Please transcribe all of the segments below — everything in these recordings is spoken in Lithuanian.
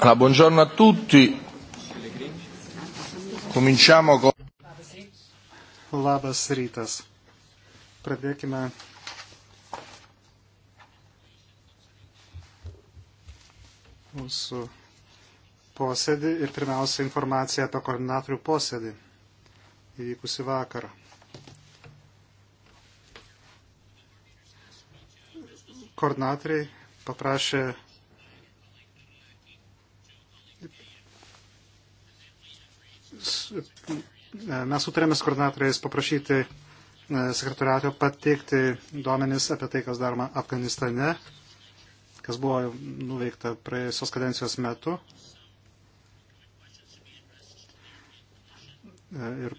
Allora, buongiorno a tutti. Cominciamo con... Labas rytas. Pradėkime mūsų posėdį ir pirmiausia informacija apie koordinatorių posėdį įvykusi vakarą. Koordinatoriai paprašė Mes sutarėme su koordinatoriais paprašyti e, sekretoriato pateikti duomenis apie tai, kas daroma Afganistane, kas buvo nuveikta praėjusios kadencijos metu. E, ir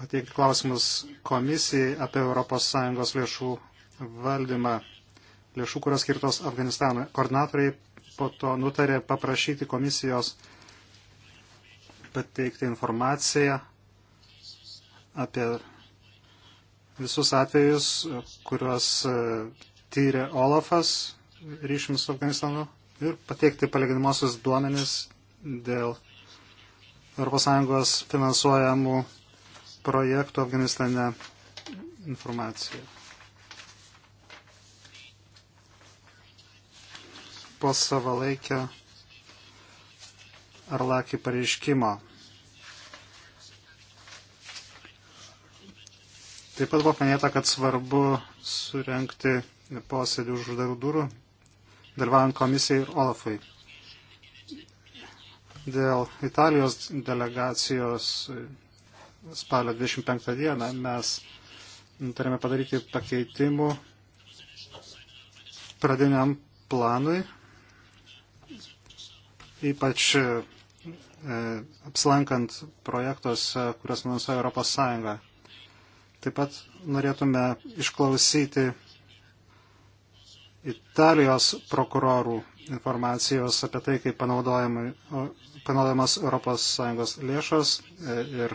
pateikti klausimus komisijai apie ES lėšų valdymą, lėšų, kurios skirtos Afganistanui. Koordinatoriai po to nutarė paprašyti komisijos pateikti informaciją apie visus atvejus, kuriuos e, tyrė Olafas ryšim su Afganistanu ir pateikti palyginimosius duomenis dėl ES finansuojamų projektų Afganistane informaciją. Po savalaikio Arlaki pareiškimo Taip pat buvo paminėta, kad svarbu surenkti posėdį už uždarų durų, dalyvaujant komisijai ir Olafui. Dėl Italijos delegacijos spalio 25 dieną mes turime padaryti pakeitimų pradiniam planui, ypač e, apsilankant projektuose, kurias finansuoja Europos Sąjunga Taip pat norėtume išklausyti Italijos prokurorų informacijos apie tai, kaip panaudojamas ES lėšos e, ir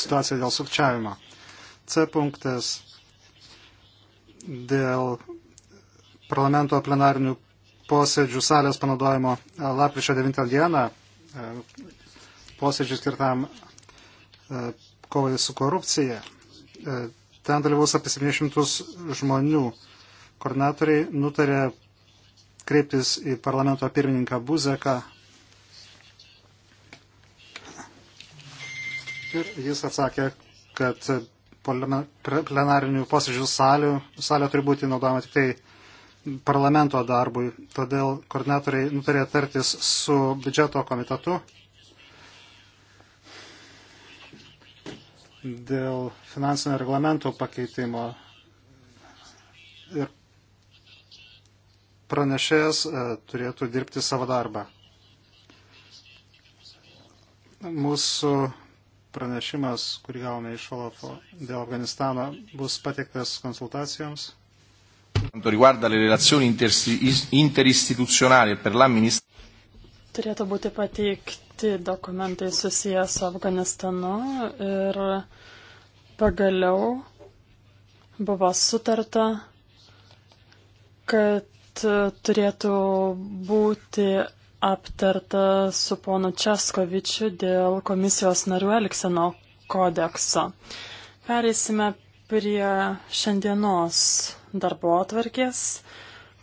situacija dėl sukčiavimo. C punktas dėl parlamento plenarinių posėdžių salės panaudojimo e, lapkričio 9 dieną e, posėdžių skirtam kovai su korupcija. E, ten dalyvaus apie 700 žmonių. Koordinatoriai nutarė kreiptis į parlamento pirmininką Buzeką. Ir jis atsakė, kad plenarinių posėdžių salių, salė turi būti naudojama tik tai parlamento darbui. Todėl koordinatoriai nutarė tartis su biudžeto komitetu dėl finansinio reglamento pakeitimo. Ir pranešėjas e, turėtų dirbti savo darbą. Mūsų pranešimas, kurį gavome iš Olafo dėl Afganistano, bus pateiktas konsultacijoms. Quanto riguarda le relazioni interistituzionali e per l'amministrazione, Turėtų būti pateikti dokumentai susijęs su Afganistanu ir pagaliau buvo sutarta, kad turėtų būti aptarta su ponu Českovičiu dėl komisijos narių Elkseno kodekso. Pereisime prie šiandienos darbo atvarkės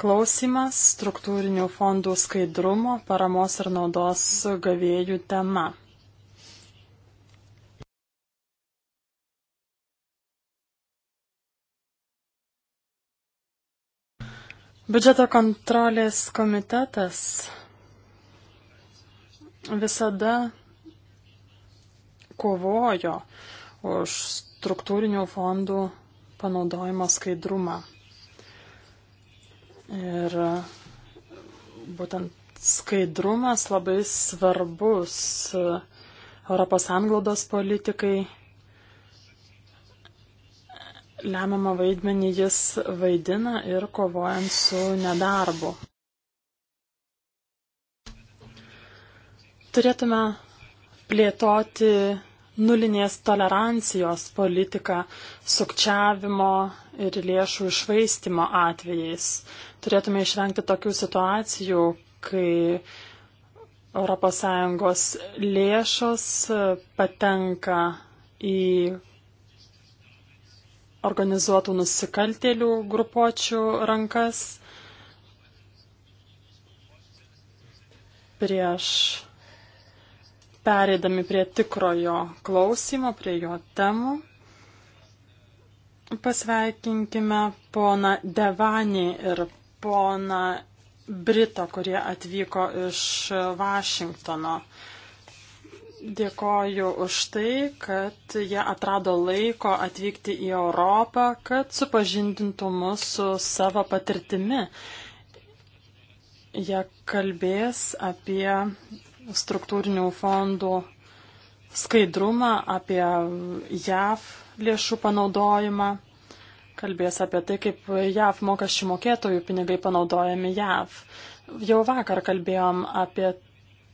klausimas struktūrinių fondų skaidrumo, paramos ir naudos gavėjų tema. Biudžeto kontrolės komitetas visada kovojo už struktūrinių fondų panaudojimo skaidrumą. Ir būtent skaidrumas labai svarbus Europos anglodos politikai. Lemiamą vaidmenį jis vaidina ir kovojant su nedarbu. Turėtume plėtoti nulinės tolerancijos politiką sukčiavimo ir lėšų išvaistimo atvejais. Turėtume išvengti tokių situacijų, kai ES lėšos patenka į organizuotų nusikaltėlių grupuočių rankas prieš pereidami prie tikrojo klausimo, prie jo temų, pasveikinkime poną Devanį ir poną Brito, kurie atvyko iš Vašingtono. Dėkoju už tai, kad jie atrado laiko atvykti į Europą, kad supažindintų mus su savo patirtimi. Jie kalbės apie struktūrinių fondų skaidrumą, apie JAV lėšų panaudojimą, kalbės apie tai, kaip JAV mokesčių mokėtojų pinigai panaudojami JAV. Jau vakar kalbėjom apie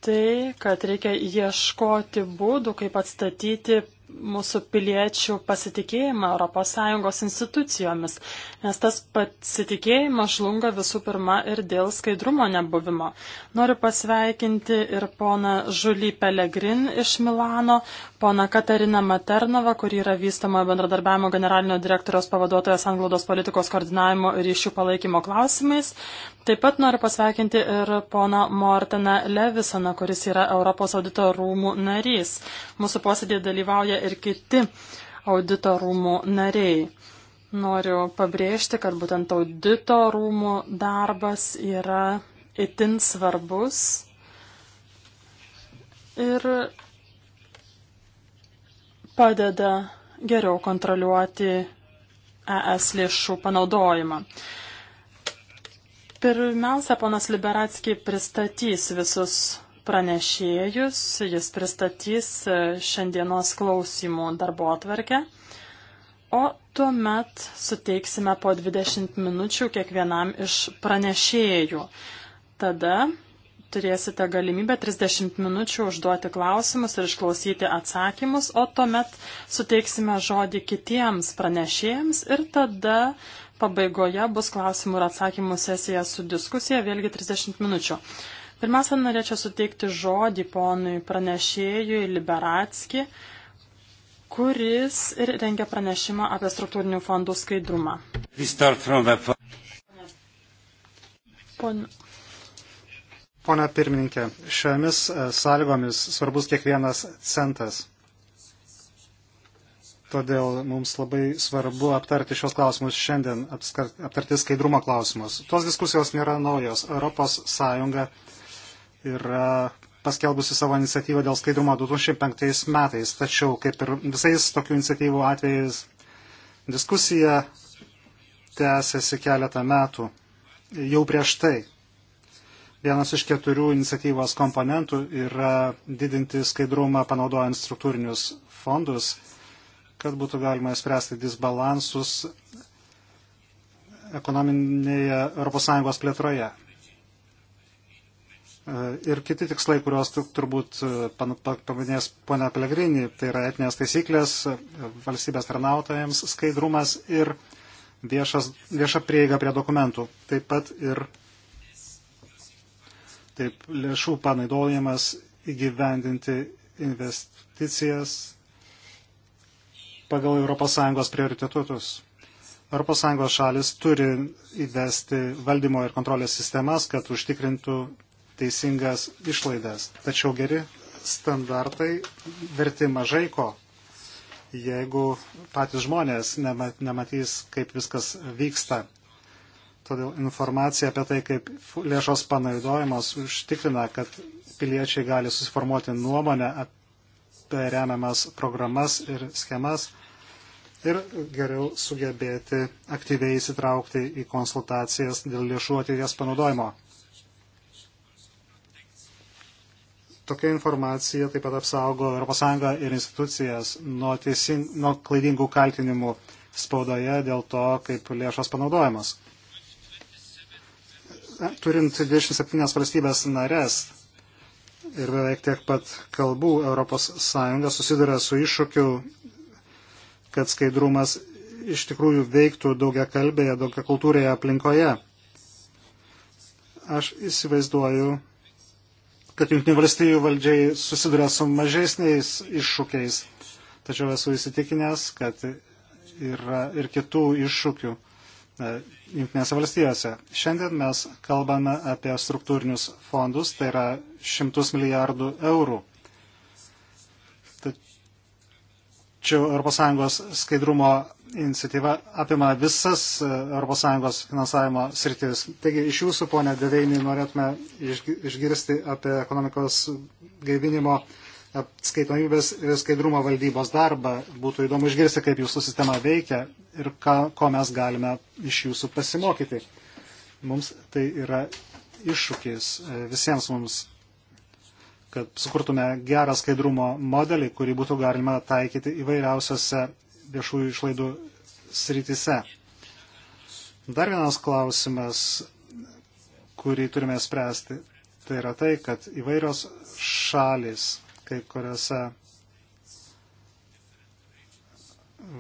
tai, kad reikia ieškoti būdų, kaip atstatyti mūsų piliečių pasitikėjimą ES institucijomis, nes tas pasitikėjimas žlunga visų pirma ir dėl skaidrumo nebuvimo. Noriu pasveikinti ir poną Žulį Pelegrin iš Milano, poną Katariną Maternovą, kuri yra vystama bendradarbiavimo generalinio direktoriaus pavaduotojas Anglaudos politikos koordinavimo ir ryšių palaikymo klausimais, Taip pat noriu pasveikinti ir pona Morteną Levisoną, kuris yra Europos audito rūmų narys. Mūsų posėdėje dalyvauja ir kiti audito rūmų nariai. Noriu pabrėžti, kad būtent audito rūmų darbas yra itin svarbus. Ir padeda geriau kontroliuoti ES lėšų panaudojimą. Pirmiausia, ponas Liberatski pristatys visus pranešėjus, jis pristatys e, šiandienos klausimų darbo atverkę, o tuomet suteiksime po 20 minučių kiekvienam iš pranešėjų. Tada turėsite galimybę 30 minučių užduoti klausimus ir išklausyti atsakymus, o tuomet suteiksime žodį kitiems pranešėjams ir tada pabaigoje bus klausimų ir atsakymų sesija su diskusija, vėlgi 30 minučių. Pirmiausia, norėčiau suteikti žodį ponui pranešėjui Liberatski, kuris ir rengia pranešimą apie struktūrinių fondų skaidrumą. Pone. Pone pirmininkė, šiomis e, sąlygomis svarbus kiekvienas centas. Todėl mums labai svarbu aptarti šios klausimus šiandien, aptarti skaidrumo klausimus. Tos diskusijos nėra naujos. Europos Sąjunga yra paskelbusi savo iniciatyvą dėl skaidrumo 2005 metais, tačiau kaip ir visais tokių iniciatyvų atvejais diskusija tęsiasi keletą metų jau prieš tai. Vienas iš keturių iniciatyvos komponentų yra didinti skaidrumą panaudojant struktūrinius fondus kad būtų galima spręsti disbalansus ekonominėje ES plėtroje. E, ir kiti tikslai, kuriuos turbūt e, paminės ponia Pelegrini, tai yra etinės taisyklės, valstybės tarnautojams, skaidrumas ir viešas, vieša prieiga prie dokumentų. Taip pat ir taip, lėšų panaudojimas įgyvendinti investicijas pagal ES prioritetus. ES šalis turi įvesti valdymo ir kontrolės sistemas, kad užtikrintų teisingas išlaidas. Tačiau geri standartai verti mažai ko, jeigu patys žmonės nematys, kaip viskas vyksta. Todėl informacija apie tai, kaip lėšos panaudojamos, užtikrina, kad piliečiai gali susiformuoti nuomonę apie remiamas programas ir schemas ir geriau sugebėti aktyviai įsitraukti į konsultacijas dėl lėšų ateities panaudojimo. Tokia informacija taip pat apsaugo ES ir institucijas nuo, teisin, nuo klaidingų kaltinimų spaudoje dėl to, kaip lėšos panaudojamos. Turint 27 valstybės narės, ir beveik tiek pat kalbų ES susiduria su iššūkiu, kad skaidrumas iš tikrųjų veiktų daugia kalbėje, daugia kultūrėje aplinkoje. Aš įsivaizduoju, kad Junktinių valstybių valdžiai susiduria su mažesniais iššūkiais, tačiau esu įsitikinęs, kad yra ir kitų iššūkių E, Junktinėse valstijose. Šiandien mes kalbame apie struktūrinius fondus, tai yra šimtus milijardų eurų. Tačiau ES skaidrumo iniciatyva apima visas e, ES finansavimo sritis. Taigi iš jūsų, ponė Deveinį, norėtume išgirsti apie ekonomikos gaivinimo uh, atskaitomybės ir skaidrumo valdybos darbą. Būtų įdomu išgirsti, kaip jūsų sistema veikia ir ką, ko mes galime iš jūsų pasimokyti. Mums tai yra iššūkis e, visiems mums, kad sukurtume gerą skaidrumo modelį, kurį būtų galima taikyti įvairiausiose viešųjų išlaidų srityse. Dar vienas klausimas, kurį turime spręsti, tai yra tai, kad įvairios šalis kai kuriuose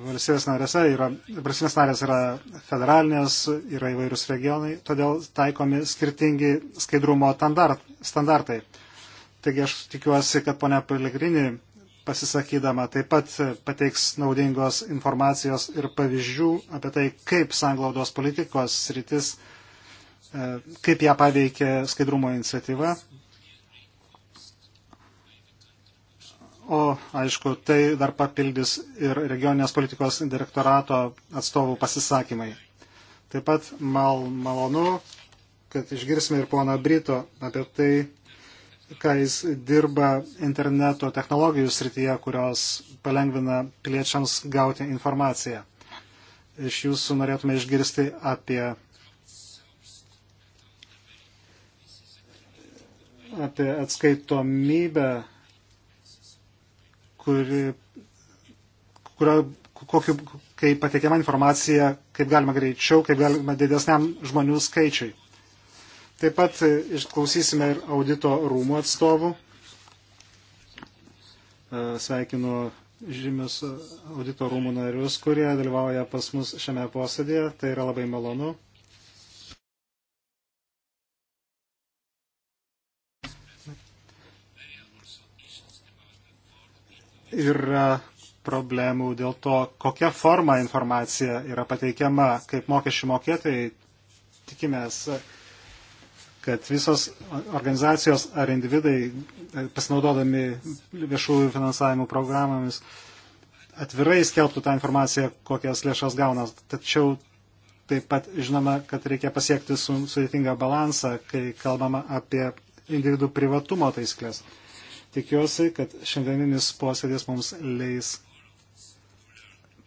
valstybės narėse yra, valstybės narės yra federalinės, yra įvairūs regionai, todėl taikomi skirtingi skaidrumo standart, standartai. Taigi aš tikiuosi, kad ponia Piligrini pasisakydama taip pat pateiks naudingos informacijos ir pavyzdžių apie tai, kaip sanglaudos politikos sritis, e, kaip ją paveikė skaidrumo iniciatyva, o aišku, tai dar papildys ir regioninės politikos direktorato atstovų pasisakymai. Taip pat mal, malonu, kad išgirsime ir pono Brito apie tai, ką jis dirba interneto technologijų srityje, kurios palengvina piliečiams gauti informaciją. Iš jūsų norėtume išgirsti apie apie atskaitomybę kuri, kurio, kokiu, kai pateikiama informacija, kaip galima greičiau, kaip galima didesniam žmonių skaičiui. Taip pat e, išklausysime ir audito rūmų atstovų. E, sveikinu žymius audito rūmų narius, kurie dalyvauja pas mus šiame posėdėje. Tai yra labai malonu. yra problemų dėl to, kokia forma informacija yra pateikiama, kaip mokesčių mokėtojai tikimės, kad visos organizacijos ar individai e, pasinaudodami viešųjų finansavimų programomis atvirai skelbtų tą informaciją, kokias lėšas gauna. Tačiau taip pat žinoma, kad reikia pasiekti sudėtingą balansą, kai kalbama apie individų privatumo taisyklės. Tikiuosi, kad šiandieninis posėdis mums leis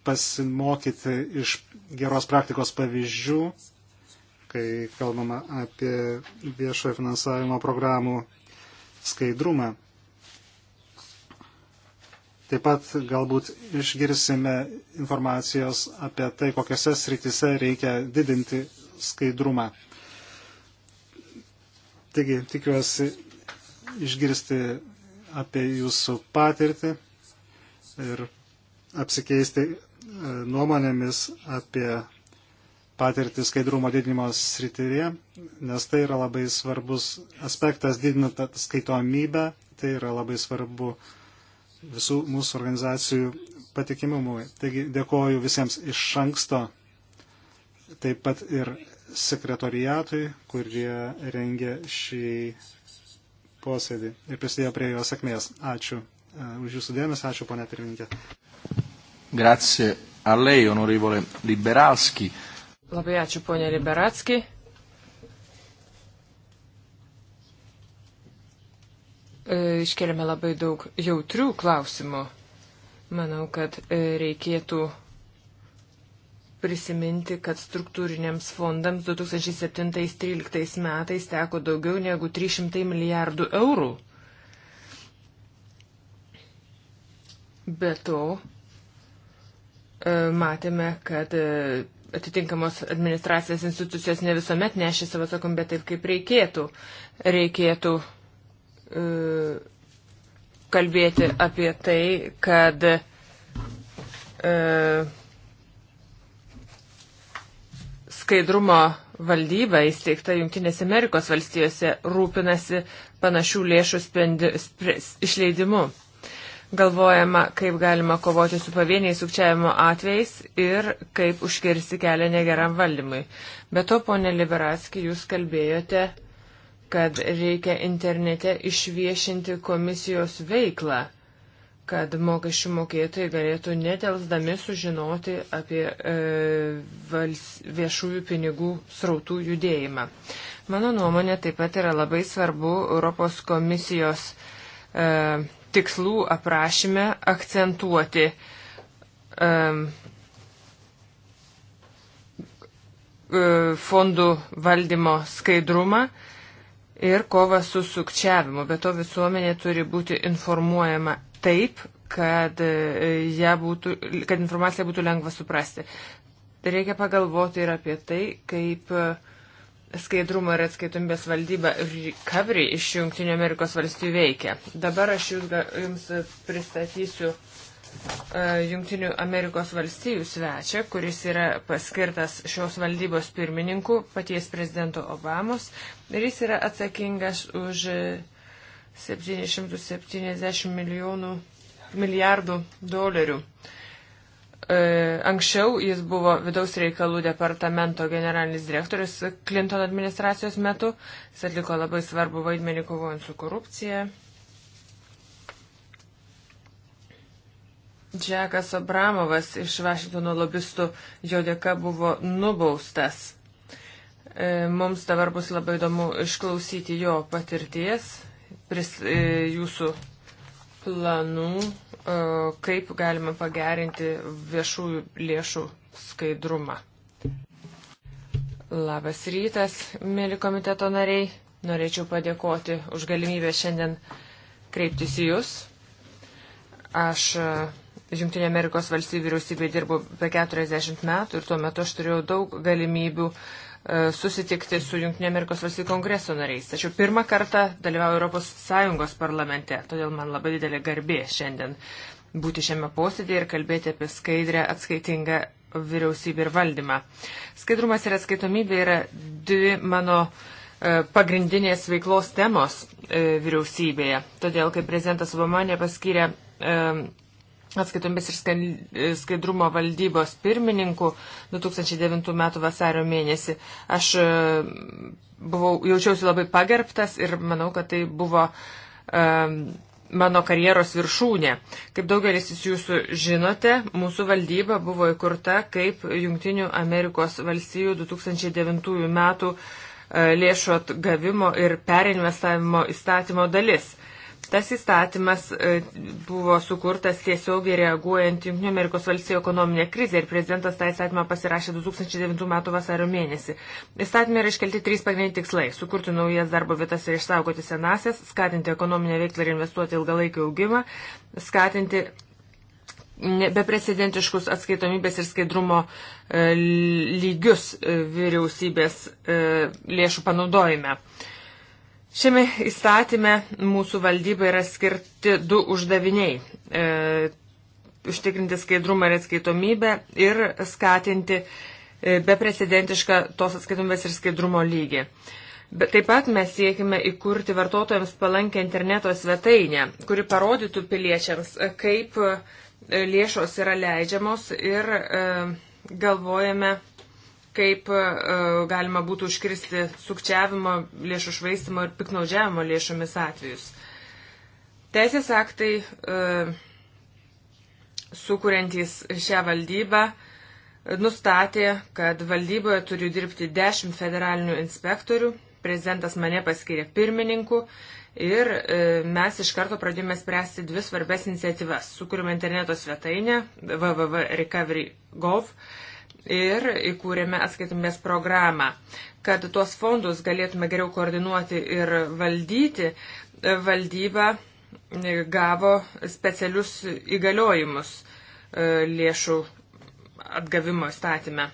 pasimokyti iš geros praktikos pavyzdžių, kai kalbama apie viešojo finansavimo programų skaidrumą. Taip pat galbūt išgirsime informacijos apie tai, kokiuose srityse reikia didinti skaidrumą. Taigi, tikiuosi išgirsti apie jūsų patirtį ir apsikeisti e, nuomonėmis apie patirtį skaidrumo didinimo srityje, nes tai yra labai svarbus aspektas didinant skaitomybę, tai yra labai svarbu visų mūsų organizacijų patikimumui. Taigi dėkoju visiems iš anksto, taip pat ir sekretoriatui, kurie rengė šį posėdį ir prisidėjo prie jo sėkmės. Ačiū e, už jūsų dėmesį, ačiū ponė pirmininkė. Grazie a lei, onorevole Liberalski. Labai ačiū, ponė Liberatski. E, Iškeliame labai daug jautrių klausimų. Manau, kad e, reikėtų prisiminti, kad struktūriniams fondams 2007-2013 metais teko daugiau negu 300 milijardų eurų. Be to, e, matėme, kad e, atitinkamos administracijos institucijos ne visuomet nešė savo atsakomybę taip, kaip reikėtų. Reikėtų e, kalbėti apie tai, kad skaidrumo valdyba įsteigta Junktinėse Amerikos valstijose rūpinasi panašių lėšų spendi, spri, išleidimu. Galvojama, kaip galima kovoti su pavieniais sukčiavimo atvejais ir kaip užkirsti kelią negeram valdymui. Be to, ponė Liberatski, jūs kalbėjote, kad reikia internete išviešinti komisijos veiklą kad mokesčių mokėtojai galėtų netelsdami sužinoti apie e, vals, viešųjų pinigų srautų judėjimą. Mano nuomonė taip pat yra labai svarbu Europos komisijos e, tikslų aprašyme akcentuoti e, e fondų valdymo skaidrumą ir kovą su sukčiavimu. Be to visuomenė turi būti informuojama taip, kad, e, būtų, kad informacija būtų lengva suprasti. Reikia pagalvoti ir apie tai, kaip e, skaidrumo ir atskaitomybės valdyba Recovery iš Junktinio Amerikos valstybių veikia. Dabar aš jūs, jums pristatysiu e, Junktinių Amerikos valstybių svečią, kuris yra paskirtas šios valdybos pirmininku paties prezidento Obamos ir jis yra atsakingas už 770 milijonų, milijardų dolerių. E, anksčiau jis buvo vidaus reikalų departamento generalinis direktorius Clinton administracijos metu. Jis atliko labai svarbu vaidmenį kovojant su korupcija. Džekas Abramovas iš Vašingtono lobistų jo dėka buvo nubaustas. E, mums dabar bus labai įdomu išklausyti jo patirties pris, e, jūsų planų, e, kaip galima pagerinti viešųjų lėšų skaidrumą. Labas rytas, mėly komiteto nariai. Norėčiau padėkoti už galimybę šiandien kreiptis į Jūs. Aš e, Junktinė Amerikos valstybių vyriausybėje dirbau apie 40 metų ir tuo metu aš turėjau daug galimybių uh, E, susitikti su Junktinė Amerikos valstybių kongreso nariais. Tačiau pirmą kartą dalyvauju Europos Sąjungos parlamente, todėl man labai didelė garbė šiandien būti šiame posėdėje ir kalbėti apie skaidrę atskaitingą vyriausybę ir valdymą. Skaidrumas ir atskaitomybė yra dvi mano e, pagrindinės veiklos temos e, vyriausybėje. Todėl, kai prezidentas Obama nepaskyrė atskaitomis ir skaidrumo valdybos pirmininku 2009 m. vasario mėnesį. Aš e, buvau, jaučiausi labai pagerbtas ir manau, kad tai buvo um, mano karjeros viršūnė. Kaip daugelis iš jūsų žinote, mūsų valdyba buvo įkurta kaip Junktinių Amerikos valstijų 2009 m. E, lėšų atgavimo ir perinvestavimo įstatymo dalis. Tas įstatymas e, buvo sukurtas tiesiogiai reaguojant Junktinių Amerikos valstybių ekonominę krizę ir prezidentas tą įstatymą pasirašė 2009 m. vasario mėnesį. Įstatymė yra iškelti trys pagrindiniai tikslai - sukurti naujas darbo vietas ir išsaugoti senasias, skatinti ekonominę veiklą ir investuoti ilgalaikį augimą, skatinti beprecedentiškus atskaitomybės ir skaidrumo e, lygius e, vyriausybės lėšų panaudojime. Šiame įstatyme mūsų valdybai yra skirti du uždaviniai e, - užtikrinti skaidrumą ir atskaitomybę ir skatinti e, beprecedentišką tos atskaitomybės ir skaidrumo lygį. Bet taip pat mes siekime įkurti vartotojams palankę interneto svetainę, kuri parodytų piliečiams, e, kaip e, lėšos yra leidžiamos ir e, galvojame kaip e, galima būtų užkristi sukčiavimo lėšų švaistimo ir piknaudžiavimo lėšomis atvejus. Teisės aktai e, sukuriantys šią valdybą nustatė, kad valdyboje turiu dirbti 10 federalinių inspektorių, prezidentas mane paskyrė pirmininku ir e, mes iš karto pradėjome spręsti dvi svarbes iniciatyvas. Sukūrėme interneto svetainę www.recovery.gov ir įkūrėme atskaitomės programą. Kad tuos fondus galėtume geriau koordinuoti ir valdyti, valdyba gavo specialius įgaliojimus e, lėšų atgavimo statymę.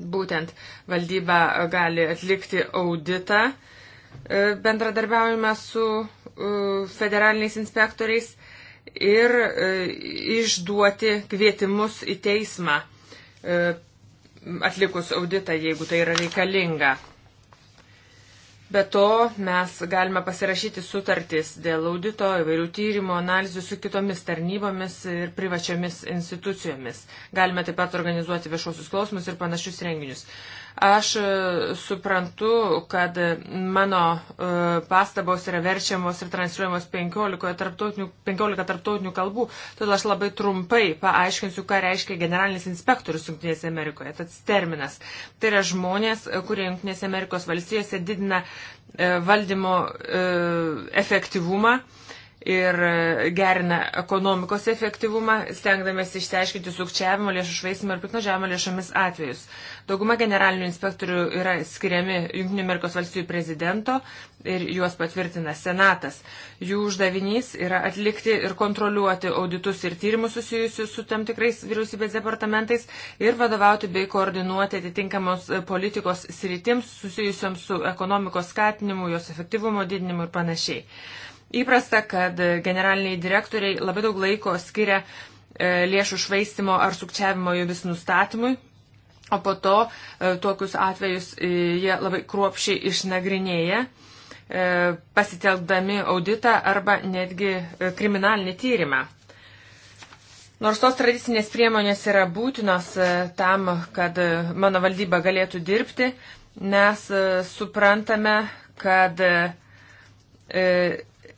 Būtent valdyba gali atlikti auditą, e, bendradarbiaujame su e, federaliniais inspektoriais ir išduoti kvietimus į teismą E, atlikus auditą, jeigu tai yra reikalinga. Be to, mes galime pasirašyti sutartis dėl audito, įvairių tyrimo, analizių su kitomis tarnybomis ir privačiomis institucijomis. Galime taip pat organizuoti viešuosius klausimus ir panašius renginius. Aš e, suprantu, kad mano e, pastabos yra verčiamos ir transliuojamos 15 tarptautinių, 15 tarptautinių kalbų, todėl aš labai trumpai paaiškinsiu, ką reiškia generalinis inspektorius Junktinėse Amerikoje. Tas terminas. Tai yra žmonės, kurie Junktinėse Amerikos valstijose didina e, valdymo efektyvumą ir e, gerina ekonomikos efektyvumą, stengdamės išsiaiškinti sukčiavimo, lėšų švaistimo ir piknaudžiavimo lėšomis atvejus. Dauguma generalinių inspektorių yra skiriami JAV prezidento ir juos patvirtina Senatas. Jų uždavinys yra atlikti ir kontroliuoti auditus ir tyrimus susijusius su tam tikrais vyriausybės departamentais ir vadovauti bei koordinuoti atitinkamos e, politikos sritims susijusiams su ekonomikos skatinimu, jos efektyvumo didinimu ir panašiai. Įprasta, kad generaliniai direktoriai labai daug laiko skiria e, lėšų švaistimo ar sukčiavimo jomis nustatymui, o po to e, tokius atvejus e, jie labai kruopšiai išnagrinėja, pasitelkdami auditą arba netgi kriminalinį tyrimą. Nors tos tradicinės priemonės yra būtinos tam, kad mano valdyba galėtų dirbti, mes suprantame, kad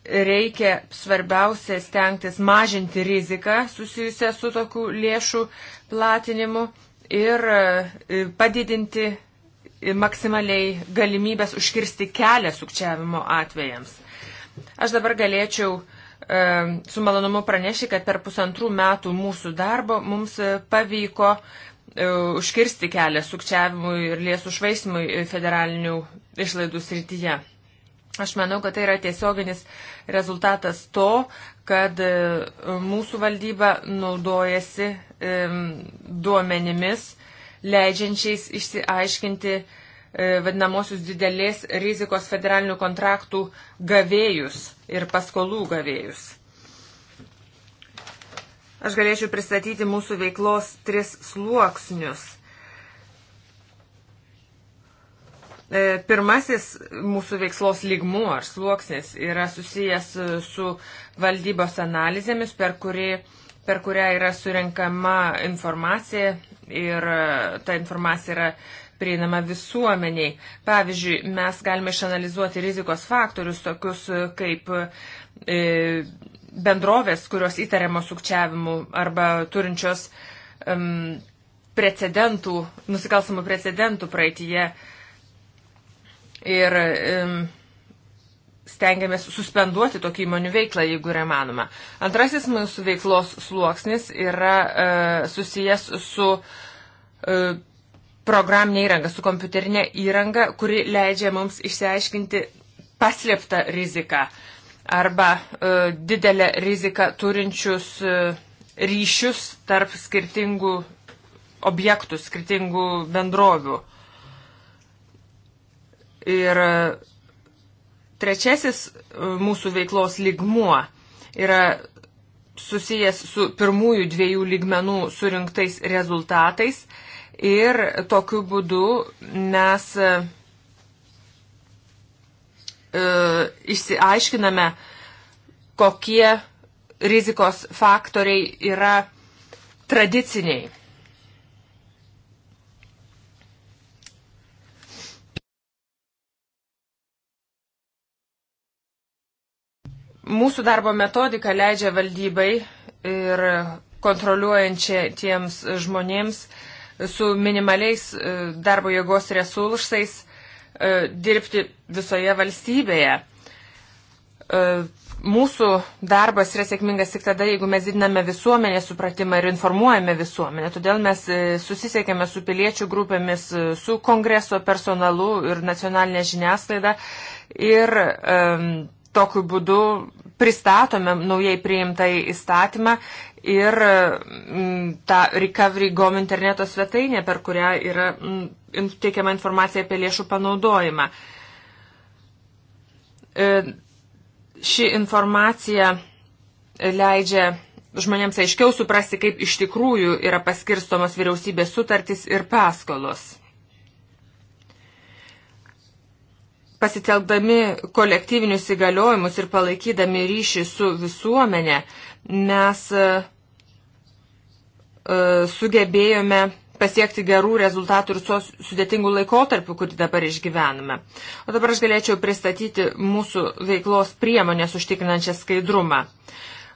reikia svarbiausia stengtis mažinti riziką susijusią su tokių lėšų platinimu ir e, padidinti maksimaliai galimybės užkirsti kelią sukčiavimo atvejams. Aš dabar galėčiau e, su malonumu pranešti, kad per pusantrų metų mūsų darbo mums e, pavyko užkirsti kelią sukčiavimui ir lėsų švaismui federalinių išlaidų srityje. Aš manau, kad tai yra tiesioginis rezultatas to, kad e, mūsų valdyba naudojasi duomenimis, leidžiančiais išsiaiškinti e, vadinamosius didelės rizikos federalinių kontraktų gavėjus ir paskolų gavėjus. Aš galėčiau pristatyti mūsų veiklos tris sluoksnius E, pirmasis mūsų veiklos lygmuo ar sluoksnis yra susijęs su valdybos analizėmis, per, kuri, per kurią yra surinkama informacija ir e, ta informacija yra prieinama visuomeniai. Pavyzdžiui, mes galime išanalizuoti rizikos faktorius, tokius kaip e, bendrovės, kurios įtariamos sukčiavimu arba turinčios um, precedentų, nusikalstamų precedentų praeitie ir stengiamės suspenduoti tokį įmonių veiklą, jeigu yra manoma. Antrasis mūsų veiklos sluoksnis yra e, susijęs su e, programinė įranga, su kompiuterinė įranga, kuri leidžia mums išsiaiškinti paslėptą riziką arba e, didelę riziką turinčius e, ryšius tarp skirtingų objektų, skirtingų bendrovių. Ir trečiasis e, mūsų veiklos ligmuo yra susijęs su pirmųjų dviejų lygmenų surinktais rezultatais ir tokiu būdu mes e, e išsiaiškiname, kokie rizikos faktoriai yra tradiciniai. Mūsų darbo metodika leidžia valdybai ir kontroliuojančiams žmonėms su minimaliais e, darbo jėgos resursais e, dirbti visoje valstybėje. E, mūsų darbas yra sėkmingas tik tada, jeigu mes didiname visuomenę supratimą ir informuojame visuomenę. Todėl mes susisiekėme su piliečių grupėmis, su kongreso personalu ir nacionalinė žiniasklaida ir um, tokiu būdu pristatome naujai priimtai įstatymą ir mm, tą Recovery Gom interneto svetainę, per kurią yra mm, teikiama informacija apie lėšų panaudojimą. E, ši informacija leidžia žmonėms aiškiau suprasti, kaip iš tikrųjų yra paskirstomos vyriausybės sutartys ir paskolos. pasitelkdami kolektyvinius įgaliojimus ir palaikydami ryšį su visuomenė, mes e, e, sugebėjome pasiekti gerų rezultatų ir su sudėtingų laikotarpių, kurį dabar išgyvename. O dabar aš galėčiau pristatyti mūsų veiklos priemonės užtikrinančią skaidrumą.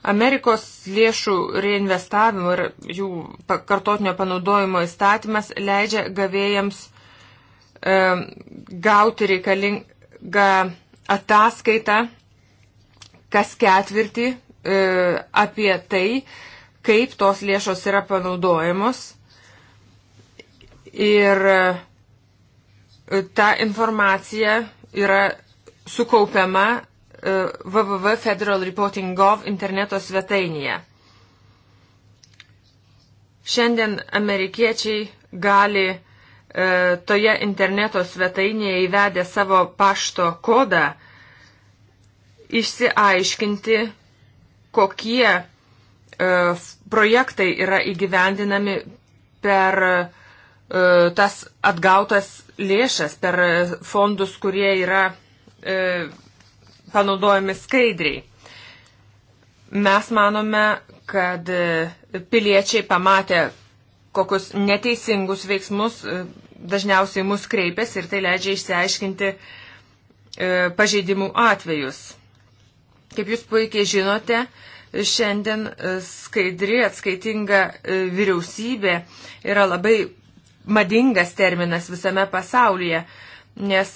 Amerikos lėšų reinvestavimo ir jų kartotinio panaudojimo įstatymas leidžia gavėjams e, gauti reikaling, ataskaitą kas ketvirtį e, apie tai, kaip tos lėšos yra panaudojamos. Ir e, ta informacija yra sukaupiama e, www.federalreporting.gov interneto svetainėje. Šiandien amerikiečiai gali E, toje interneto svetainėje įvedę savo pašto kodą, išsiaiškinti, kokie e, projektai yra įgyvendinami per e, tas atgautas lėšas, per fondus, kurie yra panaudojami skaidriai. Mes manome, kad piliečiai pamatę, kokius neteisingus veiksmus e, dažniausiai mus kreipiasi ir tai leidžia išsiaiškinti e, pažeidimų atvejus. Kaip jūs puikiai žinote, šiandien e, skaidri atskaitinga vyriausybė yra labai madingas terminas visame pasaulyje, nes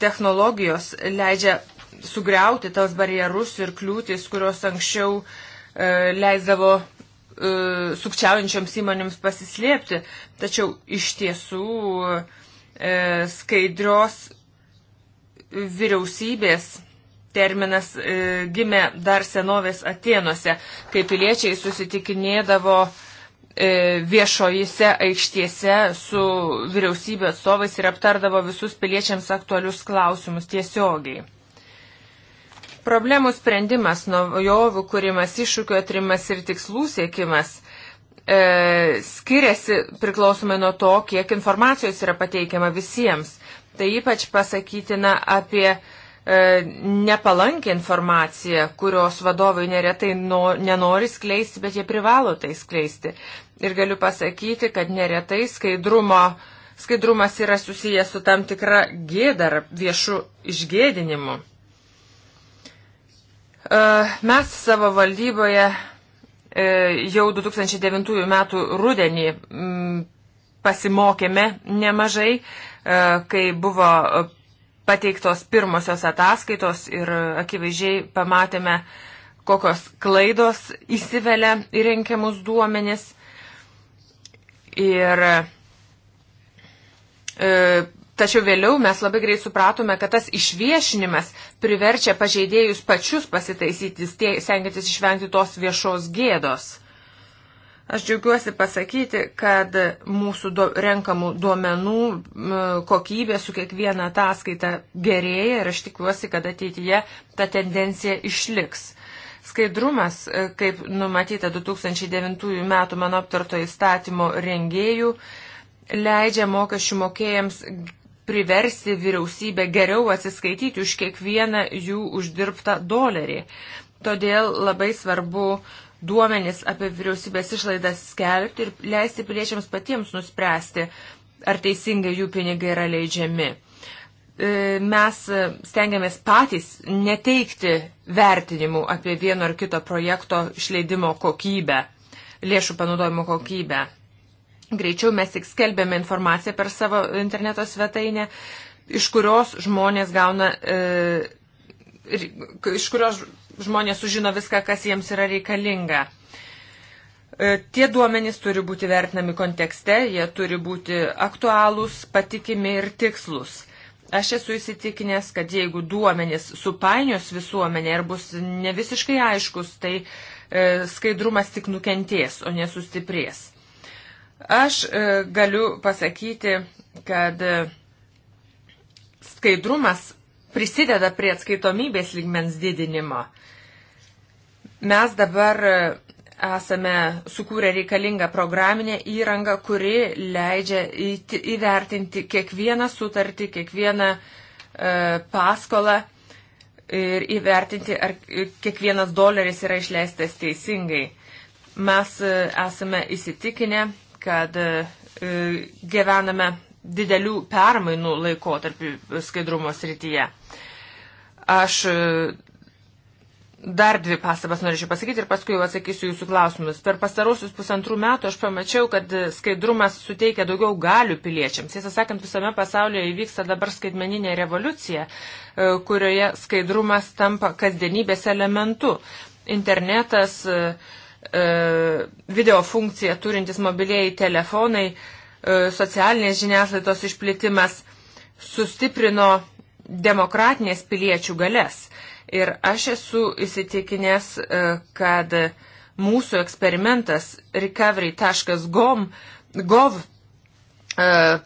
technologijos leidžia sugriauti tos barjerus ir kliūtis, kurios anksčiau leisdavo E, sukčiaujančioms įmonėms pasislėpti, tačiau iš tiesų e, skaidrios vyriausybės terminas e, gimė dar senovės Atenuose, kai piliečiai susitikinėdavo viešojise aikštėse su vyriausybės atstovais ir aptardavo visus piliečiams aktualius klausimus tiesiogiai. Problemų sprendimas, naujovių kūrimas, iššūkio atrimas ir tikslų siekimas e, skiriasi priklausomai nuo to, kiek informacijos yra pateikiama visiems. Tai ypač pasakytina apie e, nepalankę informaciją, kurios vadovai neretai no, nenori skleisti, bet jie privalo tai skleisti. Ir galiu pasakyti, kad neretai skaidrumo skaidrumas yra susijęs su tam tikra gėda ar viešu išgėdinimu. E, mes savo valdyboje e, jau 2009 metų rudenį pasimokėme nemažai, e, kai buvo pateiktos pirmosios ataskaitos ir akivaizdžiai pamatėme, kokios klaidos įsivelia į renkiamus duomenis. Ir Tačiau vėliau mes labai greit supratome, kad tas išviešinimas priverčia pažeidėjus pačius pasitaisyti, stengiantis išvengti tos viešos gėdos. Aš džiaugiuosi pasakyti, kad mūsų do, renkamų duomenų kokybė su kiekviena ataskaita gerėja ir aš tikiuosi, kad ateityje ta tendencija išliks. Skaidrumas, e, kaip numatyta 2009 m. mano aptarto įstatymo rengėjų, leidžia mokesčių mokėjams priversti vyriausybę geriau atsiskaityti už kiekvieną jų uždirbtą dolerį. Todėl labai svarbu duomenis apie vyriausybės išlaidas skelbti ir leisti piliečiams patiems nuspręsti, ar teisingai jų pinigai yra leidžiami. E, mes stengiamės patys neteikti vertinimų apie vieno ar kito projekto išleidimo kokybę, lėšų panaudojimo kokybę. Greičiau mes tik skelbėme informaciją per savo interneto svetainę, iš kurios žmonės gauna, e, iš kurios žmonės sužino viską, kas jiems yra reikalinga. E, tie duomenys turi būti vertinami kontekste, jie turi būti aktualūs, patikimi ir tikslus. Aš esu įsitikinęs, kad jeigu duomenys supainios visuomenė ir bus nevisiškai aiškus, tai e, skaidrumas tik nukentės, o nesustiprės. Aš e, galiu pasakyti, kad e, skaidrumas prisideda prie atskaitomybės lygmens didinimo. Mes dabar e, esame sukūrę reikalingą programinę įrangą, kuri leidžia įvertinti kiekvieną sutartį, kiekvieną paskolą ir įvertinti, ar kiekvienas doleris yra išleistas teisingai. Mes esame įsitikinę, kad e, e, gyvename didelių permainų laikotarpį skaidrumo srityje. Aš e, dar dvi pastabas norėčiau pasakyti ir paskui jau atsakysiu jūsų klausimus. Per pastarosius pusantrų metų aš pamačiau, kad skaidrumas suteikia daugiau galių piliečiams. Tiesą sakant, visame pasaulyje įvyksta dabar skaitmeninė revoliucija, kurioje skaidrumas tampa kasdienybės elementu. Internetas uh, E, video funkciją turintis mobiliai telefonai, e, socialinės žiniasklaidos išplitimas sustiprino demokratinės piliečių galės. Ir aš esu įsitikinęs, e, kad mūsų eksperimentas recovery.gov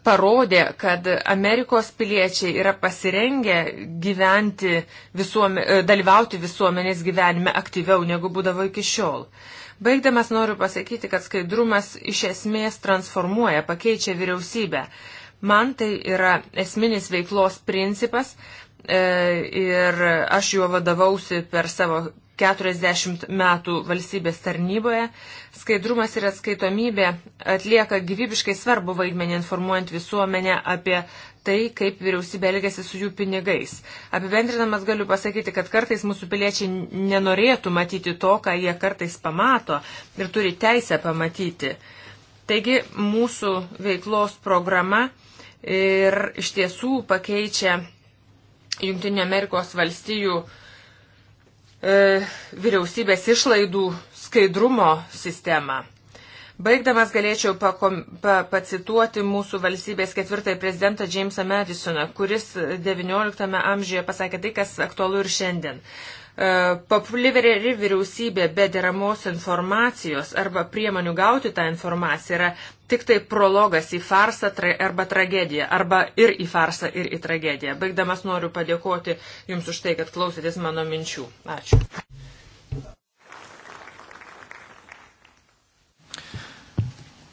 parodė, kad Amerikos piliečiai yra pasirengę gyventi visuome, dalyvauti visuomenės gyvenime aktyviau negu būdavo iki šiol. Uh, Baigdamas noriu pasakyti, kad skaidrumas iš esmės transformuoja, pakeičia vyriausybę. Man tai yra esminis veiklos principas e, ir aš juo vadovausi per savo 40 metų valstybės tarnyboje. Skaidrumas ir atskaitomybė atlieka gyvybiškai svarbu vaidmenį informuojant visuomenę apie tai, kaip vyriausybė elgesi su jų pinigais. Apibendrinamas galiu pasakyti, kad kartais mūsų piliečiai nenorėtų matyti to, ką jie kartais pamato ir turi teisę pamatyti. Taigi mūsų veiklos programa ir iš tiesų pakeičia Junktinio Amerikos valstijų e, vyriausybės išlaidų skaidrumo sistemą. Baigdamas galėčiau pakom, pa, pacituoti mūsų valstybės ketvirtąjį prezidentą Jamesą Madisoną, kuris XIX amžiuje pasakė tai, kas aktualu ir šiandien. E, Populiari vyriausybė be deramos informacijos arba priemonių gauti tą informaciją yra tik tai prologas į farsą tra arba tragediją, arba ir į farsą, ir į tragediją. Baigdamas noriu padėkoti Jums už tai, kad klausėtės mano minčių. Ačiū.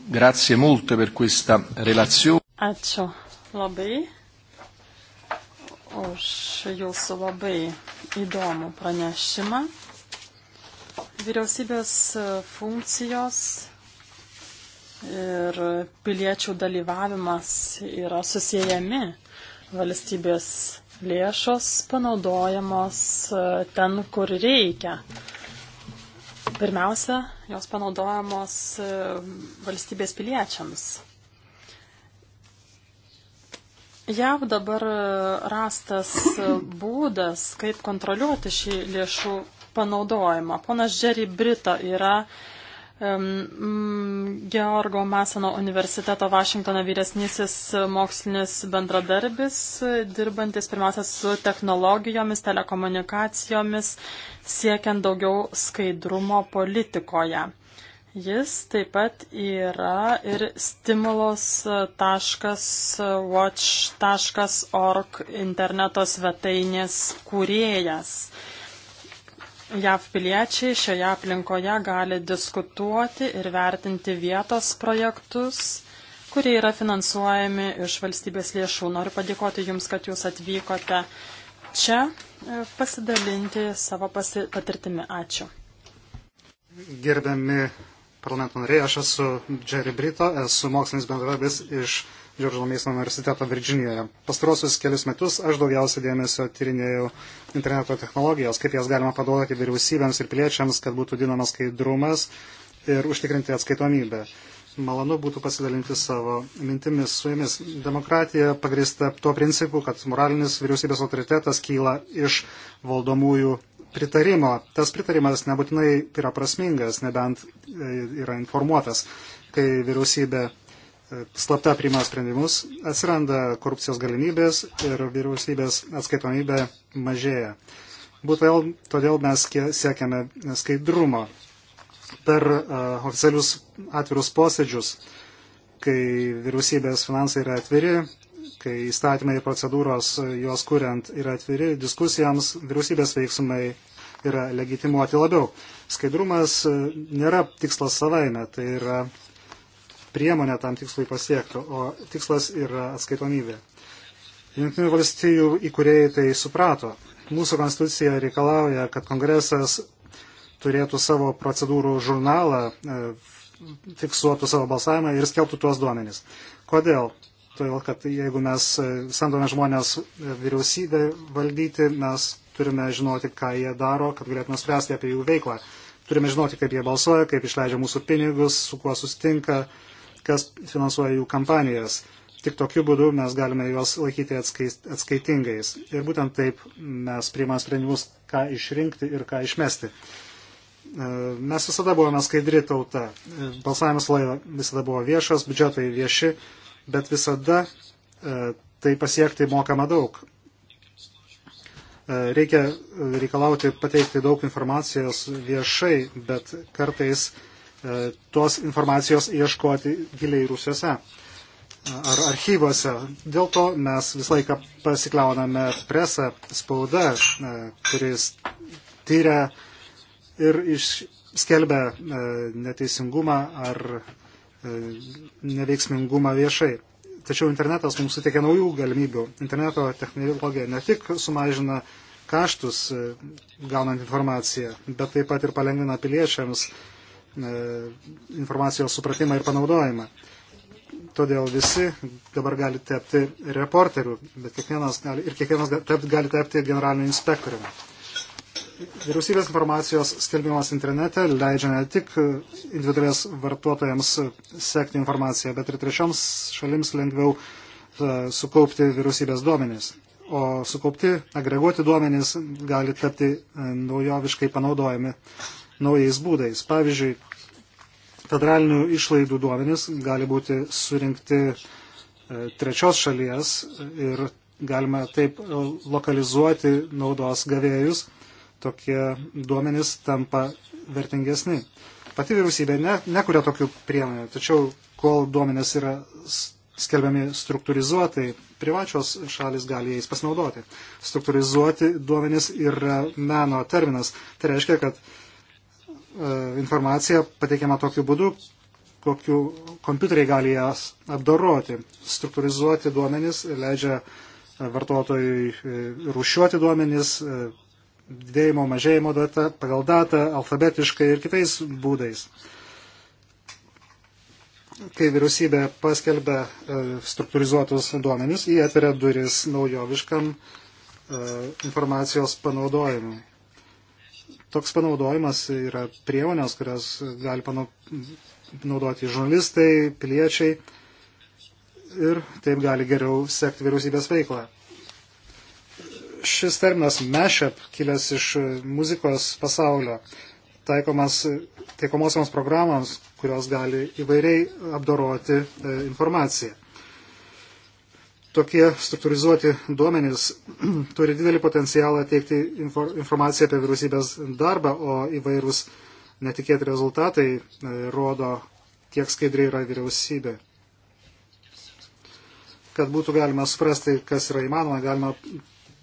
Grazie molte per questa relazione. Ačiū labai už jūsų labai įdomų pranešimą. Vyriausybės funkcijos ir piliečių dalyvavimas yra susijęmi. Valstybės lėšos panaudojamos ten, kur reikia. Pirmiausia, jos panaudojamos e, valstybės piliečiams. JAV dabar e, rastas e, būdas, kaip kontroliuoti šį lėšų panaudojimą. Ponas Džerry Brito yra uh, Mm, Georgo Masano universiteto Vašingtono vyresnysis mokslinis bendradarbis, dirbantis pirmiausia su technologijomis, telekomunikacijomis, siekiant daugiau skaidrumo politikoje. Jis taip pat yra ir stimulos.watch.org interneto svetainės kūrėjas. JAV piliečiai šioje aplinkoje gali diskutuoti ir vertinti vietos projektus, kurie yra finansuojami iš valstybės lėšų. Noriu padėkoti Jums, kad Jūs atvykote čia e, pasidalinti savo pasi patirtimi. Ačiū. Gerbiami parlamento nariai, aš esu Jerry Brito, esu mokslinis bendradarbis iš Džordžo Meisono universiteto Virginijoje. Pastarosius kelius metus aš daugiausia dėmesio tyrinėjau interneto technologijas, kaip jas galima paduoti vyriausybėms ir piliečiams, kad būtų dinamas skaidrumas ir užtikrinti atskaitomybę. Malonu būtų pasidalinti savo mintimis su jumis. Demokratija pagrįsta tuo principu, kad moralinis vyriausybės autoritetas kyla iš valdomųjų pritarimo. Tas pritarimas nebūtinai yra prasmingas, nebent e, yra informuotas, kai vyriausybė slapta priima sprendimus, atsiranda korupcijos galimybės ir vyriausybės atskaitomybė mažėja. Būtent todėl mes siekiame skaidrumo per uh, oficialius atvirus posėdžius, kai vyriausybės finansai yra atviri, kai įstatymai ir procedūros juos kuriant yra atviri, diskusijams vyriausybės veiksmai yra legitimuoti labiau. Skaidrumas nėra tikslas savaime, tai yra priemonė tam tikslui pasiektų, o tikslas yra atskaitomybė. Junktinių valstijų įkūrėjai tai suprato. Mūsų konstitucija reikalauja, kad kongresas turėtų savo procedūrų žurnalą, e, fiksuotų savo balsavimą ir skelbtų tuos duomenys. Kodėl? Todėl, kad jeigu mes e, samdome žmonės e, vyriausybę valdyti, mes turime žinoti, ką jie daro, kad galėtume spręsti apie jų veiklą. Turime žinoti, kaip jie balsuoja, kaip išleidžia mūsų pinigus, su kuo sustinka, kas finansuoja jų kampanijas. Tik tokiu būdu mes galime juos laikyti atskaitingais. Ir būtent taip mes priimame sprendimus, ką išrinkti ir ką išmesti. E, mes visada buvome skaidri tauta. E, balsavimas laido visada buvo viešas, biudžetai vieši, bet visada e, tai pasiekti mokama daug. Reikia reikalauti pateikti daug informacijos viešai, bet kartais uh, E, tos informacijos ieškoti giliai rusiuose e, ar archyvose. Dėl to mes visą laiką pasikliauname presą, spaudą, e, kuris tyria ir skelbia neteisingumą ar neveiksmingumą viešai. Tačiau internetas mums suteikia naujų galimybių. Interneto technologija ne tik sumažina kaštus gaunant informaciją, bet taip pat ir palengvina piliečiams E, informacijos supratimą ir panaudojimą. Todėl visi dabar gali tapti reporterių, bet kiekvienas gali, ir kiekvienas gali tapti generaliniu inspektoriumi. Vyriausybės informacijos skelbimas internete leidžia ne tik individualės vartotojams sekti informaciją, bet ir trečioms šalims lengviau e, sukaupti vyriausybės duomenys. O sukaupti, agreguoti duomenys gali tapti e, naujoviškai panaudojami naujais būdais. Pavyzdžiui, Federalinių išlaidų duomenys gali būti surinkti e, trečios šalies ir galima taip e, lokalizuoti naudos gavėjus, tokie duomenys tampa vertingesni. Pati vyriausybė ne, nekuria tokių priemonių, tačiau kol duomenys yra skelbiami struktūrizuotai, privačios šalis gali jais pasinaudoti. Struktūrizuoti duomenys yra meno terminas. Tai reiškia, kad E, informacija pateikiama tokiu būdu, kokiu kompiuteriai gali jas apdoroti, struktūrizuoti duomenis, leidžia e, vartotojui e, rušiuoti duomenis, didėjimo, mažėjimo data, pagal datą, alfabetiškai ir kitais būdais. Kai vyriausybė paskelbė struktūrizuotus duomenis, jie atveria duris naujoviškam informacijos panaudojimui toks panaudojimas yra priemonės, kurias gali panaudoti žurnalistai, piliečiai ir taip gali geriau sekti vyriausybės veiklą. Šis terminas mashup kilęs iš muzikos pasaulio, taikomas taikomosioms programoms, kurios gali įvairiai apdoroti e, informaciją tokie struktūrizuoti duomenys turi didelį potencialą teikti informaciją apie vyriausybės darbą, o įvairūs netikėti rezultatai e, rodo, kiek skaidri yra vyriausybė. Kad būtų galima suprasti, kas yra įmanoma, galima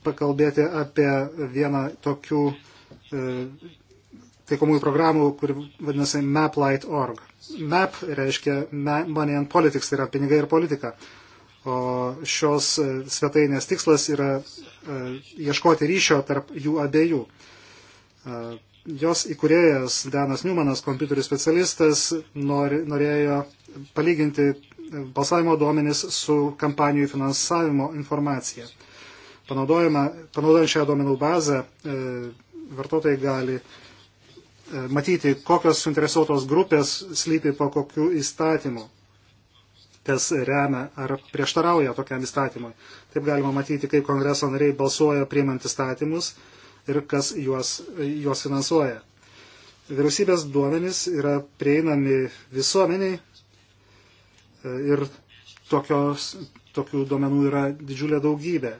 pakalbėti apie vieną tokių e, taikomųjų programų, kuri vadinasi maplight.org. Map reiškia Money and Politics, tai yra pinigai ir politika. O šios e, svetainės tikslas yra e, ieškoti ryšio tarp jų abiejų. E, jos įkurėjas Danas Newmanas, kompiuterių specialistas, nori, norėjo palyginti balsavimo duomenis su kampanijų finansavimo informacija. Panaudojant šią duomenų bazę, vartotojai gali matyti, kokios suinteresuotos grupės slypi po kokiu įstatymu kas remia ar prieštarauja tokiam įstatymui. Taip galima matyti, kaip kongreso nariai balsuoja priimant įstatymus ir kas juos, juos finansuoja. Vyriausybės duomenys yra prieinami visuomeniai e, ir tokios, tokių duomenų yra didžiulė daugybė.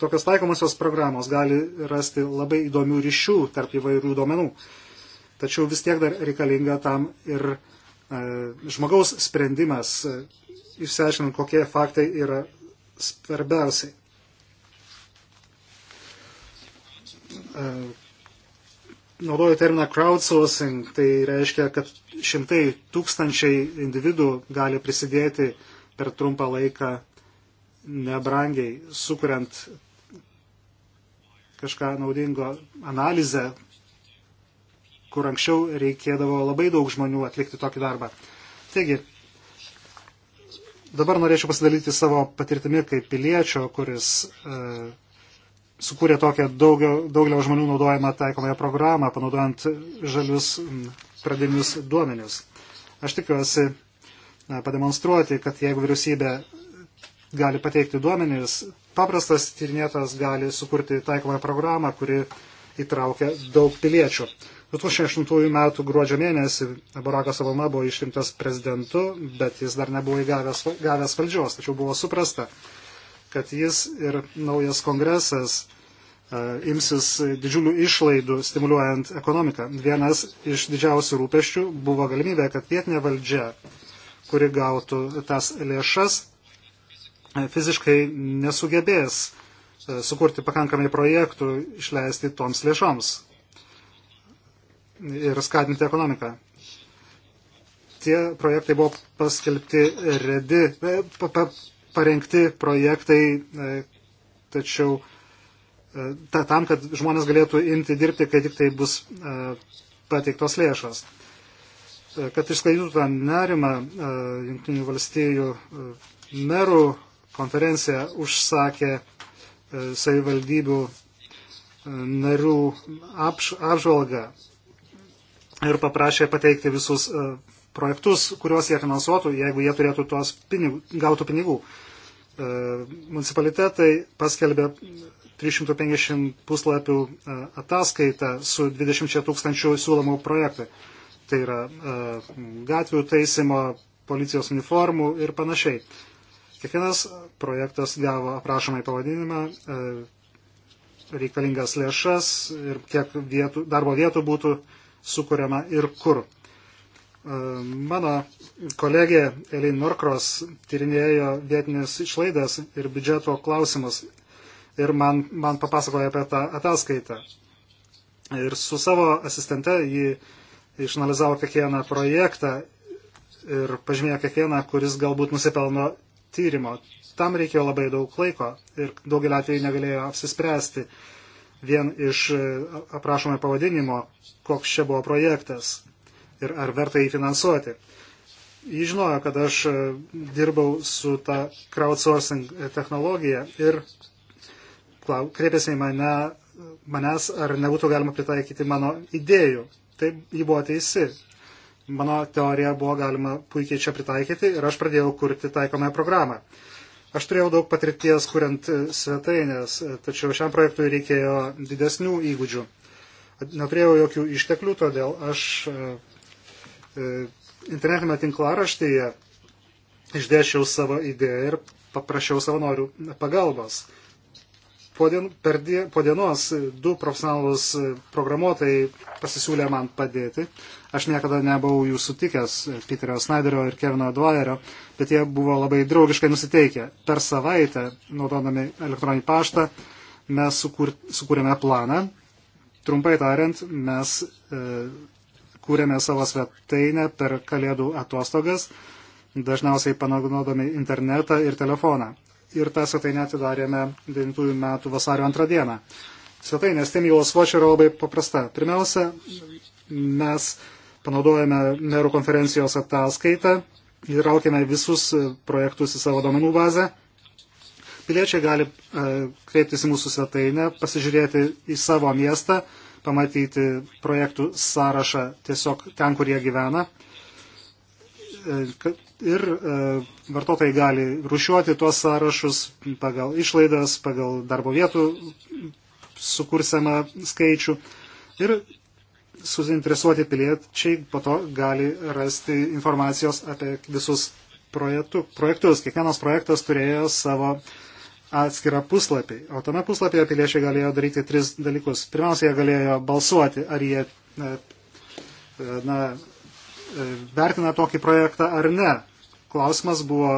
Tokios taikomosios programos gali rasti labai įdomių ryšių tarp įvairių duomenų. Tačiau vis tiek dar reikalinga tam ir E, žmogaus sprendimas, e, išsiaiškinant, kokie faktai yra svarbiausiai. E, naudoju terminą crowdsourcing, tai reiškia, kad šimtai tūkstančiai individų gali prisidėti per trumpą laiką nebrangiai, sukuriant kažką naudingo analizę, kur anksčiau reikėdavo labai daug žmonių atlikti tokį darbą. Taigi, dabar norėčiau pasidalyti savo patirtimi kaip piliečio, kuris e, sukūrė tokią daugio, daugelio žmonių naudojamą taikomąją programą, panaudojant žalius pradinius duomenius. Aš tikiuosi pademonstruoti, kad jeigu vyriausybė gali pateikti duomenys, paprastas tyrinėtas gali sukurti taikomąją programą, kuri įtraukia daug piliečių. 2008 m. gruodžio mėnesį Barakas Obama buvo išrinktas prezidentu, bet jis dar nebuvo įgavęs gavęs valdžios, tačiau buvo suprasta, kad jis ir naujas kongresas e, imsis didžiulių išlaidų stimuliuojant ekonomiką. Vienas iš didžiausių rūpeščių buvo galimybė, kad vietinė valdžia, kuri gautų tas lėšas, e, fiziškai nesugebės e, sukurti pakankamai projektų išleisti toms lėšoms ir skatinti ekonomiką. Tie projektai buvo paskelbti redi, e, pa, pa, parengti projektai, e, tačiau e, ta, tam, kad žmonės galėtų imti dirbti, kai tik tai bus pateiktos lėšos. Kad išsklaidytų tą nerimą, Junktinių valstybių merų konferencija užsakė savivaldybių narių apžvalgą. Apš, ir paprašė pateikti visus e, projektus, kuriuos jie finansuotų, jeigu jie turėtų tuos pinigų, gautų pinigų. E, municipalitetai paskelbė 350 puslapių e, ataskaitą su 20 tūkstančių siūlomų projektų. Tai yra gatvių taisimo, policijos uniformų ir panašiai. Kiekvienas projektas gavo aprašomai pavadinimą, reikalingas lėšas ir kiek vietų, darbo vietų būtų sukūriama ir kur. E, mano kolegė Elin Norkros tyrinėjo vietinės išlaidas ir biudžeto klausimus ir man, man papasakojo apie tą ataskaitą. Ir su savo asistente ji išanalizavo kiekvieną projektą ir pažymėjo kiekvieną, kuris galbūt nusipelno tyrimo. Tam reikėjo labai daug laiko ir daugelį atvejų negalėjo apsispręsti vien iš e, aprašomai pavadinimo, koks čia buvo projektas ir ar verta jį finansuoti. Jis žinojo, kad aš e, dirbau su ta crowdsourcing e, technologija ir kreipėsi į mane, manęs, ar nebūtų galima pritaikyti mano idėjų. Taip, ji buvo teisi. Mano teoriją buvo galima puikiai čia pritaikyti ir aš pradėjau kurti taikomąją programą. Aš turėjau daug patirties, kuriant e, svetainės, e, tačiau šiam projektui reikėjo didesnių įgūdžių. Neturėjau jokių išteklių, todėl aš e, internetinėme tinklaraštyje išdėšiau savo idėją ir paprašiau savanorių pagalbos po, dien, per die, po dienos du profesionalus e, programuotojai pasisiūlė man padėti. Aš niekada nebuvau jų sutikęs, e, Peterio Snyderio ir Kevino Dwyerio, bet jie buvo labai draugiškai nusiteikę. Per savaitę, naudodami elektroninį paštą, mes sukur, sukūrėme planą. Trumpai tariant, mes e, kūrėme savo svetainę per kalėdų atostogas, dažniausiai panaudodami internetą ir telefoną ir tą svetainę atidarėme 9 metų vasario 2 dieną. Svetainė Stimulus Watch yra labai paprasta. Pirmiausia, mes panaudojame merų konferencijos ataskaitą, įtraukėme visus projektus į savo domenų bazę. Piliečiai gali e, kreiptis į mūsų svetainę, pasižiūrėti į savo miestą, pamatyti projektų sąrašą tiesiog ten, kur jie gyvena, e, ir e, vartotojai gali rušiuoti tuos sąrašus pagal išlaidas, pagal darbo vietų sukursiamą skaičių ir susinteresuoti piliečiai po to gali rasti informacijos apie visus projektu, projektus. Kiekvienas projektas turėjo savo atskirą puslapį, o tame puslapyje piliečiai galėjo daryti tris dalykus. Pirmiausia, jie galėjo balsuoti, ar jie e, e, na, e, vertina tokį projektą ar ne klausimas buvo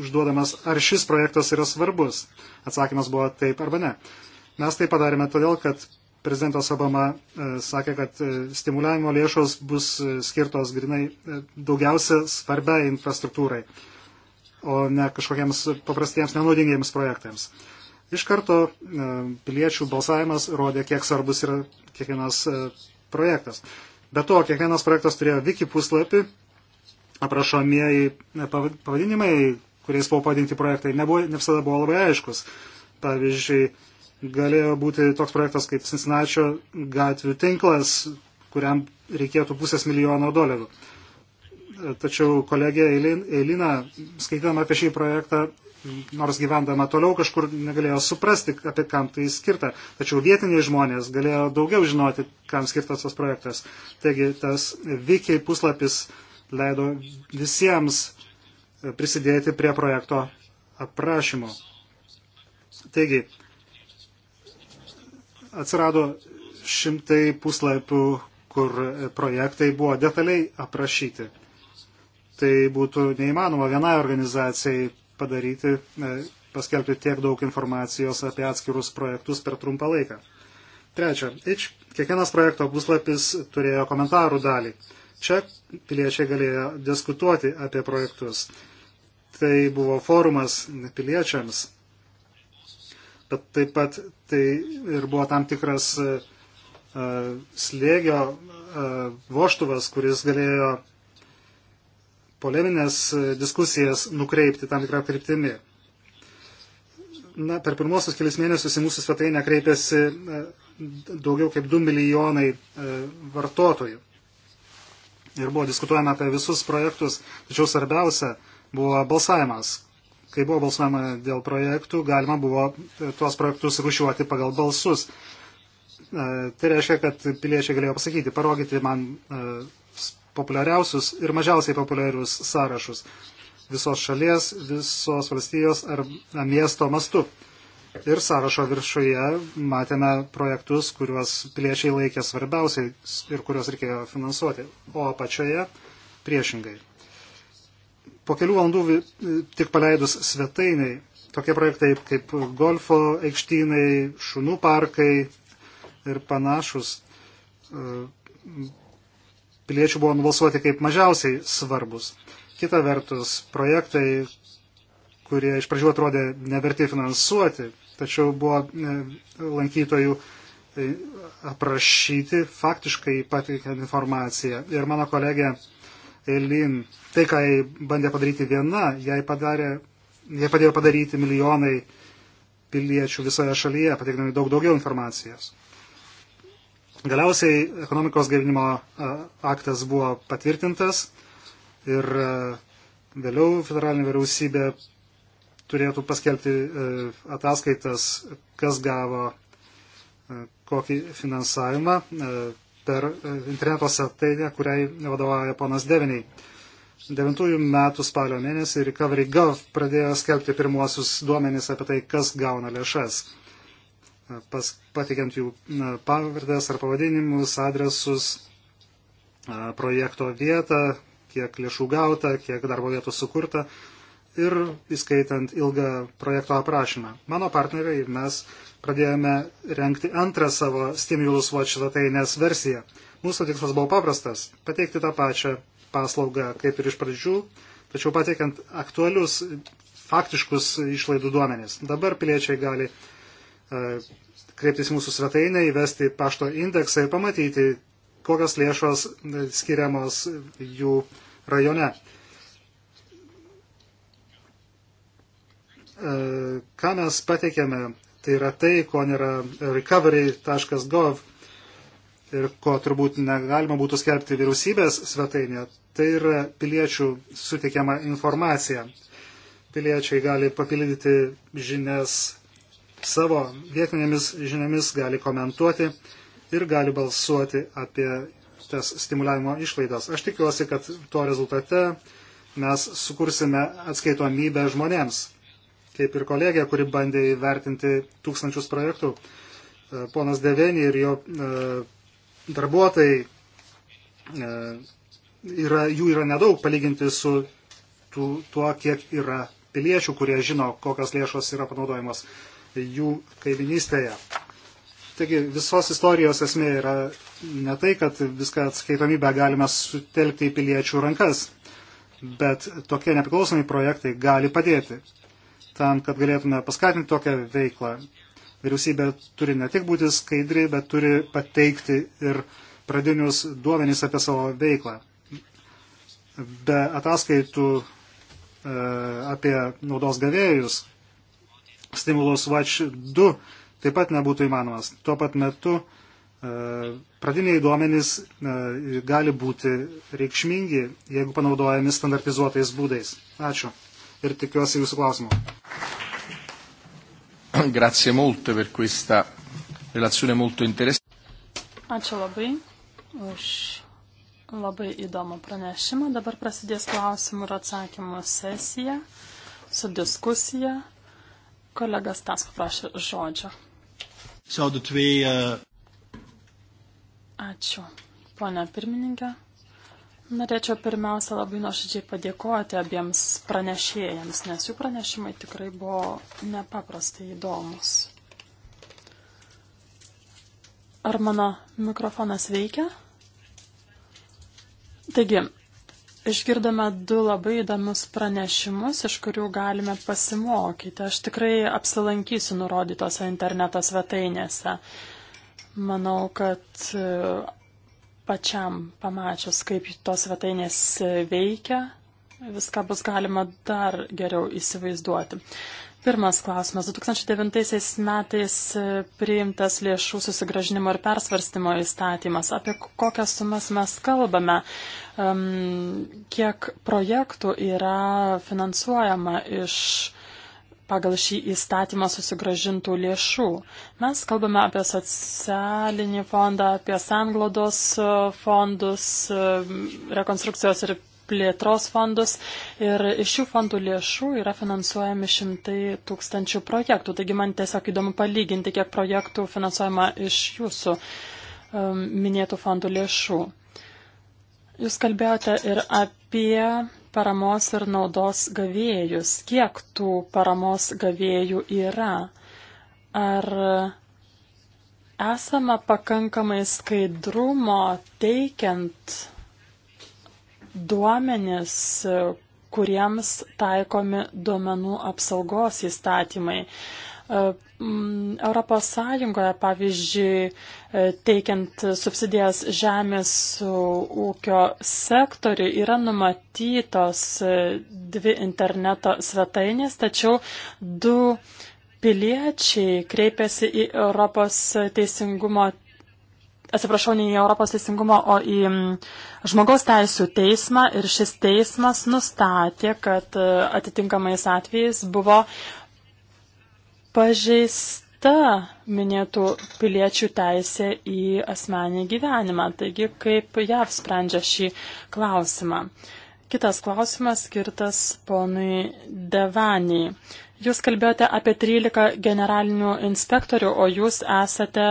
užduodamas, ar šis projektas yra svarbus. Atsakymas buvo taip arba ne. Mes tai padarėme todėl, kad prezidentas Obama e, sakė, kad e, stimuliavimo lėšos bus e, skirtos grinai daugiausia svarbiai infrastruktūrai, o ne kažkokiems paprastiems nenaudingiems projektams. Iš karto piliečių balsavimas rodė, kiek svarbus yra kiekvienas projektas. Be to, kiekvienas projektas turėjo wiki puslapį, aprašomieji e, pavadinimai, kuriais buvo pavadinti projektai, nebuvo, ne visada buvo labai aiškus. Pavyzdžiui, galėjo būti toks projektas kaip Cincinnati gatvių tinklas, kuriam reikėtų pusės milijono dolerių. E, tačiau kolegė Eilina, skaitydama apie šį projektą, nors gyvendama toliau kažkur negalėjo suprasti, apie kam tai skirta. Tačiau vietiniai žmonės galėjo daugiau žinoti, kam skirtas tas projektas. Taigi tas Viki puslapis uh, leido visiems e, prisidėti prie projekto aprašymo. Taigi, atsirado šimtai puslapių, kur e, projektai buvo detaliai aprašyti. Tai būtų neįmanoma vienai organizacijai padaryti, e, paskelbti tiek daug informacijos apie atskirus projektus per trumpą laiką. Trečia, kiekvienas projekto puslapis turėjo komentarų dalį. Čia piliečiai galėjo diskutuoti apie projektus. Tai buvo forumas piliečiams, bet taip pat tai ir buvo tam tikras uh, slėgio uh, e, voštuvas, kuris galėjo poleminės diskusijas nukreipti tam tikrą kryptimį. Na, per pirmosius kelias mėnesius į mūsų svetainę kreipėsi daugiau kaip 2 milijonai vartotojų ir buvo diskutuojama apie visus projektus, tačiau svarbiausia buvo balsavimas. Kai buvo balsuojama dėl projektų, galima buvo tuos projektus rušiuoti pagal balsus. E, tai reiškia, kad piliečiai galėjo pasakyti, parodyti man e, populiariausius ir mažiausiai populiarius sąrašus visos šalies, visos valstijos ar miesto mastu. Ir sąrašo viršuje matėme projektus, kuriuos piliečiai laikė svarbiausiai ir kuriuos reikėjo finansuoti. O apačioje priešingai. Po kelių valandų tik paleidus svetainiai, tokie projektai kaip golfo aikštynai, šunų parkai ir panašus e, piliečių buvo nubalsuoti kaip mažiausiai svarbus. Kita vertus, projektai, kurie iš pradžių atrodė neverti finansuoti, tačiau buvo e, lankytojų e, aprašyti faktiškai pateikiant informaciją. Ir mano kolegė Elin, tai, ką jai bandė padaryti viena, jai, padarė, jai padėjo padaryti milijonai piliečių visoje šalyje, pateikdami daug daugiau informacijos. Galiausiai ekonomikos gaivinimo e, aktas buvo patvirtintas ir vėliau federalinė vyriausybė turėtų paskelbti e, ataskaitas, kas gavo e, kokį finansavimą e, per interneto svetainę, kuriai vadovauja ponas Deviniai. 9 metų spalio mėnesį Recovery.gov pradėjo skelbti pirmuosius duomenys apie tai, kas gauna lėšas, Pas, patikiant jų pavardės ar pavadinimus, adresus, projekto vietą, kiek lėšų gauta, kiek darbo vietų sukurta ir įskaitant ilgą projekto aprašymą. Mano partneriai mes pradėjome renkti antrą savo Stimulus Watch svetainės versiją. Mūsų tikslas buvo paprastas - pateikti tą pačią paslaugą kaip ir iš pradžių, tačiau pateikiant aktualius faktiškus išlaidų duomenys. Dabar piliečiai gali e, kreiptis į mūsų svetainę, įvesti pašto indeksą ir pamatyti, kokios lėšos e, skiriamos jų rajone. E, ką mes pateikėme, tai yra tai, ko nėra recovery.gov ir ko turbūt negalima būtų skelbti vyriausybės svetainė, tai yra piliečių suteikiama informacija. Piliečiai gali papildyti žinias savo vietinėmis žiniomis, gali komentuoti ir gali balsuoti apie tas stimuliavimo išlaidas. Aš tikiuosi, kad tuo rezultate mes sukursime atskaitomybę žmonėms kaip ir kolegė, kuri bandė įvertinti tūkstančius projektų. E, ponas Devenį ir jo e, darbuotojai e, yra, jų yra nedaug palyginti su tų, tuo, kiek yra piliečių, kurie žino, kokios lėšos yra panaudojamos jų kaiminystėje. Taigi visos istorijos esmė yra ne tai, kad viską atskaitomybę galime sutelkti į piliečių rankas, bet tokie nepriklausomi projektai gali padėti tam, kad galėtume paskatinti tokią veiklą. Vyriausybė turi ne tik būti skaidri, bet turi pateikti ir pradinius duomenys apie savo veiklą. Be ataskaitų e, apie naudos gavėjus, stimulus Watch 2 taip pat nebūtų įmanomas. Tuo pat metu e, pradiniai duomenys e, gali būti reikšmingi, jeigu panaudojami standartizuotais būdais. Ačiū ir tikiuosi jūsų klausimų. Grazie molte per questa relazione molto interessante. Ačiū labai už labai įdomų pranešimą. Dabar prasidės klausimų ir atsakymų sesija su diskusija. Kolegas tas paprašė žodžio. Uh, Ačiū, ponia pirmininkė. Norėčiau pirmiausia labai nuoširdžiai padėkoti abiems pranešėjams, nes jų pranešimai tikrai buvo nepaprastai įdomus. Ar mano mikrofonas veikia? Taigi, Išgirdome du labai įdomius pranešimus, iš kurių galime pasimokyti. Aš tikrai apsilankysiu nurodytose interneto svetainėse. Manau, kad pačiam pamačius, kaip tos svetainės veikia, viską bus galima dar geriau įsivaizduoti. Pirmas klausimas. 2009 metais priimtas lėšų susigražinimo ir persvarstymo įstatymas. Apie kokias sumas mes kalbame? Um, kiek projektų yra finansuojama iš uh, pagal šį įstatymą susigražintų lėšų. Mes kalbame apie socialinį fondą, apie sanglodos e, fondus, e, rekonstrukcijos ir plėtros fondus ir iš šių fondų lėšų yra finansuojami šimtai tūkstančių projektų. Taigi man tiesiog įdomu palyginti, kiek projektų finansuojama iš jūsų um, minėtų fondų lėšų. Jūs kalbėjote ir apie paramos ir naudos gavėjus, kiek tų paramos gavėjų yra. Ar esama pakankamai skaidrumo teikiant duomenis, kuriems taikomi duomenų apsaugos įstatymai. E, Europos Sąjungoje, pavyzdžiui, e, teikiant subsidijas žemės ūkio sektoriui, yra numatytos e, dvi interneto svetainės, tačiau du piliečiai kreipėsi į Europos teisingumo, atsiprašau, ne į Europos teisingumo, o į žmogaus teisų teismą ir šis teismas nustatė, kad atitinkamais atvejais buvo uh, pažeista minėtų piliečių teisė į asmenį gyvenimą. Taigi, kaip JAV sprendžia šį klausimą? Kitas klausimas skirtas ponui Devanijai. Jūs kalbėjote apie 13 generalinių inspektorių, o jūs esate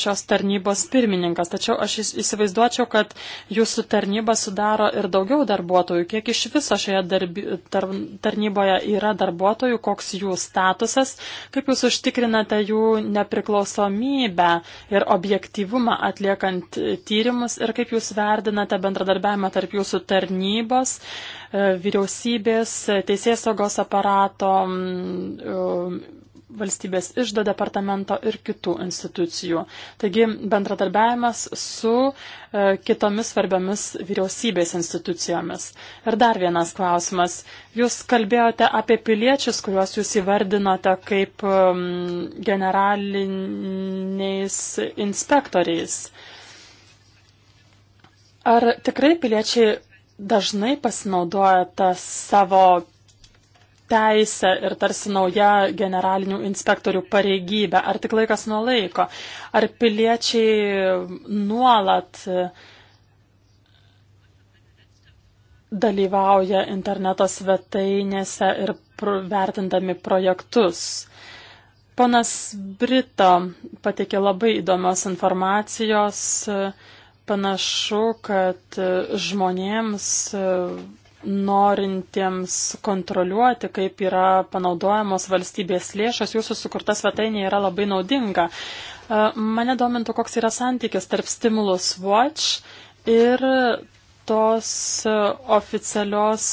šios tarnybos pirmininkas. Tačiau aš įsivaizduočiau, kad jūsų tarnyba sudaro ir daugiau darbuotojų. Kiek iš viso šioje darbi, tar, tarnyboje yra darbuotojų, koks jų statusas, kaip jūs užtikrinate jų nepriklausomybę ir objektivumą atliekant tyrimus ir kaip jūs verdinate bendradarbiavimą tarp jūsų tarnybos vyriausybės, teisės saugos aparato, mm, e, valstybės išdo departamento ir kitų institucijų. Taigi bendradarbiavimas su e, kitomis svarbiamis vyriausybės institucijomis. Ir dar vienas klausimas. Jūs kalbėjote apie piliečius, kuriuos jūs įvardinote kaip mm, generaliniais inspektoriais. Ar tikrai piliečiai dažnai pasinaudoja tą savo teisę ir tarsi nauja generalinių inspektorių pareigybė. Ar tik laikas nuo laiko? Ar piliečiai nuolat dalyvauja interneto svetainėse ir vertindami projektus? Ponas Brito patikė labai įdomios informacijos. Uh, Panašu, kad žmonėms e, norintiems kontroliuoti, kaip yra panaudojamos valstybės lėšos, jūsų sukurta svetainė yra labai naudinga. E, mane domintų, koks yra santykis tarp stimulus watch ir tos e, oficialios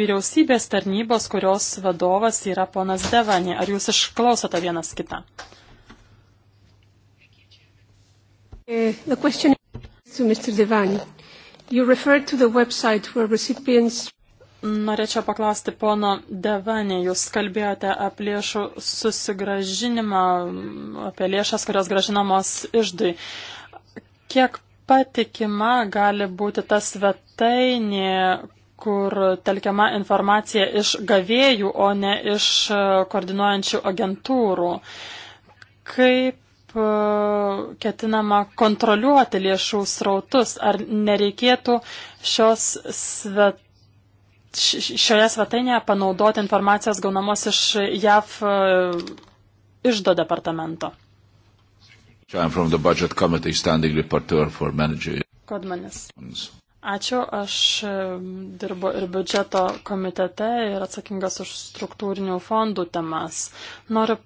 vyriausybės tarnybos, kurios vadovas yra ponas Devanė. Ar jūs išklausote vienas kitą? Eh, the question To Mr. Devani. You referred to the website where recipients Norėčiau paklausti pono Devanį, jūs kalbėjote apie lėšų susigražinimą, apie lėšas, kurios gražinamos išdui. Kiek patikima gali būti ta svetainė, kur telkiama informacija iš gavėjų, o ne iš koordinuojančių agentūrų? Kaip E, ketinama kontroliuoti lėšų srautus, ar nereikėtų šios svet, šioje svetainėje panaudoti informacijos gaunamos iš JAV e, išdo departamento. Kodmanis. Ačiū, aš e, dirbu ir biudžeto komitete ir atsakingas už struktūrinių fondų temas. Noriu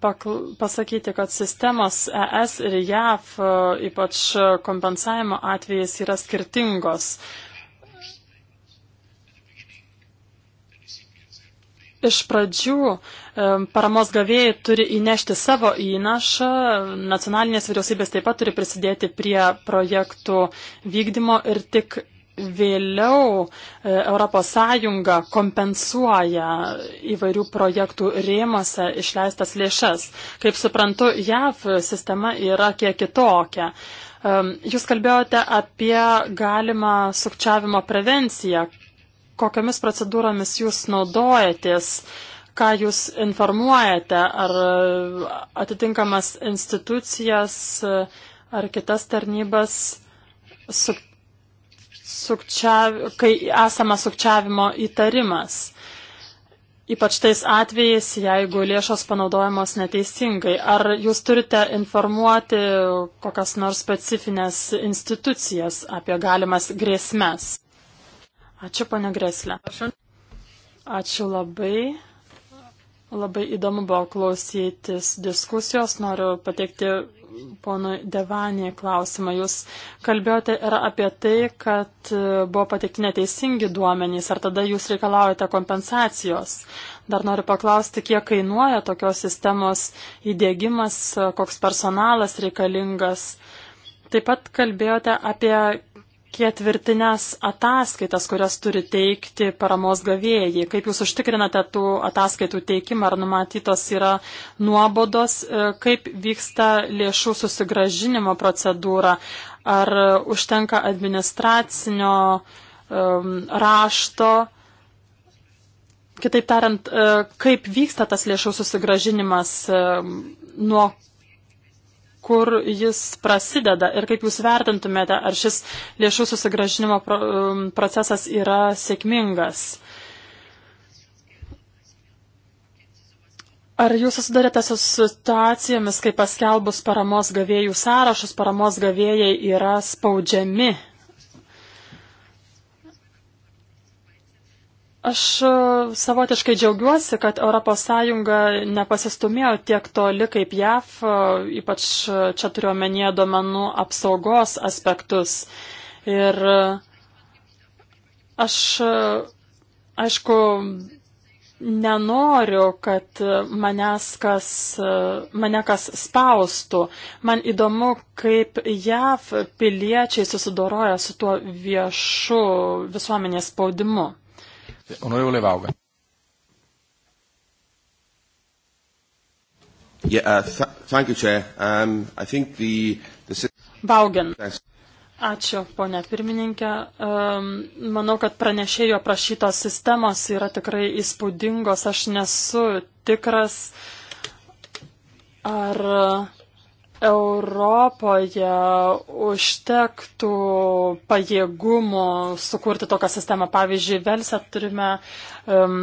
pasakyti, kad sistemos ES ir JAF, e, ypač kompensavimo atvejais, yra skirtingos. Iš pradžių e, paramos gavėjai turi įnešti savo įnašą, nacionalinės vyriausybės taip pat turi prisidėti prie projektų vykdymo ir tik vėliau ES kompensuoja įvairių projektų rėmose išleistas lėšas. Kaip suprantu, JAV sistema yra kiek kitokia. Jūs kalbėjote apie galimą sukčiavimo prevenciją. Kokiamis procedūromis jūs naudojatės? ką jūs informuojate, ar atitinkamas institucijas, ar kitas tarnybas, su, sukčiav... kai esama sukčiavimo įtarimas. Ypač tais atvejais, jeigu lėšos panaudojamos neteisingai. Ar jūs turite informuoti kokias nors specifines institucijas apie galimas grėsmes? Ačiū, ponia Greslė. Ačiū labai. Labai įdomu buvo klausytis diskusijos. Noriu pateikti pono Devanį klausimą. Jūs kalbėjote ir apie tai, kad e, buvo pateikti neteisingi duomenys, ar tada jūs reikalaujate kompensacijos. Dar noriu paklausti, kiek kainuoja tokios sistemos įdėgymas, e, koks personalas reikalingas. Taip pat kalbėjote apie ketvirtinės ataskaitas, kurias turi teikti paramos gavėjai? Kaip jūs užtikrinate tų ataskaitų teikimą, ar numatytos yra nuobodos, e, kaip vyksta lėšų susigražinimo procedūra, ar užtenka administracinio um, rašto? Kitaip tariant, e, kaip vyksta tas lėšų susigražinimas, e, nuo kur jis prasideda ir kaip jūs vertintumėte, ar šis lėšų susigražinimo um, procesas yra sėkmingas. Ar jūs susidarėte su situacijomis, kai paskelbus paramos gavėjų sąrašus, paramos gavėjai yra spaudžiami Aš e, savotiškai džiaugiuosi, kad ES nepasistumėjo tiek toli kaip JAV, e, ypač e, čia turiuomenyje domenų apsaugos aspektus. Ir aš, aišku, nenoriu, kad manęs kas, mane kas spaustų. Man įdomu, kaip JAV piliečiai susidoroja su tuo viešu visuomenės spaudimu. Onorevole Vauga. Yeah, uh, th thank you, Chair. Um, I think the, the... Baugen. Ačiū, ponė pirmininkė. Um, manau, kad pranešėjo prašytos sistemos yra tikrai įspūdingos. Aš nesu tikras, ar Europoje užtektų pajėgumų sukurti tokią sistemą. Pavyzdžiui, Velsė turime um,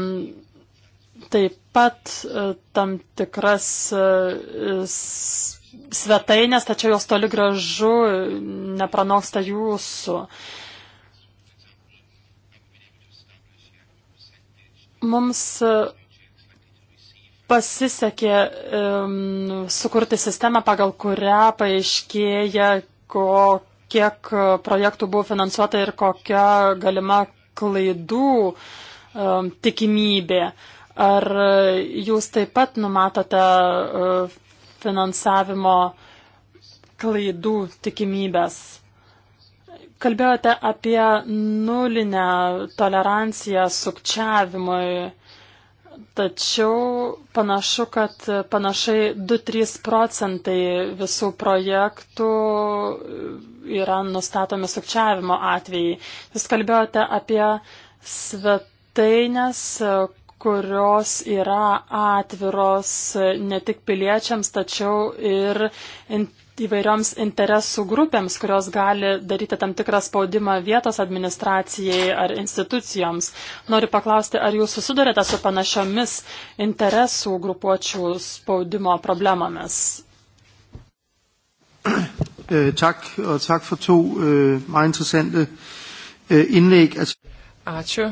taip pat uh, tam tikras uh, svetainės, tačiau jos toli gražu nepranoksta jūsų. Mums uh, pasisekė um, sukurti sistemą, pagal kurią paaiškėja, ko, kiek projektų buvo finansuota ir kokia galima klaidų um, tikimybė. Ar jūs taip pat numatote uh, finansavimo klaidų tikimybės? Kalbėjote apie nulinę toleranciją sukčiavimui. Tačiau panašu, kad panašiai 2-3 procentai visų projektų yra nustatomi sukčiavimo atvejai. Jūs kalbėjote apie svetainės, kurios yra atviros ne tik piliečiams, tačiau ir interesams įvairioms interesų grupėms, kurios gali daryti tam tikrą spaudimą vietos administracijai ar institucijoms. Noriu paklausti, ar jūs susidurėte su panašiomis interesų grupuočių spaudimo problemomis? Øh, tak, og tak for to uh, meget interessante uh, indlæg. Ačiū.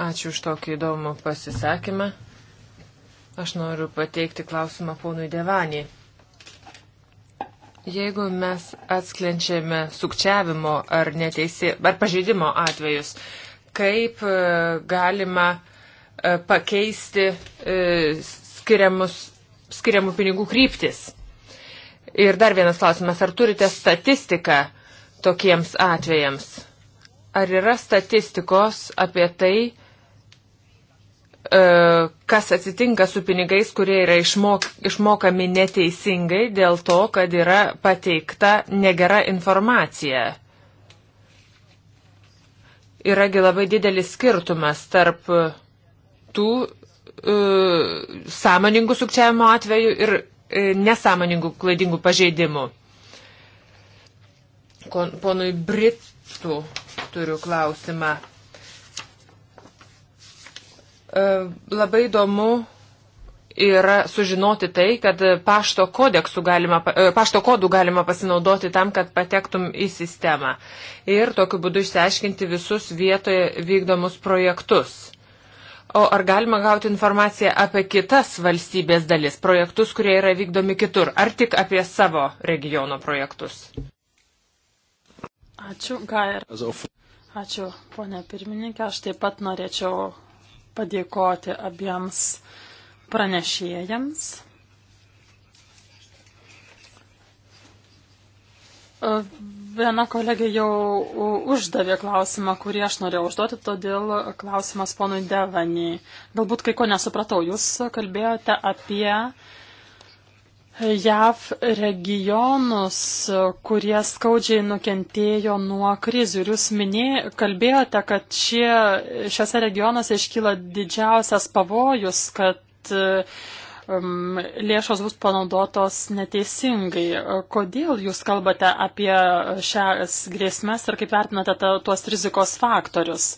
Ačiū už tokį įdomų pasisakymą. Aš noriu pateikti klausimą ponui Devanijai. Jeigu mes atsklenčiame sukčiavimo ar, neteisė, ar pažeidimo atvejus, kaip e, galima e, pakeisti e, skiriamus, skiriamų pinigų kryptis? Ir dar vienas klausimas, ar turite statistiką tokiems atvejams? Ar yra statistikos apie tai, E, kas atsitinka su pinigais, kurie yra išmok, išmokami neteisingai dėl to, kad yra pateikta negera informacija. Yragi labai didelis skirtumas tarp tų e, sąmoningų sukčiavimo atvejų ir e, nesąmoningų klaidingų pažeidimų. Kon, ponui Britų turiu klausimą E, labai įdomu yra sužinoti tai, kad pašto, galima, e, pašto kodų galima pasinaudoti tam, kad patektum į sistemą. Ir tokiu būdu išsiaiškinti visus vietoje vykdomus projektus. O ar galima gauti informaciją apie kitas valstybės dalis, projektus, kurie yra vykdomi kitur, ar tik apie savo regiono projektus? Ačiū, Gair. Ačiū, ponė pirmininkė. Aš taip pat norėčiau padėkoti abiems pranešėjams. Viena kolegė jau uždavė klausimą, kurį aš norėjau užduoti, todėl klausimas ponui Devanį. Galbūt kai ko nesupratau. Jūs kalbėjote apie JAV regionus, kurie skaudžiai nukentėjo nuo krizių. Ir jūs minė, kalbėjote, kad šie, šiuose regionuose iškyla didžiausias pavojus, kad um, lėšos bus panaudotos neteisingai. Kodėl jūs kalbate apie šias grėsmės ir kaip vertinate ta, tuos rizikos faktorius?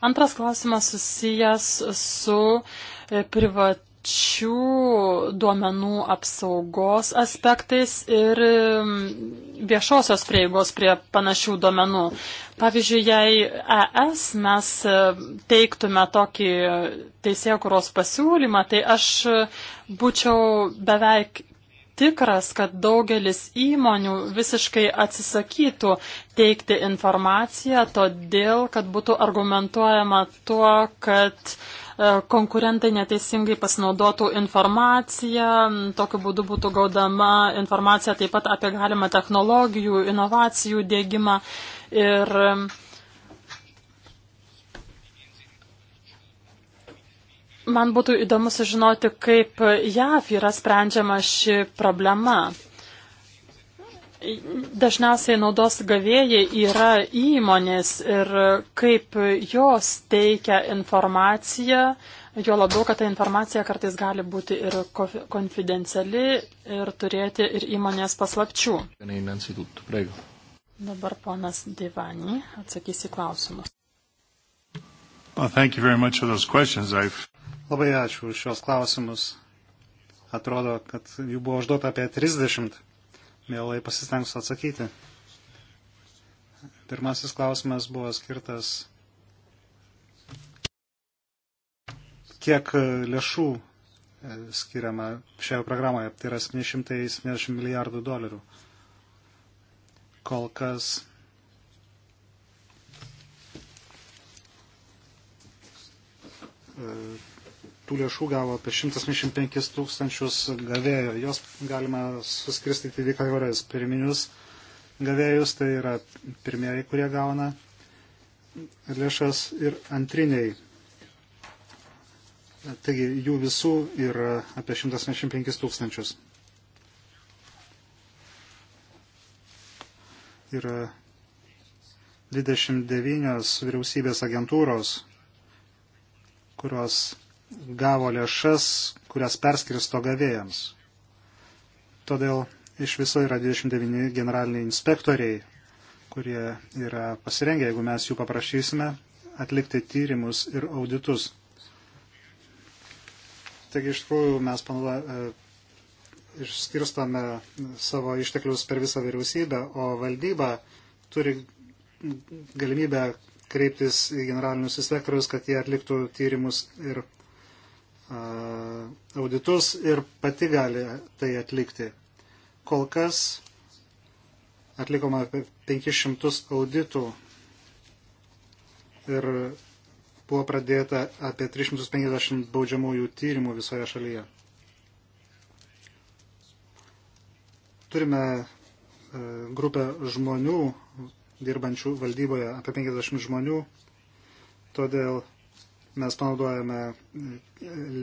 Antras klausimas susijęs su e, privat privačių duomenų apsaugos aspektais ir mm, viešosios prieigos prie panašių duomenų. Pavyzdžiui, jei ES mes e, teiktume tokį teisėkuros pasiūlymą, tai aš būčiau beveik tikras, kad daugelis įmonių visiškai atsisakytų teikti informaciją, todėl, kad būtų argumentuojama tuo, kad uh, E, konkurentai neteisingai pasinaudotų informaciją, tokiu būdu būtų gaudama informacija taip pat apie galimą technologijų, inovacijų dėgymą ir e, man būtų įdomu sužinoti, kaip JAV yra sprendžiama ši problema dažniausiai naudos gavėjai yra įmonės ir kaip jos teikia informaciją, jo labiau, kad ta informacija kartais gali būti ir konfidenciali ir turėti ir įmonės paslapčių. Dabar ponas Divanį atsakys į klausimus. Well, Labai ačiū už šios klausimus. Atrodo, kad jų buvo užduota apie 30 mielai pasistengsiu atsakyti. Pirmasis klausimas buvo skirtas, kiek lėšų e, skiriama šioje programoje, tai yra 770 milijardų dolerių. Kol kas e, tų lėšų gavo apie 125 tūkstančius gavėjų. Jos galima suskirstyti į kategorijas. Pirminius gavėjus tai yra pirmieji, kurie gauna lėšas ir antriniai. Taigi jų visų yra apie 125 tūkstančius. Yra 29 vyriausybės agentūros, kurios gavo lėšas, kurias perskirsto gavėjams. Todėl iš viso yra 29 generaliniai inspektoriai, kurie yra pasirengę, jeigu mes jų paprašysime, atlikti tyrimus ir auditus. Taigi iš tikrųjų mes panauda, e, išskirstame savo išteklius per visą vyriausybę, o valdyba turi galimybę kreiptis į generalinius inspektorius, kad jie atliktų tyrimus ir auditus ir pati gali tai atlikti. Kol kas atlikoma apie 500 auditų ir buvo pradėta apie 350 baudžiamųjų tyrimų visoje šalyje. Turime grupę žmonių dirbančių valdyboje, apie 50 žmonių, todėl mes panaudojame e,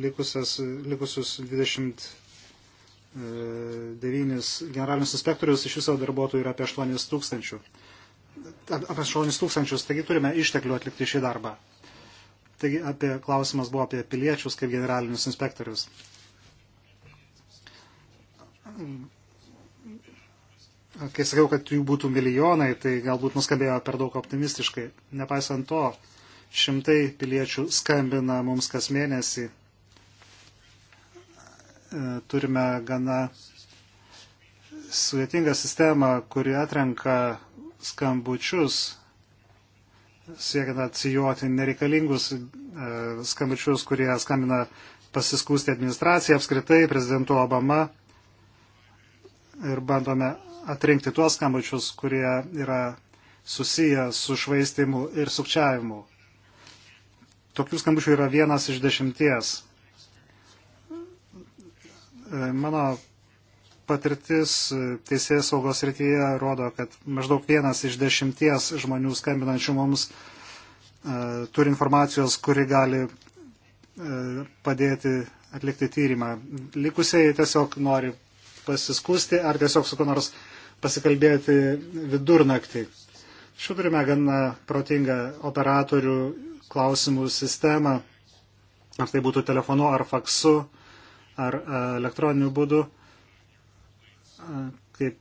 likusias, likusius 29 e, generalinius inspektorius, iš viso darbuotojų yra apie 8 tūkstančių. Apie 8 tūkstančius, taigi turime išteklių atlikti šį darbą. Taigi apie, klausimas buvo apie piliečius kaip generalinius inspektorius. Kai sakiau, kad jų būtų milijonai, tai galbūt nuskambėjo per daug optimistiškai. Nepaisant to, Šimtai piliečių skambina mums kas mėnesį. E, turime gana sudėtingą sistemą, kuri atrenka skambučius, siekiant atsijoti nereikalingus e, skambučius, kurie skambina pasiskūsti administraciją apskritai, prezidentu Obama ir bandome atrinkti tuos skambučius, kurie yra susiję su švaistimu ir sukčiavimu. Tokių skambučių yra vienas iš dešimties. E, mano patirtis e, teisėjai saugos rytyje rodo, kad maždaug vienas iš dešimties žmonių skambinančių mums e, turi informacijos, kuri gali padėti atlikti tyrimą. Likusiai tiesiog nori pasiskusti ar tiesiog su kuo nors pasikalbėti vidurnaktį. Šiuo turime gana protingą operatorių klausimų sistemą, ar tai būtų telefonu, ar faksu, ar e, elektroniniu būdu, e, kaip,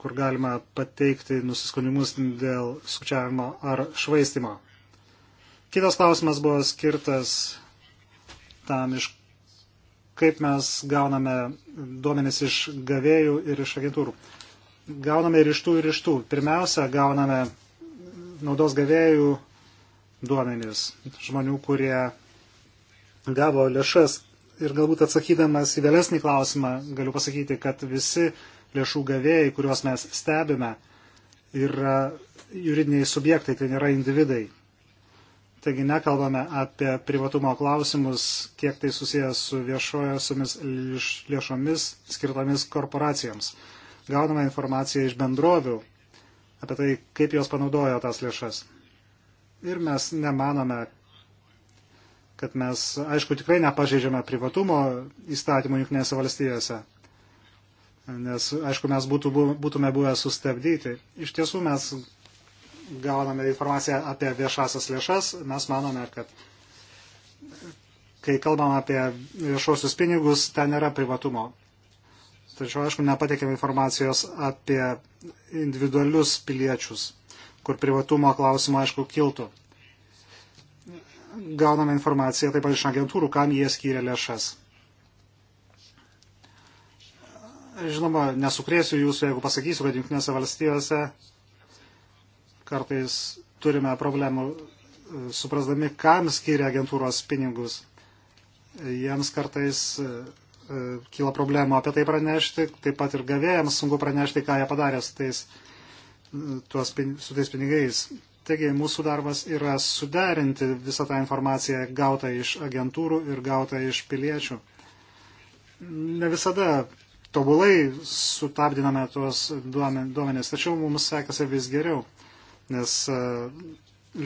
kur galima pateikti nusiskundimus dėl skučiavimo ar švaistimo. Kitas klausimas buvo skirtas tam, iš kaip mes gauname duomenis iš gavėjų ir iš agentūrų. Gauname ir iš tų, ir iš tų. Pirmiausia, gauname naudos gavėjų duomenys žmonių, kurie gavo lėšas. Ir galbūt atsakydamas į vėlesnį klausimą, galiu pasakyti, kad visi lėšų gavėjai, kuriuos mes stebime, yra juridiniai subjektai, tai nėra individai. Taigi nekalbame apie privatumo klausimus, kiek tai susijęs su viešojosiomis lėšomis skirtomis korporacijoms. Gauname informaciją iš bendrovių apie tai, kaip jos panaudojo tas lėšas ir mes nemanome, kad mes, aišku, tikrai nepažeidžiame privatumo įstatymų jungtinėse valstijose, nes, aišku, mes būtų, būtume buvę sustabdyti. Iš tiesų mes gauname informaciją apie viešasias lėšas, mes manome, kad kai kalbam apie viešuosius pinigus, ten nėra privatumo. Tačiau, aišku, nepatikėm informacijos apie individualius piliečius kur privatumo klausimą aišku kiltų. Gauname informaciją taip pat iš agentūrų, kam jie skyrė lėšas. Žinoma, nesukrėsiu jūsų, jeigu pasakysiu, kad Junktinėse valstijose kartais turime problemų e, suprasdami, kam skiria agentūros pinigus. Jiems kartais e, e, kyla problemų apie tai pranešti, taip pat ir gavėjams sunku pranešti, ką jie padarė su tais tuos, su tais pinigais. Taigi mūsų darbas yra suderinti visą tą informaciją gautą iš agentūrų ir gautą iš piliečių. Ne visada tobulai sutapdiname tuos duomenis, tačiau mums sekasi vis geriau, nes e,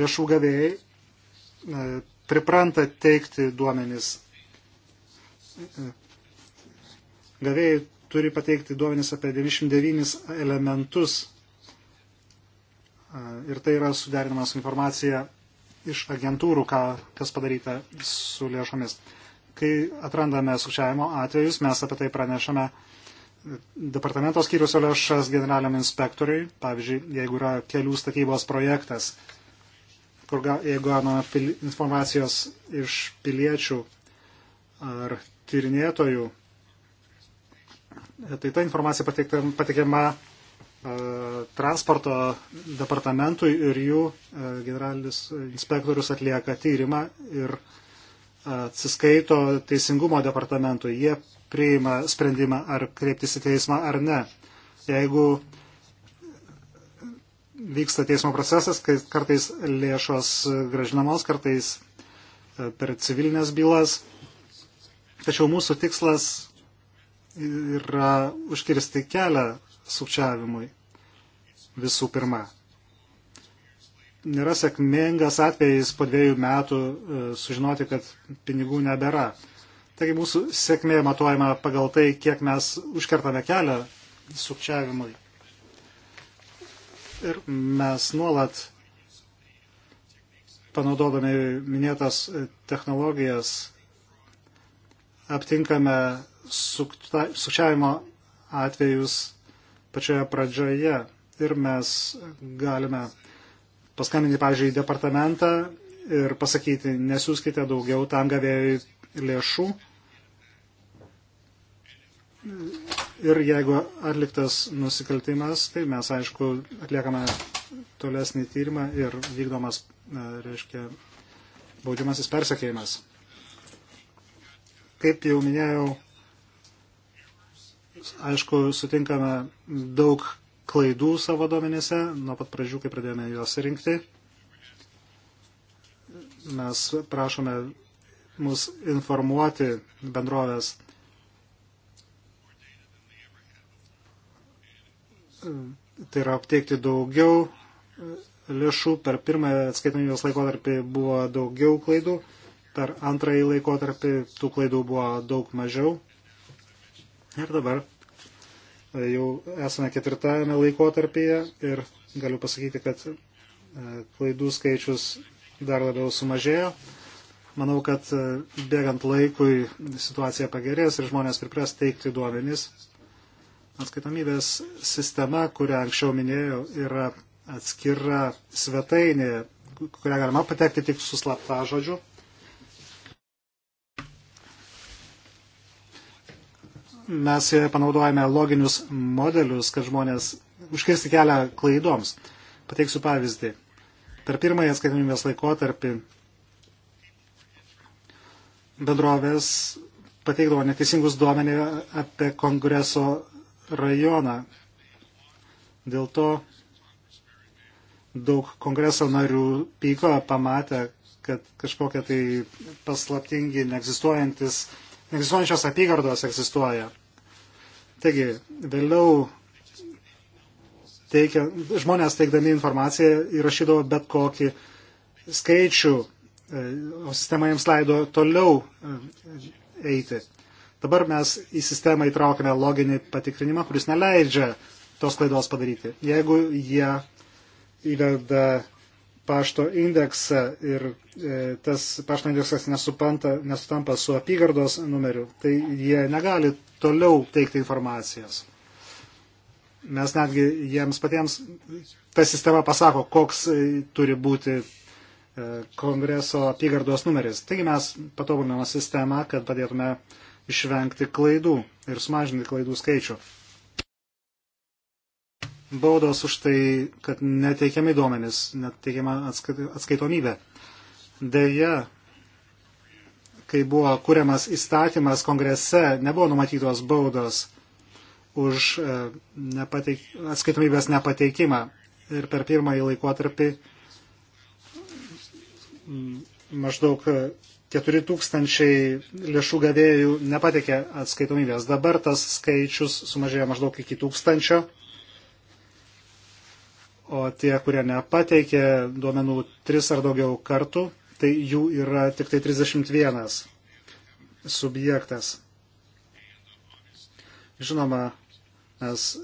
lėšų gavėjai e, pripranta teikti duomenis. Gavėjai turi pateikti duomenis apie 99 elementus Ir tai yra suderinama su informacija iš agentūrų, ką, kas padaryta su lėšomis. Kai atrandame sukčiavimo atvejus, mes apie tai pranešame departamento skyriusio lėšas generaliam inspektoriui. Pavyzdžiui, jeigu yra kelių statybos projektas, kur ga, jeigu gauname informacijos iš piliečių ar tyrinėtojų, tai ta informacija pateikiama E, transporto departamentui ir jų e, generalinis inspektorius atlieka tyrimą ir e, atsiskaito teisingumo departamentui. Jie priima sprendimą, ar kreiptis į teismą ar ne. Jeigu vyksta teismo procesas, kai kartais lėšos gražinamos, kartais per civilinės bylas. Tačiau mūsų tikslas yra užkirsti kelią sukčiavimui visų pirma. Nėra sėkmingas atvejis po dviejų metų e, sužinoti, kad pinigų nebėra. Taigi mūsų sėkmė matuojama pagal tai, kiek mes užkertame kelią sukčiavimui. Ir mes nuolat panaudodami minėtas technologijas aptinkame sukčiavimo atvejus pačioje pradžioje ir mes galime paskambinti, pavyzdžiui, į departamentą ir pasakyti, nesiūskite daugiau tam gavėjai lėšų. Ir jeigu atliktas nusikaltimas, tai mes, aišku, atliekame tolesnį tyrimą ir vykdomas, reiškia, baudžiamasis persekėjimas. Kaip jau minėjau, aišku, sutinkame daug klaidų savo duomenyse, nuo pat pradžių, kai pradėjome juos rinkti. Mes prašome mus informuoti bendrovės tai yra apteikti daugiau lėšų, per pirmąją atskaitomybės laikotarpį buvo daugiau klaidų, per antrąjį laikotarpį tų klaidų buvo daug mažiau. Ir dabar e, jau esame ketvirtajame laikotarpyje ir galiu pasakyti, kad e, klaidų skaičius dar labiau sumažėjo. Manau, kad e, bėgant laikui situacija pagerės ir žmonės pripras teikti duomenys. Atskaitomybės sistema, kurią anksčiau minėjau, yra atskira svetainė, kurią galima patekti tik su slapta žodžiu. mes panaudojame loginius modelius, kad žmonės užkirsti kelią klaidoms. Pateiksiu pavyzdį. Per pirmąją atskaitomybės laikotarpį bendrovės pateikdavo neteisingus duomenį apie kongreso rajoną. Dėl to daug kongreso narių pyko, pamatė, kad kažkokie tai paslaptingi, neegzistuojantis, neegzistuojančios apygardos egzistuoja. Taigi, vėliau teikia, žmonės teikdami informaciją įrašydavo bet kokį skaičių, e, o sistema jiems leido toliau e, eiti. Dabar mes į sistemą įtraukime loginį patikrinimą, kuris neleidžia tos klaidos padaryti. Jeigu jie įveda pašto indeksą ir e, tas pašto indeksas nesutampa su apygardos numeriu, tai jie negali toliau teikti informacijas. Mes netgi jiems patiems, ta sistema pasako, koks e, turi būti e, kongreso apygardos numeris. Taigi mes patobuliname sistemą, kad padėtume išvengti klaidų ir sumažinti klaidų skaičių. Baudos už tai, kad neteikiami duomenys, neteikiama atskaitomybė. Deja, kai buvo kuriamas įstatymas kongrese, nebuvo numatytos baudos už e, nepateik, atskaitomybės nepateikimą. Ir per pirmąjį laikotarpį mm, maždaug 4 e, tūkstančiai lėšų gavėjų nepatikė atskaitomybės. Dabar tas skaičius sumažėjo maždaug iki tūkstančio, o tie, kurie nepateikė duomenų 3 ar daugiau kartų, tai jų yra tik tai 31 subjektas. Žinoma, mes e,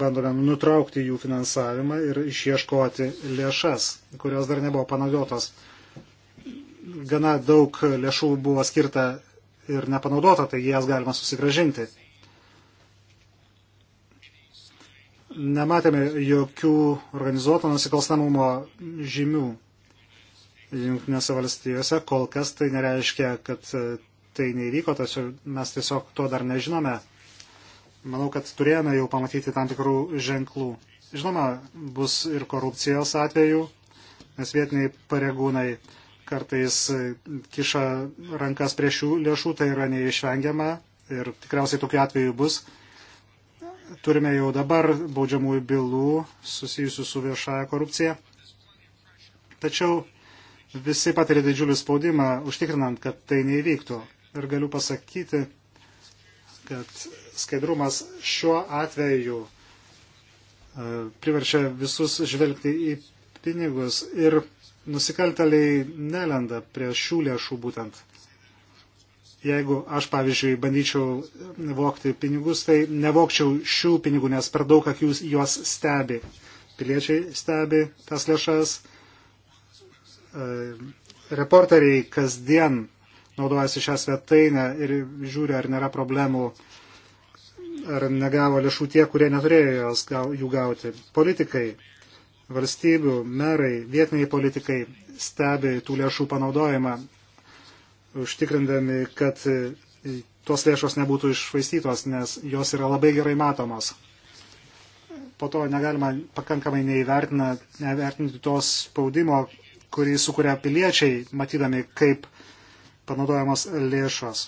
bandome nutraukti jų finansavimą ir išieškoti lėšas, kurios dar nebuvo panaudotos. Gana daug lėšų buvo skirta ir nepanaudota, tai jas galima susigražinti. Nematėme jokių organizuoto nusikalstamumo žymių Junktinėse valstijose. Kol kas tai nereiškia, kad e, tai neįvyko, tačiau mes tiesiog to dar nežinome. Manau, kad turėjome jau pamatyti tam tikrų ženklų. Žinoma, bus ir korupcijos atvejų, nes vietiniai pareigūnai kartais e, kiša rankas prie šių lėšų, tai yra neišvengiama ir tikriausiai tokių atvejų bus. Turime jau dabar baudžiamųjų bylų susijusių su viešaja korupcija. Tačiau visi patiria didžiulį spaudimą, užtikrinant, kad tai neįvyktų. Ir galiu pasakyti, kad skaidrumas šiuo atveju e, priverčia visus žvelgti į pinigus ir nusikalteliai nelenda prie šių lėšų būtent. Jeigu aš, pavyzdžiui, bandyčiau vokti pinigus, tai nevokčiau šių pinigų, nes per daug akių juos stebi. Piliečiai stebi tas lėšas, E, reporteriai kasdien naudojasi šią svetainę ir žiūri, ar nėra problemų, ar negavo lėšų tie, kurie neturėjo jos, jų gauti. Politikai, valstybių, merai, vietiniai politikai stebi tų lėšų panaudojimą, užtikrindami, kad tos lėšos nebūtų išvaistytos, nes jos yra labai gerai matomos. Po to negalima pakankamai neįvertinti tos spaudimo, kurį sukuria piliečiai, matydami, kaip panaudojamos lėšos.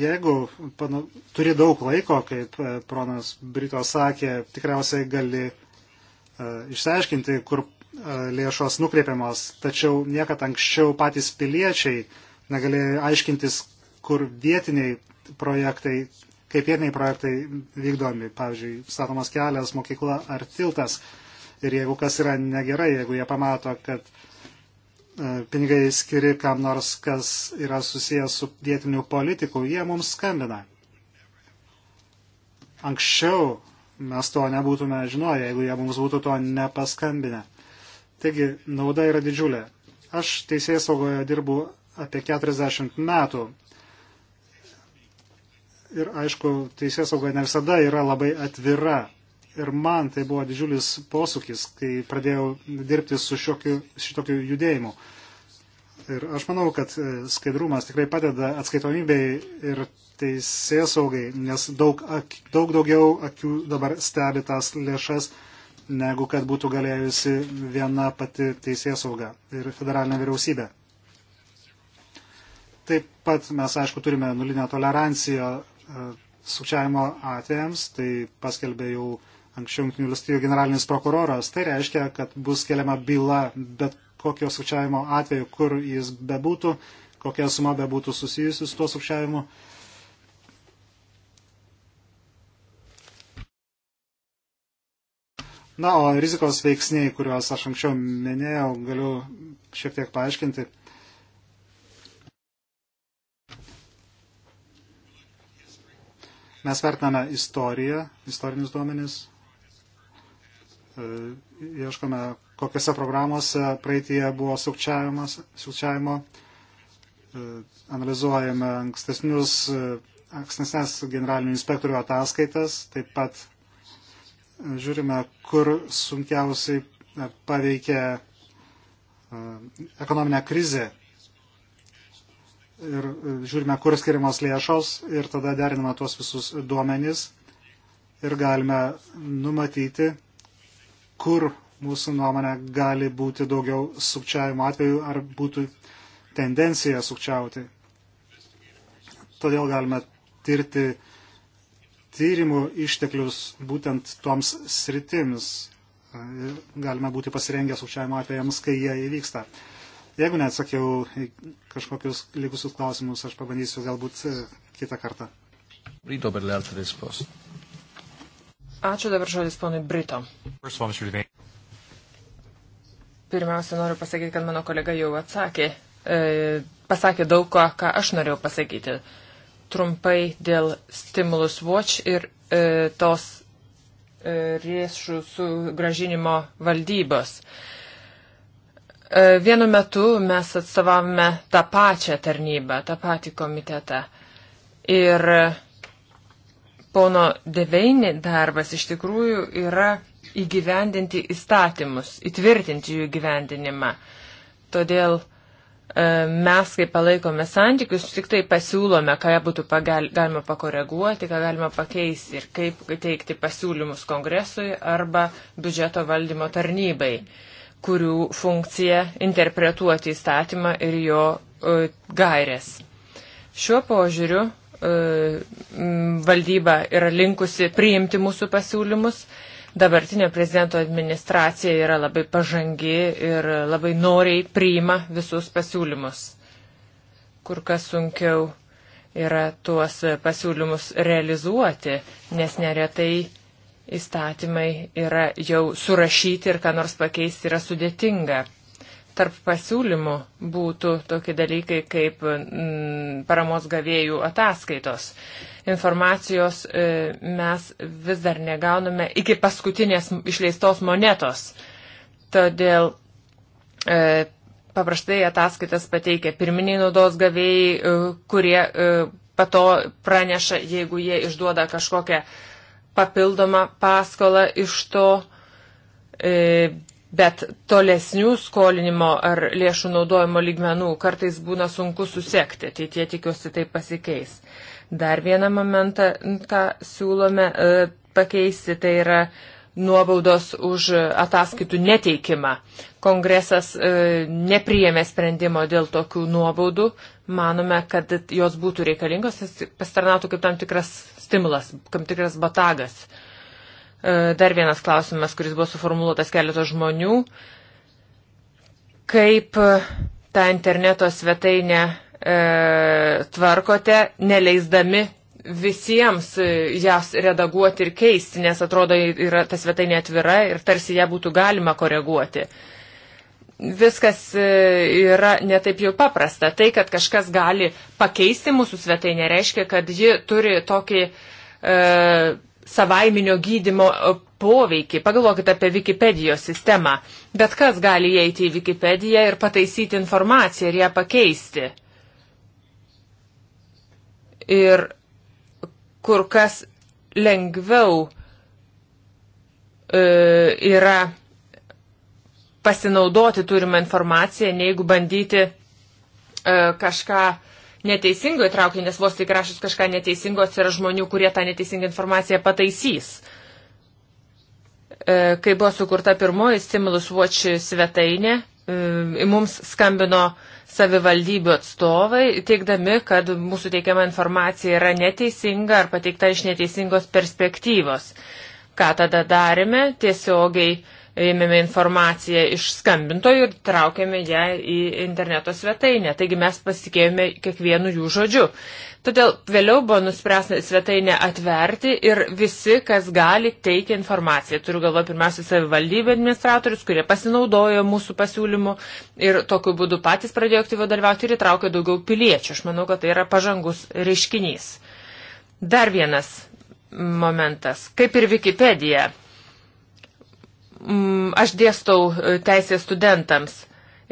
Jeigu panu, turi daug laiko, kaip e, pronas Brito sakė, tikriausiai gali uh, išsiaiškinti, kur e, lėšos nukreipiamos, tačiau niekad anksčiau patys piliečiai negalėjo aiškintis, kur vietiniai projektai, kaip vietiniai projektai vykdomi, pavyzdžiui, statomas kelias, mokykla ar tiltas ir jeigu kas yra negerai, jeigu jie pamato, kad e, pinigai skiri kam nors, kas yra susijęs su vietiniu politiku, jie mums skambina. Anksčiau mes to nebūtume žinoję, jeigu jie mums būtų to nepaskambinę. Taigi, nauda yra didžiulė. Aš teisėjai saugoje dirbu apie 40 metų. Ir aišku, teisės sauga ne visada yra labai atvira ir man tai buvo didžiulis posūkis, kai pradėjau dirbti su šiokiu, šitokiu judėjimu. Ir aš manau, kad e, skaidrumas tikrai padeda atskaitomybei ir teisės saugai, nes daug, ak, daug daugiau akių dabar stebi tas lėšas, negu kad būtų galėjusi viena pati teisės sauga ir federalinė vyriausybė. Taip pat mes, aišku, turime nulinę toleranciją e, sukčiavimo atvejams, tai paskelbė jau anksčiau Junktinių valstybių generalinis prokuroras. Tai reiškia, kad bus keliama byla bet kokio sukčiavimo atveju, kur jis bebūtų, kokia suma bebūtų susijusi su tuo sukčiavimu. Na, o rizikos veiksniai, kuriuos aš anksčiau minėjau, galiu šiek tiek paaiškinti. Mes vertiname istoriją, istorinius duomenis, E, ieškome, kokiuose programuose praeitie buvo sukčiavimo, e, analizuojame ankstesnius, e, ankstesnės generalinių inspektorių ataskaitas, taip pat žiūrime, kur sunkiausiai paveikia ekonominė krizė ir žiūrime, kur skiriamos lėšos ir tada deriname tuos visus duomenys ir galime numatyti, kur mūsų nuomonė gali būti daugiau sukčiavimo atveju ar būtų tendencija sukčiauti. Todėl galime tirti tyrimų išteklius būtent toms sritims. Galime būti pasirengę sukčiavimo atvejams, kai jie įvyksta. Jeigu neatsakiau kažkokius likusius klausimus, aš pabandysiu galbūt e, kitą kartą. Ryto per le altre risposte. Ačiū dabar žodis ponui Brito. Pirmiausia, noriu pasakyti, kad mano kolega jau atsakė, e, pasakė daug ko, ką aš norėjau pasakyti. Trumpai dėl stimulus watch ir e, tos e, riešų sugražinimo valdybos. E, Vienu metu mes atstovavome tą pačią tarnybą, tą patį komitetą. Ir pono Deveini darbas iš tikrųjų yra įgyvendinti įstatymus, įtvirtinti jų įgyvendinimą. Todėl e, mes, kai palaikome santykius, tik tai pasiūlome, ką būtų pagal, galima pakoreguoti, ką galima pakeisti ir kaip teikti pasiūlymus kongresui arba biudžeto valdymo tarnybai, kurių funkcija interpretuoti įstatymą ir jo e, gairės. Šiuo požiūriu E, valdyba yra linkusi priimti mūsų pasiūlymus. Dabartinio prezidento administracija yra labai pažangi ir labai noriai priima visus pasiūlymus. Kur kas sunkiau yra tuos pasiūlymus realizuoti, nes neretai įstatymai yra jau surašyti ir ką nors pakeisti yra sudėtinga tarp pasiūlymų būtų tokie dalykai kaip m, mm, paramos gavėjų ataskaitos. Informacijos e, mes vis dar negauname iki paskutinės išleistos monetos. Todėl e, paprastai ataskaitas pateikia pirminiai naudos gavėjai, e, kurie e, pato praneša, jeigu jie išduoda kažkokią papildomą paskolą iš to. E, bet tolesnių skolinimo ar lėšų naudojimo lygmenų kartais būna sunku susekti, tai tie tikiuosi tai pasikeis. Dar vieną momentą, ką siūlome e, pakeisti, tai yra nuobaudos už ataskaitų neteikimą. Kongresas e, nepriėmė sprendimo dėl tokių nuobaudų. Manome, kad jos būtų reikalingos, pastarnautų kaip tam tikras stimulas, kaip tikras batagas E, dar vienas klausimas, kuris buvo suformuoluotas keletos žmonių. Kaip e, tą interneto svetainę e, tvarkote, neleisdami visiems e, jas redaguoti ir keisti, nes atrodo, yra ta svetainė atvira ir tarsi ją būtų galima koreguoti. Viskas yra netaip jau paprasta. Tai, kad kažkas gali pakeisti mūsų svetainę, reiškia, kad ji turi tokį e, savaiminio gydimo e, poveikį. Pagalvokit apie Wikipedijos sistemą. Bet kas gali įeiti į Wikipediją ir pataisyti informaciją ir ją pakeisti. Ir kur kas lengviau e, yra pasinaudoti turimą informaciją, neigu bandyti e, kažką e, neteisingo įtraukti, nes vos tik rašus kažką neteisingo atsiras žmonių, kurie tą neteisingą informaciją pataisys. E, kai buvo sukurta pirmoji Stimulus Watch svetainė, e, mums skambino savivaldybių atstovai, teikdami, kad mūsų teikiama informacija yra neteisinga ar pateikta iš neteisingos perspektyvos. Ką tada darėme? Tiesiogiai ėmėme informaciją iš skambintojų ir traukėme ją į interneto svetainę. Taigi mes pasitikėjome kiekvienu jų žodžiu. Todėl vėliau buvo nuspręsta svetainę atverti ir visi, kas gali, teikia informaciją. Turiu galvoje pirmiausia savivaldybė administratorius, kurie pasinaudojo mūsų pasiūlymu ir tokiu būdu patys pradėjo aktyviau dalyvauti ir įtraukė daugiau piliečių. Aš manau, kad tai yra pažangus reiškinys. Dar vienas momentas. Kaip ir Wikipedija, Mm, aš dėstau e, teisės studentams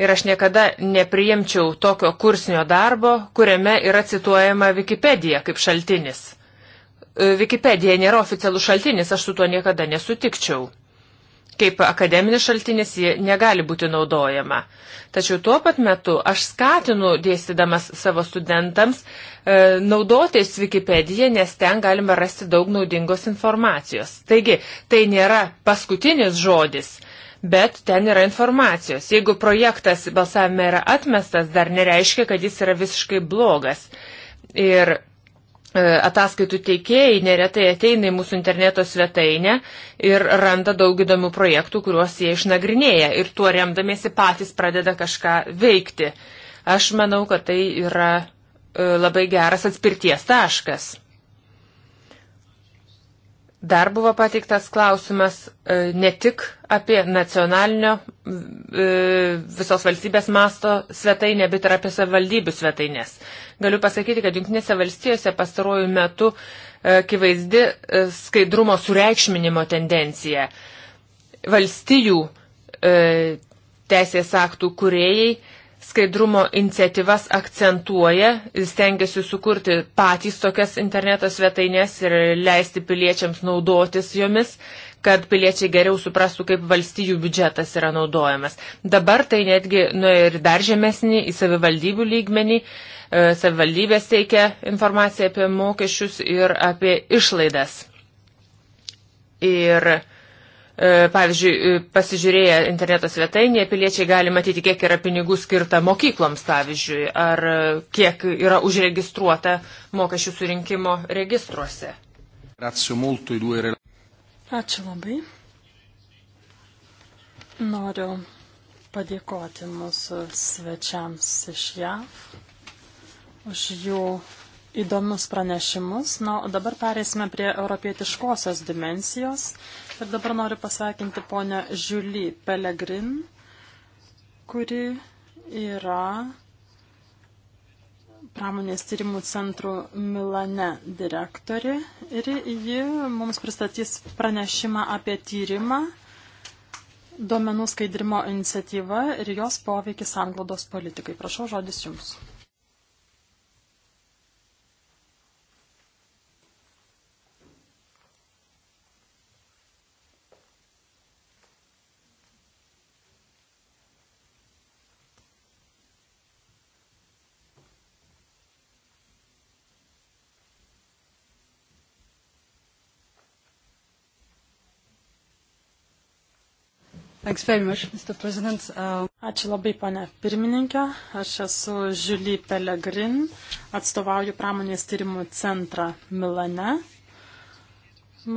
ir aš niekada nepriimčiau tokio kursinio darbo, kuriame yra cituojama Wikipedija kaip šaltinis. E, Wikipedija nėra oficialus šaltinis, aš su tuo niekada nesutikčiau kaip akademinis šaltinis ji negali būti naudojama. Tačiau tuo pat metu aš skatinu dėstydamas savo studentams e, naudotis Wikipediją, nes ten galima rasti daug naudingos informacijos. Taigi, tai nėra paskutinis žodis. Bet ten yra informacijos. Jeigu projektas balsavime yra atmestas, dar nereiškia, kad jis yra visiškai blogas. Ir E, ataskaitų teikėjai neretai ateina į mūsų interneto svetainę ir randa daug įdomių projektų, kuriuos jie išnagrinėja ir tuo remdamiesi patys pradeda kažką veikti. Aš manau, kad tai yra e, labai geras atspirties taškas. Dar buvo pateiktas klausimas e, ne tik apie nacionalinio e, visos valstybės masto svetainę, bet ir apie savivaldybių svetainės. Galiu pasakyti, kad Junktinėse valstijose pastaruoju metu e, akivaizdi skaidrumo sureikšminimo tendencija. Valstijų teisės aktų kuriejai skaidrumo iniciatyvas akcentuoja, stengiasi sukurti patys tokias interneto svetainės ir leisti piliečiams naudotis jomis kad piliečiai geriau suprastų, kaip valstybių biudžetas yra naudojamas. Dabar tai netgi nu, ir dar žemesnį į savivaldybių lygmenį. E, savivaldybės teikia informaciją apie mokesčius ir apie išlaidas. Ir E, pavyzdžiui, e, pasižiūrėję interneto svetainėje, piliečiai gali matyti, kiek yra pinigų skirta mokykloms, pavyzdžiui, ar e, kiek yra užregistruota mokesčių surinkimo registruose. Ačiū labai. Noriu padėkoti mūsų svečiams iš JAV už jų įdomius pranešimus. Na, o dabar perėsime prie europietiškosios dimensijos. Ir dabar noriu pasveikinti ponę Žiulį Pelegrin, kuri yra pramonės tyrimų centrų Milane direktorė ir ji mums pristatys pranešimą apie tyrimą duomenų skaidrimo iniciatyva ir jos poveikis anglodos politikai. Prašau, žodis jums. Much, uh... Ačiū labai, pane pirmininkė. Aš esu Žiuly Pelegrin, atstovauju pramonės tyrimų centrą Milane.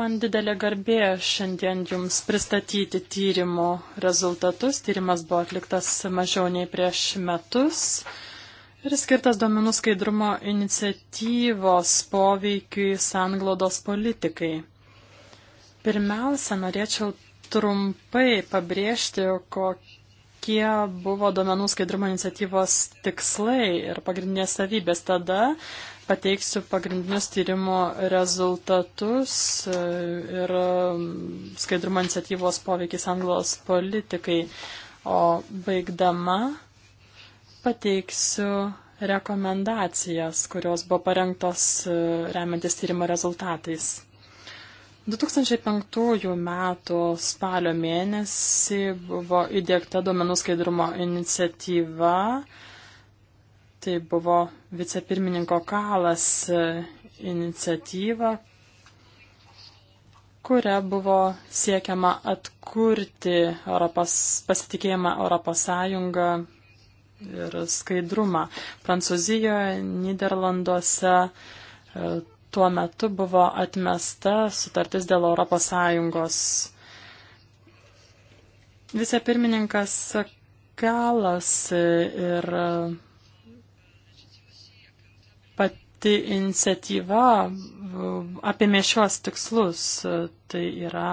Man didelė garbė šiandien Jums pristatyti tyrimo rezultatus. Tyrimas buvo atliktas mažiau nei prieš metus ir skirtas domenų skaidrumo iniciatyvos poveikiui sanglodos politikai. Pirmiausia, norėčiau trumpai pabrėžti, kokie buvo duomenų skaidrumo iniciatyvos tikslai ir pagrindinės savybės. Tada pateiksiu pagrindinius tyrimo rezultatus e, ir mm, skaidrumo iniciatyvos poveikis Anglos politikai. O baigdama pateiksiu rekomendacijas, kurios buvo parengtos e, remiantis tyrimo rezultatais. 2005 metų spalio mėnesį buvo įdėkta duomenų skaidrumo iniciatyva. Tai buvo vicepirmininko Kalas e, iniciatyva, kuria buvo siekiama atkurti Europos, pasitikėjimą Europos Sąjungą ir skaidrumą. Prancūzijoje, Niderlanduose e, tuo metu buvo atmesta sutartis dėl ES. Vicepirmininkas Galas ir pati iniciatyva apėmė šios tikslus. Tai yra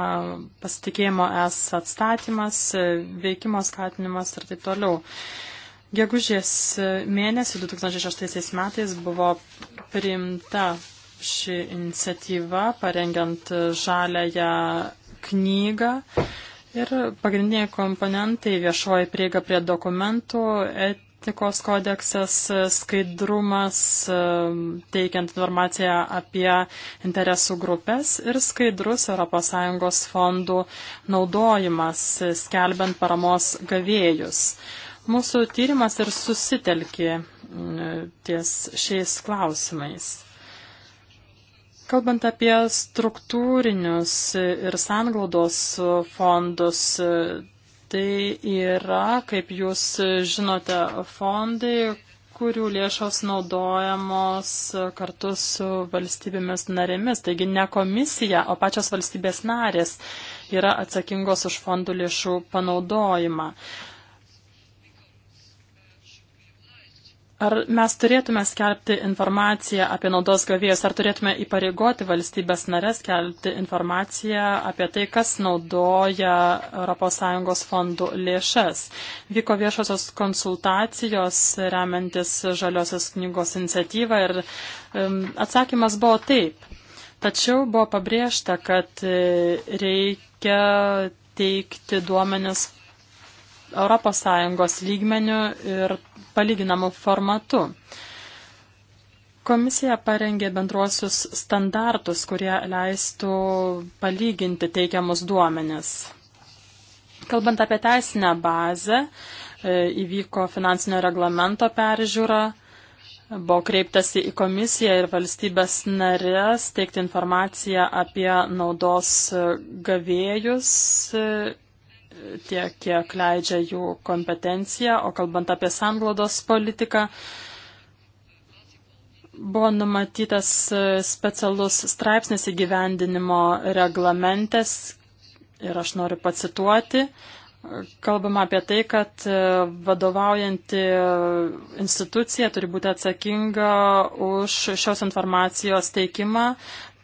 pasitikėjimo es atstatymas, veikimo skatinimas ir taip toliau. Gegužės mėnesį 2006 metais buvo priimta ši iniciatyva, parengiant žalęją knygą. Ir pagrindiniai komponentai - viešoji prieiga prie dokumentų, etikos kodeksas, skaidrumas, teikiant informaciją apie interesų grupės ir skaidrus ES fondų naudojimas, skelbiant paramos gavėjus. Mūsų tyrimas ir susitelkė ties šiais klausimais. Kalbant apie struktūrinius ir sanglaudos fondus, tai yra, kaip jūs žinote, fondai, kurių lėšos naudojamos kartu su valstybėmis narėmis. Taigi ne komisija, o pačios valstybės narės yra atsakingos už fondų lėšų panaudojimą. Ar mes turėtume skelbti informaciją apie naudos gavėjus, ar turėtume įpareigoti valstybės narės skelbti informaciją apie tai, kas naudoja ES fondų lėšas? Vyko viešosios konsultacijos remiantis žaliosios knygos iniciatyvą ir um, atsakymas buvo taip. Tačiau buvo pabrėžta, kad e, reikia teikti duomenis ES lygmenių ir palyginamų formatų. Komisija parengė bendruosius standartus, kurie leistų palyginti teikiamus duomenis. Kalbant apie teisinę bazę, e, įvyko finansinio reglamento peržiūra, buvo kreiptasi į komisiją ir valstybės narės teikti informaciją apie naudos gavėjus e, tiek, kiek leidžia jų kompetencija, o kalbant apie sanglodos politiką, buvo numatytas e, specialus straipsnis įgyvendinimo reglamentės ir aš noriu pacituoti. Kalbama apie tai, kad e, vadovaujanti institucija turi būti atsakinga už šios informacijos teikimą,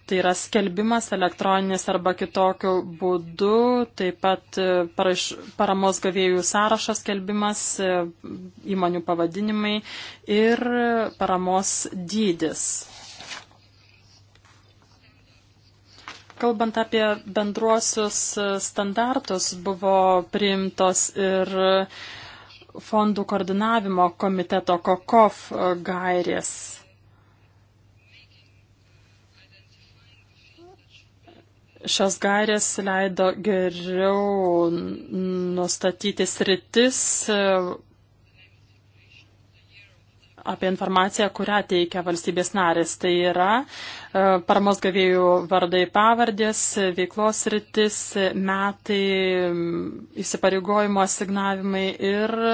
Tai yra skelbimas elektroninis arba kitokiu būdu, taip pat e, paraš, paramos gavėjų sąrašas skelbimas, e, įmonių pavadinimai ir paramos dydis. Kalbant apie bendruosius e, standartus, buvo priimtos ir fondų koordinavimo komiteto KOKOF gairės. Šios gairės leido geriau nustatyti sritis e, apie informaciją, kurią teikia valstybės narės. Tai yra e, paramos gavėjų vardai pavardės, veiklos rytis, metai, įsipareigojimo asignavimai ir e,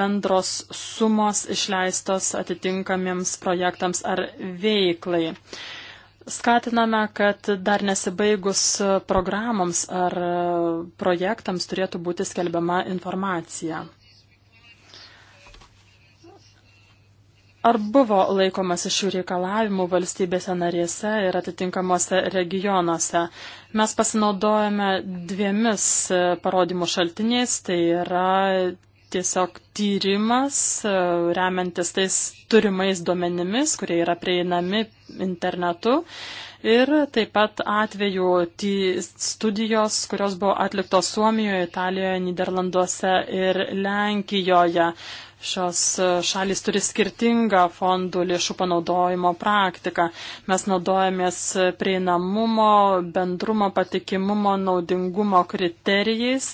bendros sumos išleistos atitinkamiems projektams ar veiklai. Skatiname, kad dar nesibaigus programoms ar projektams turėtų būti skelbiama informacija. Ar buvo laikomasi šių reikalavimų valstybėse narėse ir atitinkamuose regionuose? Mes pasinaudojame dviemis parodymų šaltiniais, tai yra tiesiog tyrimas, e, remiantis tais turimais duomenimis, kurie yra prieinami internetu. Ir taip pat atveju studijos, kurios buvo atliktos Suomijoje, Italijoje, Niderlanduose ir Lenkijoje. Šios e, šalis turi skirtingą fondų lėšų panaudojimo praktiką. Mes naudojamės prieinamumo, bendrumo, patikimumo, naudingumo kriterijais.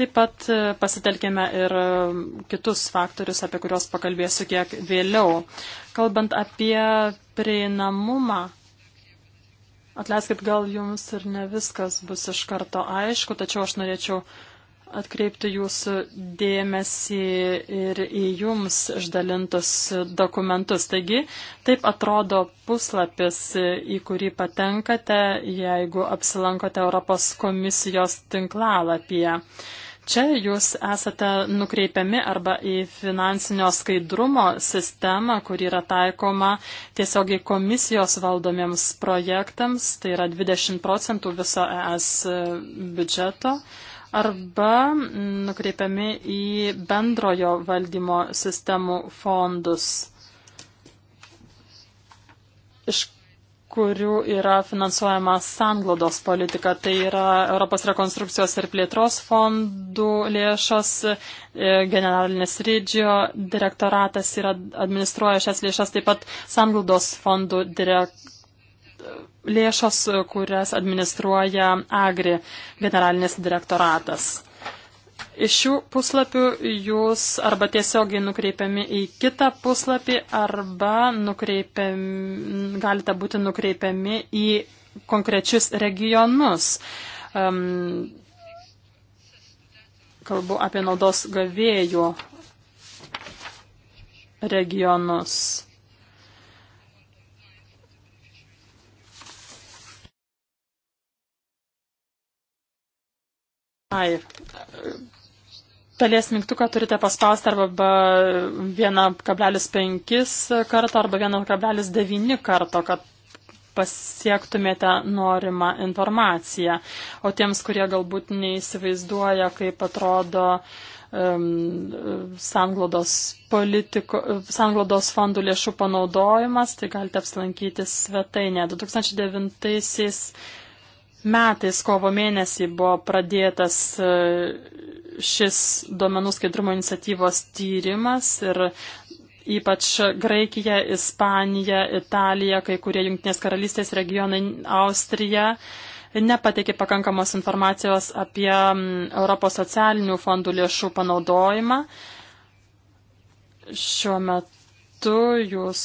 Taip pat e, pasitelkėme ir e, kitus faktorius, apie kuriuos pakalbėsiu kiek vėliau. Kalbant apie prieinamumą, Atleiskit, gal jums ir ne viskas bus iš karto aišku, tačiau aš norėčiau atkreipti jūsų dėmesį ir į jums išdalintus dokumentus. Taigi, taip atrodo puslapis, į kurį patenkate, jeigu apsilankote Europos komisijos tinklalapyje. Čia jūs esate nukreipiami arba į finansinio skaidrumo sistemą, kur yra taikoma tiesiogiai komisijos valdomiems projektams, tai yra 20 procentų viso ES biudžeto arba nukreipiami į bendrojo valdymo sistemų fondus, iš kurių yra finansuojama sanglaudos politika. Tai yra Europos rekonstrukcijos ir plėtros fondų lėšos, e, generalinis rydžio direktoratas yra administruoja šias lėšas, taip pat sanglaudos fondų direktoratas lėšos, kurias administruoja Agri generalinis direktoratas. Iš šių puslapių jūs arba tiesiogiai nukreipiami į kitą puslapį, arba galite būti nukreipiami į konkrečius regionus. Um, kalbu apie naudos gavėjų regionus. Ai, pelės mygtuką turite paspausti arba 1,5 karto arba 1,9 karto, kad pasiektumėte norimą informaciją. O tiems, kurie galbūt neįsivaizduoja, kaip atrodo um, sanglodos, politiko, sanglodos fondų lėšų panaudojimas, tai galite apsilankyti svetainė. 2009 metais kovo mėnesį buvo pradėtas e, šis duomenų skaidrumo iniciatyvos tyrimas ir ypač Graikija, Ispanija, Italija, kai kurie Junktinės karalystės regionai, Austrija nepateikė pakankamos informacijos apie Europos socialinių fondų lėšų panaudojimą. Šiuo metu jūs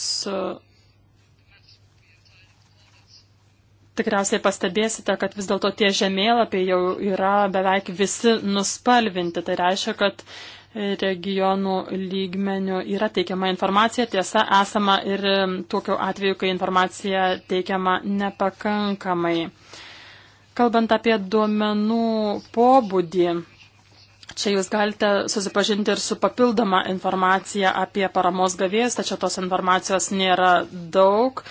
Tikriausiai pastebėsite, kad vis dėlto tie žemėlapiai jau yra beveik visi nuspalvinti. Tai reiškia, kad regionų lygmenių yra teikiama informacija. Tiesa, esama ir tokiu atveju, kai informacija teikiama nepakankamai. Kalbant apie duomenų pobūdį, Čia jūs galite susipažinti ir su papildoma informacija apie paramos gavėjus, tačiau tos informacijos nėra daug.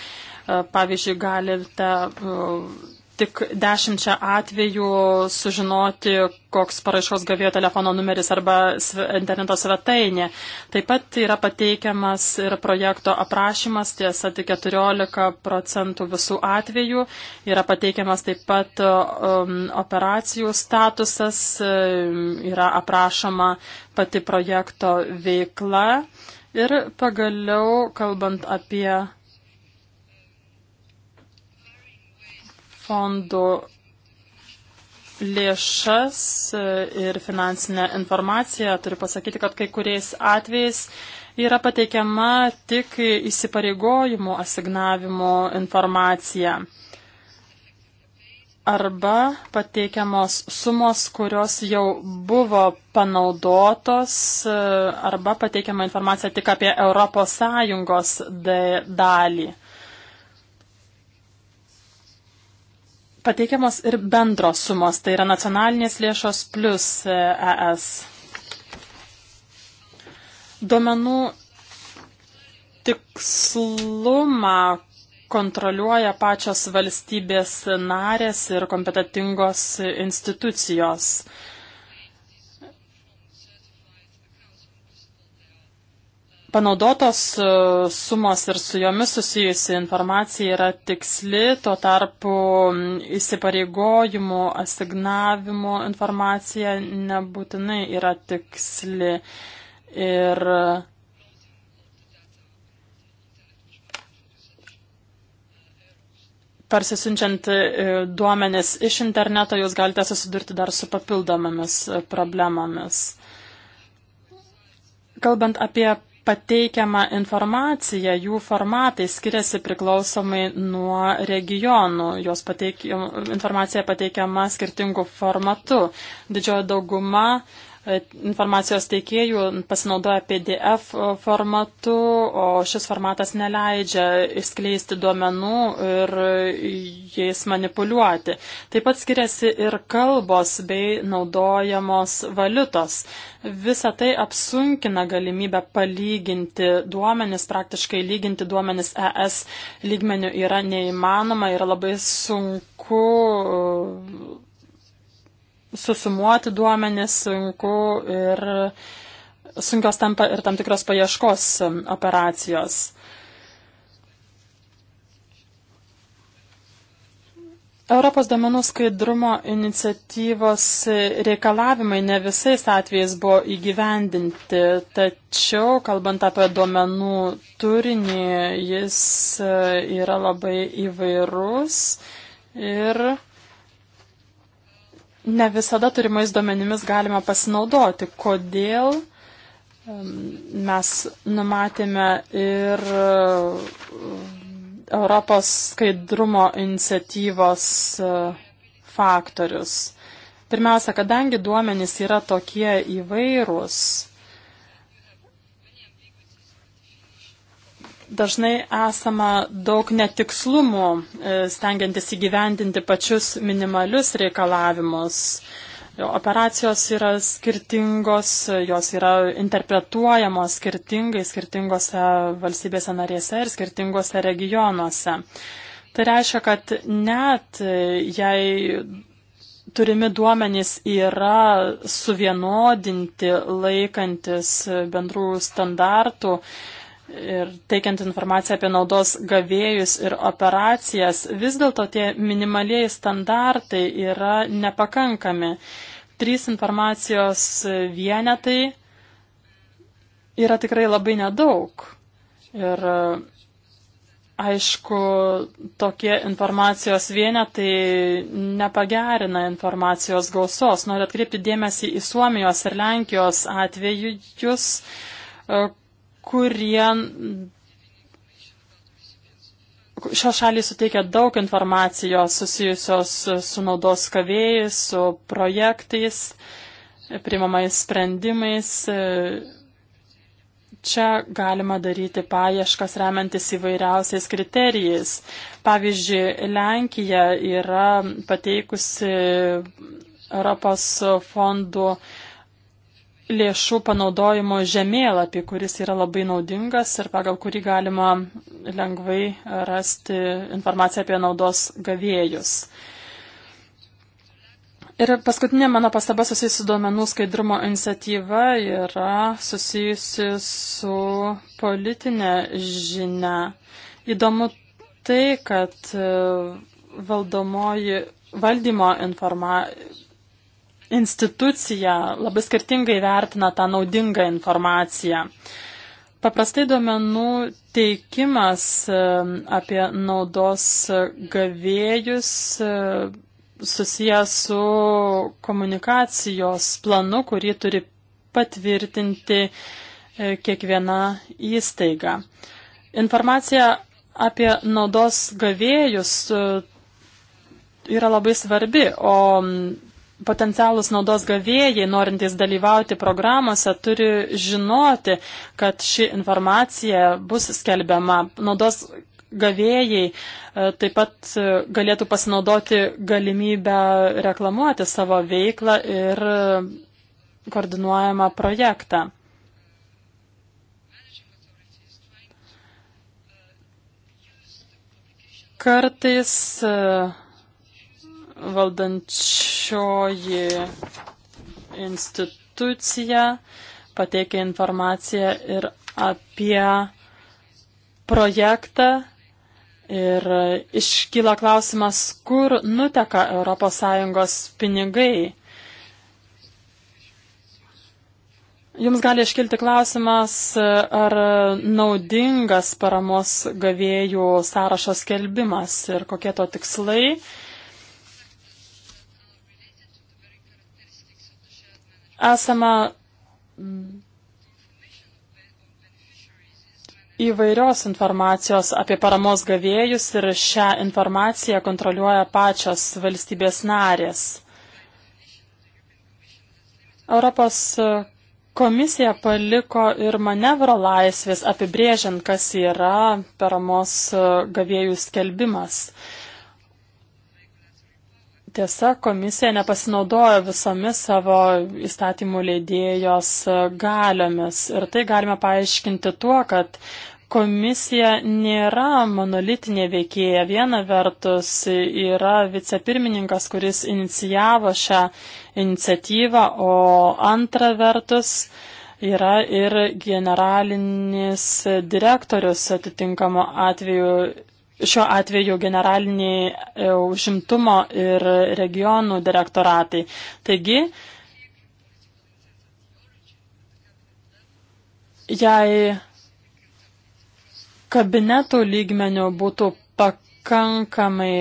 E, pavyzdžiui, galite e, tik dešimčia atvejų sužinoti, koks paraiškos gavėjo telefono numeris arba interneto svetainė. Taip pat yra pateikiamas ir projekto aprašymas, tiesa, tik 14 procentų visų atvejų. Yra pateikiamas taip pat e, um, operacijų statusas, yra aprašoma pati projekto veikla. Ir pagaliau, kalbant apie fondų lėšas e, ir finansinę informaciją, turiu pasakyti, kad kai kuriais atvejais yra pateikiama tik įsipareigojimų asignavimo informacija arba pateikiamos sumos, kurios jau buvo panaudotos, e, arba pateikiama informacija tik apie ES dalį. pateikiamos ir bendros sumos, tai yra nacionalinės lėšos plus ES. E Duomenų tikslumą kontroliuoja pačios valstybės narės ir kompetitingos institucijos. Panaudotos e, sumos ir su jomis susijusi informacija yra tiksli, tuo tarpu įsipareigojimų asignavimo informacija nebūtinai yra tiksli. Ir parsisiunčiant e, duomenis iš interneto, jūs galite susidurti dar su papildomomis problemomis. Kalbant apie pateikiama informacija, jų formatai skiriasi priklausomai nuo regionų. Jos pateik, informacija pateikiama skirtingų formatų. Didžioji dauguma uh, E, informacijos teikėjų pasinaudoja PDF formatu, o šis formatas neleidžia išskleisti duomenų ir jais manipuliuoti. Taip pat skiriasi ir kalbos bei naudojamos valiutos. Visa tai apsunkina galimybę palyginti duomenis, praktiškai lyginti duomenis ES lygmenių yra neįmanoma, yra labai sunku susumuoti duomenis sunku ir sunkios tampa ir tam tikros paieškos um, operacijos. Europos domenų skaidrumo iniciatyvos reikalavimai ne visais atvejais buvo įgyvendinti, tačiau, kalbant apie domenų turinį, jis uh, yra labai įvairus ir ne visada turimais duomenimis galima pasinaudoti. Kodėl mes numatėme ir e, Europos skaidrumo iniciatyvos e, faktorius. Pirmiausia, kadangi duomenys yra tokie įvairūs, dažnai esama daug netikslumų, e, stengiantis įgyvendinti pačius minimalius reikalavimus. Operacijos yra skirtingos, jos yra interpretuojamos skirtingai skirtingose valstybėse narėse ir skirtingose regionuose. Tai reiškia, kad net e, jei turimi duomenys yra suvienodinti laikantis bendrų standartų, ir teikiant informaciją apie naudos gavėjus ir operacijas, vis dėlto tie minimalieji standartai yra nepakankami. Trys informacijos vienetai yra tikrai labai nedaug. Ir aišku, tokie informacijos vienetai nepagerina informacijos gausos. Noriu atkreipti dėmesį į Suomijos ir Lenkijos atvejus, kurie šios šaliai suteikia daug informacijos susijusios su naudos kavėjais, su projektais, primamais sprendimais. Čia galima daryti paieškas remiantis įvairiausiais kriterijais. Pavyzdžiui, Lenkija yra pateikusi Europos fondų uh, lėšų panaudojimo žemėlapį, kuris yra labai naudingas ir pagal kurį galima lengvai rasti informaciją apie naudos gavėjus. Ir paskutinė mano pastaba susijusi duomenų skaidrumo iniciatyva yra susijusi su politinė žinia. Įdomu tai, kad e, valdomoji valdymo informa institucija labai skirtingai vertina tą naudingą informaciją. Paprastai duomenų teikimas e, apie naudos gavėjus e, susijęs su komunikacijos planu, kurį turi patvirtinti e, kiekviena įstaiga. Informacija apie naudos gavėjus yra labai svarbi, o potencialus naudos gavėjai, norintys dalyvauti programuose, turi žinoti, kad ši informacija bus skelbiama. Naudos gavėjai e, taip pat e, galėtų pasinaudoti galimybę reklamuoti savo veiklą ir e, koordinuojamą projektą. Kartais uh, valdančioji institucija pateikė informaciją ir apie projektą ir iškyla klausimas, kur nuteka ES pinigai. Jums gali iškilti klausimas, ar naudingas paramos gavėjų sąrašo skelbimas ir kokie to tikslai. esama mm, įvairios informacijos apie paramos gavėjus ir šią informaciją kontroliuoja pačios valstybės narės. Europos komisija paliko ir manevro laisvės apibrėžiant, kas yra paramos gavėjų skelbimas. Tiesa, komisija nepasinaudojo visomis savo įstatymų leidėjos e, galiomis. Ir tai galime paaiškinti tuo, kad komisija nėra monolitinė veikėja. Viena vertus yra vicepirmininkas, kuris inicijavo šią iniciatyvą, o antra vertus yra ir generalinis direktorius atitinkamo atveju šiuo atveju generaliniai e, užimtumo ir regionų direktoratai. Taigi, jei kabinetų lygmenių būtų pakankamai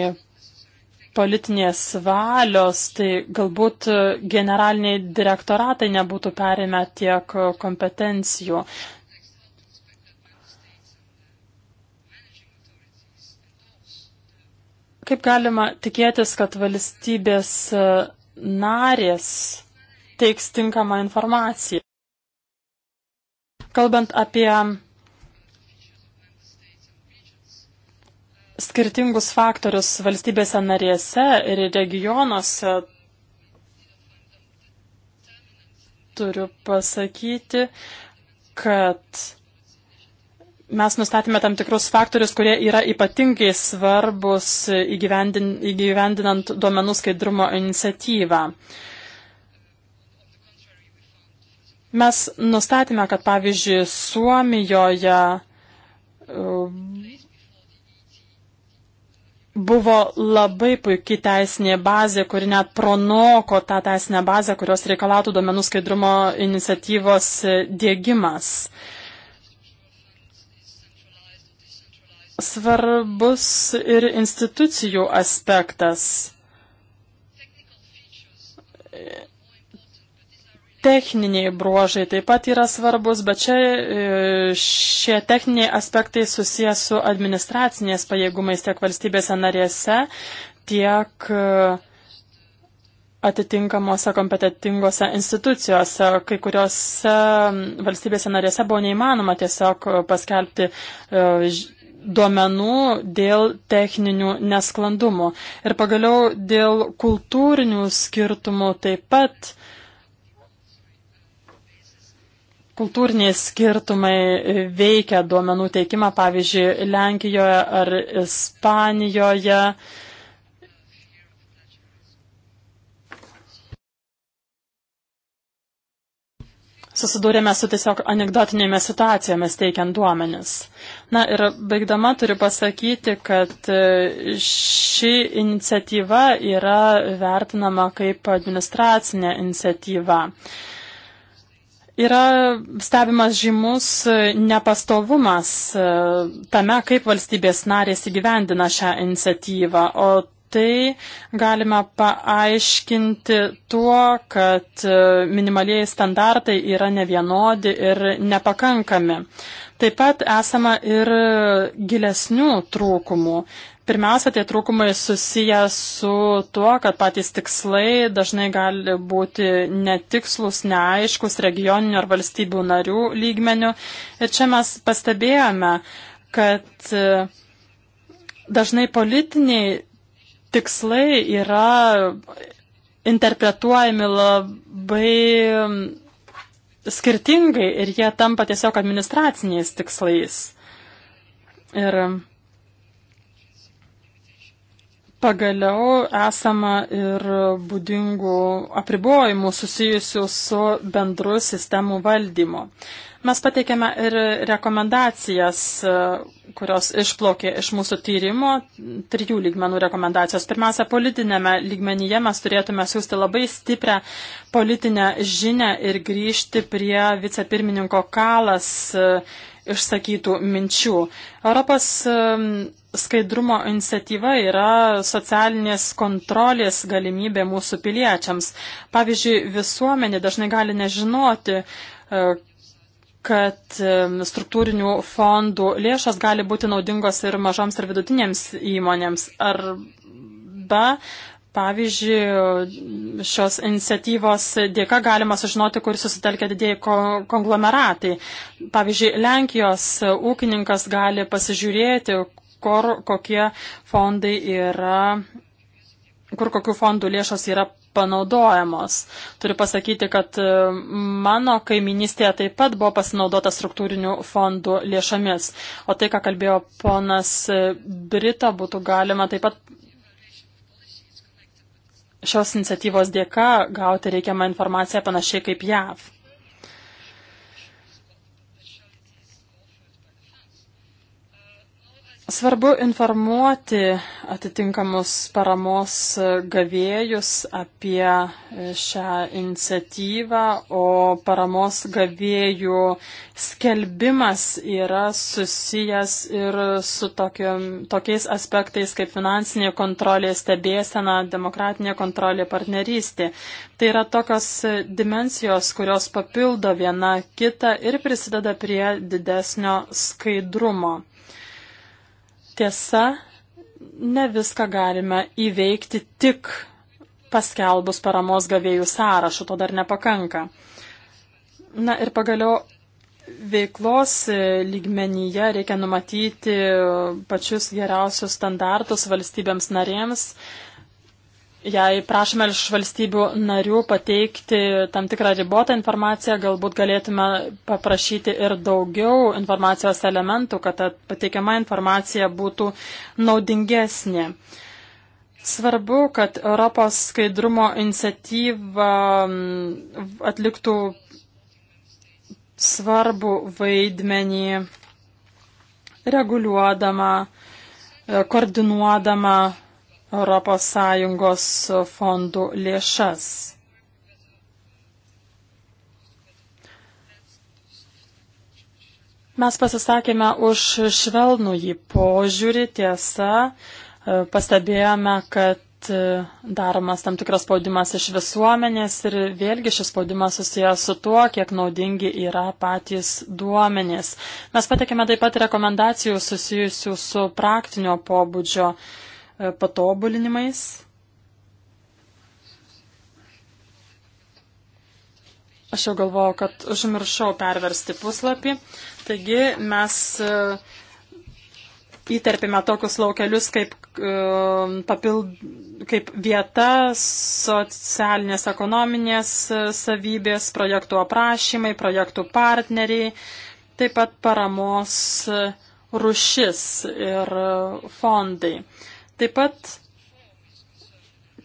politinės valios, tai galbūt generaliniai direktoratai nebūtų perėmę tiek kompetencijų. kaip galima tikėtis, kad valstybės e, narės teiks tinkamą informaciją? Kalbant apie skirtingus faktorius valstybėse narėse ir regionuose, turiu pasakyti, kad mes nustatėme tam tikrus faktorius, kurie yra ypatingai svarbus įgyvendin, įgyvendinant duomenų skaidrumo iniciatyvą. Mes nustatėme, kad pavyzdžiui, Suomijoje uh, buvo labai puikiai teisinė bazė, kuri net pronoko tą teisinę bazę, kurios reikalautų duomenų skaidrumo iniciatyvos dėgymas. Uh, svarbus ir institucijų aspektas. Techniniai bruožai taip pat yra svarbus, bet čia e, šie techniniai aspektai susijęs su administracinės pajėgumais tiek valstybėse narėse, tiek e, atitinkamuose kompetitingose institucijose. Kai kuriuose valstybėse narėse buvo neįmanoma tiesiog e, paskelbti duomenų dėl techninių nesklandumų. Ir pagaliau dėl kultūrinių skirtumų taip pat. Kultūriniai skirtumai veikia duomenų teikimą, pavyzdžiui, Lenkijoje ar Ispanijoje. Uh, susidūrėme su tiesiog anegdotinėmis situacijomis teikiant duomenis. Na ir baigdama turiu pasakyti, kad e, ši iniciatyva yra vertinama kaip administracinė iniciatyva. Yra stebimas žymus nepastovumas e, tame, kaip valstybės narės įgyvendina šią iniciatyvą, o tai galime paaiškinti tuo, kad e, minimalieji standartai yra nevienodi ir nepakankami. Taip pat esama ir gilesnių trūkumų. Pirmiausia, tie trūkumai susiję su tuo, kad patys tikslai dažnai gali būti netikslus, neaiškus regioninių ar valstybių narių lygmenių. Ir čia mes pastebėjome, kad e, dažnai politiniai tikslai yra interpretuojami labai skirtingai ir jie tampa tiesiog administraciniais tikslais. Ir Pagaliau esama ir būdingų apribojimų susijusių su bendru sistemų valdymu. Mes pateikėme ir rekomendacijas, e, kurios išplaukė iš mūsų tyrimo, trijų lygmenų rekomendacijos. Pirmiausia, politinėme lygmenyje mes turėtume siūsti labai stiprią politinę žinę ir grįžti prie vicepirmininko kalas e, išsakytų minčių. Europos e, skaidrumo iniciatyva yra socialinės kontrolės galimybė mūsų piliečiams. Pavyzdžiui, visuomenė dažnai gali nežinoti, kad struktūrinių fondų lėšas gali būti naudingos ir mažoms ir vidutinėms įmonėms. Arba, pavyzdžiui, šios iniciatyvos dėka galima sužinoti, kur susitelkia didėjai konglomeratai. Pavyzdžiui, Lenkijos ūkininkas gali pasižiūrėti, kur kokie fondai yra kur kokių fondų lėšos yra panaudojamos. Turiu pasakyti, kad e, mano kaiminystėje taip pat buvo pasinaudota struktūrinių fondų lėšomis. O tai, ką kalbėjo ponas e, Brita, būtų galima taip pat šios iniciatyvos dėka gauti reikiamą informaciją panašiai kaip JAV. Svarbu informuoti atitinkamus paramos gavėjus apie šią iniciatyvą, o paramos gavėjų skelbimas yra susijęs ir su tokio, tokiais aspektais kaip finansinė kontrolė, stebėsena, demokratinė kontrolė, partnerystė. Tai yra tokios dimensijos, kurios papildo viena kitą ir prisideda prie didesnio skaidrumo. Tiesa, ne viską galime įveikti tik paskelbus paramos gavėjų sąrašų, to dar nepakanka. Na ir pagaliau veiklos lygmenyje reikia numatyti pačius geriausius standartus valstybėms narėms, Jei prašome iš valstybių narių pateikti tam tikrą ribotą informaciją, galbūt galėtume paprašyti ir daugiau informacijos elementų, kad ta pateikiama informacija būtų naudingesnė. Svarbu, kad Europos skaidrumo iniciatyva atliktų svarbu vaidmenį reguliuodama, e, koordinuodama ES fondų lėšas. Mes pasisakėme už švelnų jį požiūrį, tiesa, pastebėjome, kad daromas tam tikras spaudimas iš visuomenės ir vėlgi šis spaudimas susijęs su tuo, kiek naudingi yra patys duomenys. Mes patekėme taip pat rekomendacijų susijusių su praktinio pobūdžio uh, patobulinimais. Aš jau galvojau, kad užmiršau perversti puslapį. Taigi mes e, įterpime tokius laukelius kaip, e, papild, kaip vieta, socialinės ekonominės e, savybės, projektų aprašymai, projektų partneriai, taip pat paramos rušis ir fondai. Taip pat,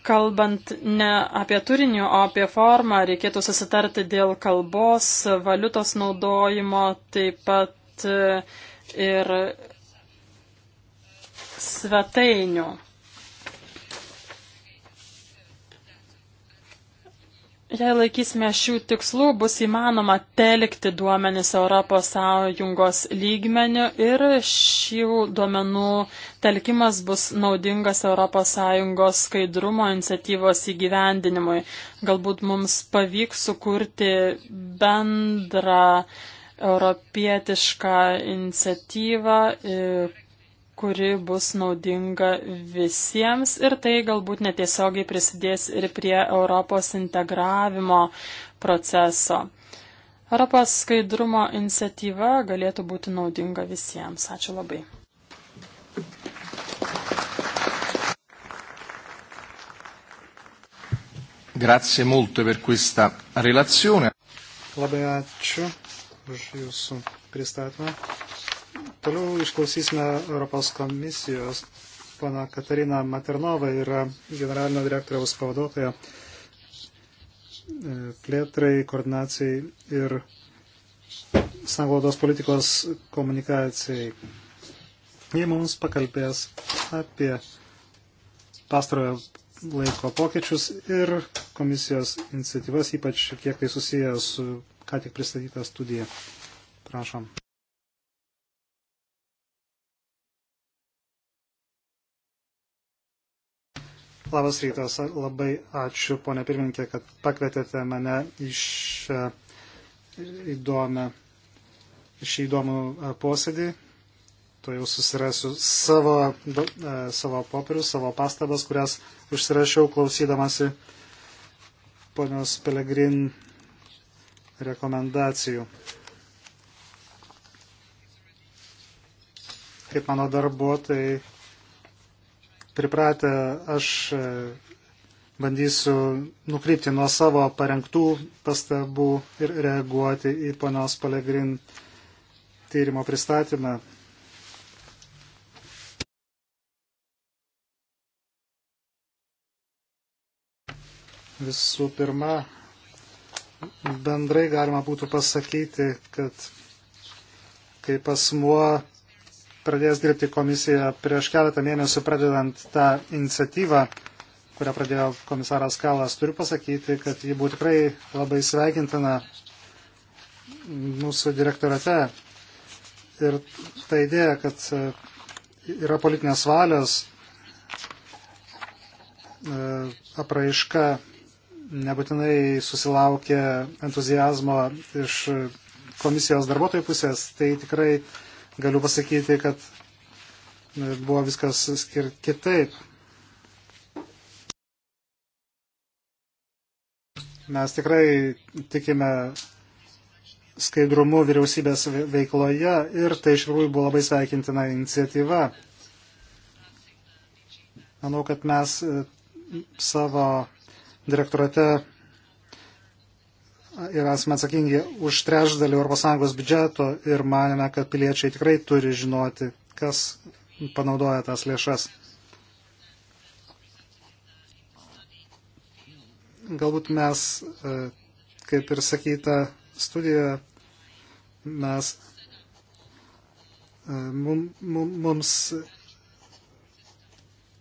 kalbant ne apie turinį, o apie formą, reikėtų susitarti dėl kalbos, valiutos naudojimo, taip pat e, ir svetainių. Jei laikysime šių tikslų, bus įmanoma telkti duomenis ES lygmenių ir šių duomenų telkimas bus naudingas ES skaidrumo iniciatyvos įgyvendinimui. Galbūt mums pavyks sukurti bendrą europietišką iniciatyvą, e, kuri bus naudinga visiems ir tai galbūt netiesiogiai prisidės ir prie Europos integravimo proceso. Europos skaidrumo iniciatyva galėtų būti naudinga visiems. Ačiū labai. Grazie molto per questa relazione. Labai ačiū už jūsų pristatymą. Toliau išklausysime Europos komisijos. Pana Katarina Maternova yra generalinio direktoriaus pavaduotoja e, plėtrai, koordinacijai ir sanglaudos politikos komunikacijai. Jie mums pakalbės apie pastarojo laiko pokyčius ir komisijos iniciatyvas, ypač kiek tai susiję su ką tik pristatyta studija. Prašom. Labas rytas, labai ačiū, ponė pirmininkė, kad pakvietėte mane iš įdomią, šį įdomų e, posėdį. To jau susirasiu savo, e, savo popierius, savo pastabas, kurias užsirašiau klausydamasi ponios Pelegrin rekomendacijų. Kaip mano darbuotojai pripratę, aš e, bandysiu nukrypti nuo savo parengtų pastabų ir reaguoti į ponios Palegrin tyrimo pristatymą. Visų pirma, bendrai galima būtų pasakyti, kad kaip asmuo pradės dirbti komisija prieš keletą mėnesių pradedant tą iniciatyvą, kurią pradėjo komisaras Kalas. Turiu pasakyti, kad ji buvo tikrai labai sveikintina mūsų direktorate. Ir ta idėja, kad e, yra politinės valios e, apraiška nebūtinai susilaukė entuzijazmo iš komisijos darbuotojų pusės, tai tikrai uh, galiu pasakyti, kad buvo viskas skirt kitaip. Mes tikrai tikime skaidrumu vyriausybės veikloje ir tai iš tikrųjų buvo labai sveikintina iniciatyva. Manau, kad mes e, savo direktorate ir esame atsakingi už trečdalį ES biudžeto ir manėme, kad piliečiai tikrai turi žinoti, kas panaudoja tas lėšas. Galbūt mes, e, kaip ir sakyta studijoje, mes e, mum, mum, mums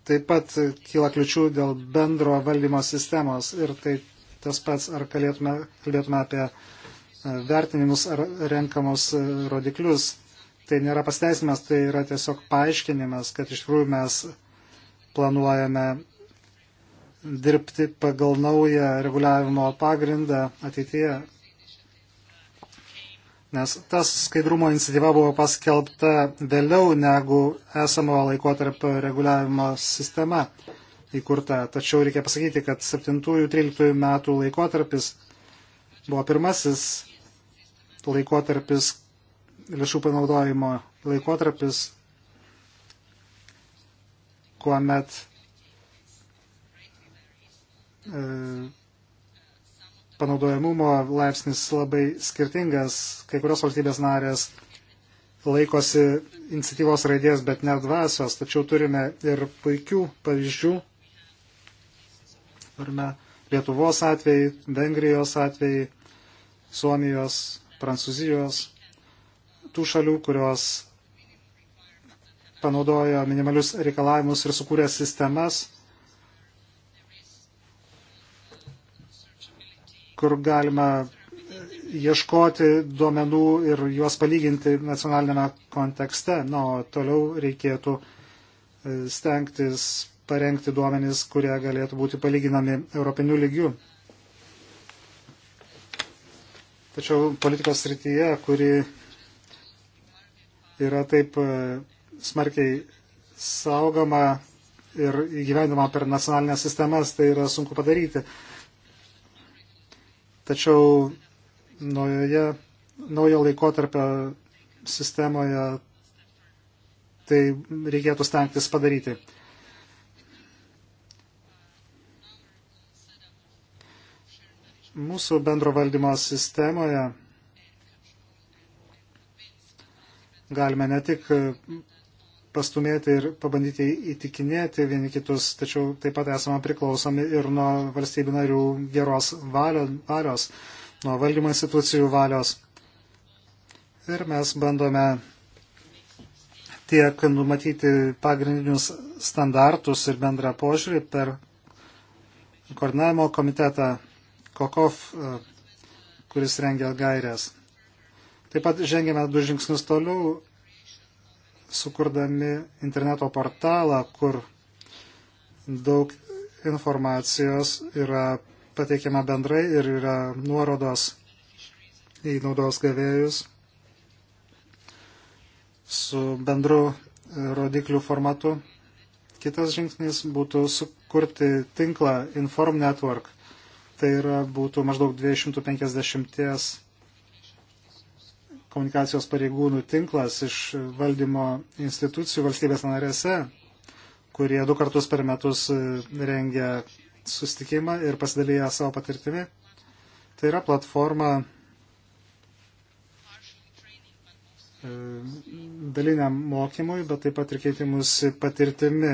taip pat kyla kliučių dėl bendro valdymo sistemos ir tai tas pats, ar kalėtume, kalbėtume apie e, vertinimus ar renkamus e, rodiklius. Tai nėra pasteisimas, tai yra tiesiog paaiškinimas, kad iš tikrųjų mes planuojame dirbti pagal naują reguliavimo pagrindą ateityje. Nes tas skaidrumo iniciatyva buvo paskelbta vėliau negu esamo laikotarpio reguliavimo sistema įkurta. Tačiau reikia pasakyti, kad 7-13 metų laikotarpis buvo pirmasis laikotarpis, lėšų panaudojimo laikotarpis, kuomet e, panaudojamumo laipsnis labai skirtingas, kai kurios valstybės narės laikosi iniciatyvos raidės, bet ne dvasios, tačiau turime ir puikių pavyzdžių turime Lietuvos atvejį, Vengrijos atvejį, Suomijos, Prancūzijos, tų šalių, kurios panaudojo minimalius reikalavimus ir sukūrė sistemas, kur galima ieškoti duomenų ir juos palyginti nacionalinėme kontekste. Na, nu, toliau reikėtų e, stengtis parengti duomenys, kurie galėtų būti palyginami europinių lygių. Tačiau politikos srityje, kuri yra taip e, smarkiai saugoma ir įgyvendama per nacionalinės sistemas, tai yra sunku padaryti. Tačiau naujoje, naujo laikotarpio sistemoje tai reikėtų stengtis padaryti. Mūsų bendro valdymo sistemoje galime ne tik pastumėti ir pabandyti įtikinėti vieni kitus, tačiau taip pat esame priklausomi ir nuo valstybių narių geros valios, nuo valdymo institucijų valios. Ir mes bandome tiek numatyti pagrindinius standartus ir bendrą požiūrį per koordinavimo komitetą Kokov, e, kuris rengia gairias. Taip pat žengėme du žingsnius toliau, sukurdami interneto portalą, kur daug informacijos yra pateikiama bendrai ir yra nuorodos į naudos gavėjus su bendru e, rodiklių formatu. Kitas žingsnis būtų sukurti tinklą Inform Network – Tai yra, būtų maždaug 250 komunikacijos pareigūnų tinklas iš valdymo institucijų valstybės narėse, kurie du kartus per metus e, rengia sustikimą ir pasidalyja savo patirtimi. Tai yra platforma e, daliniam mokymui, bet taip pat ir keitimus patirtimi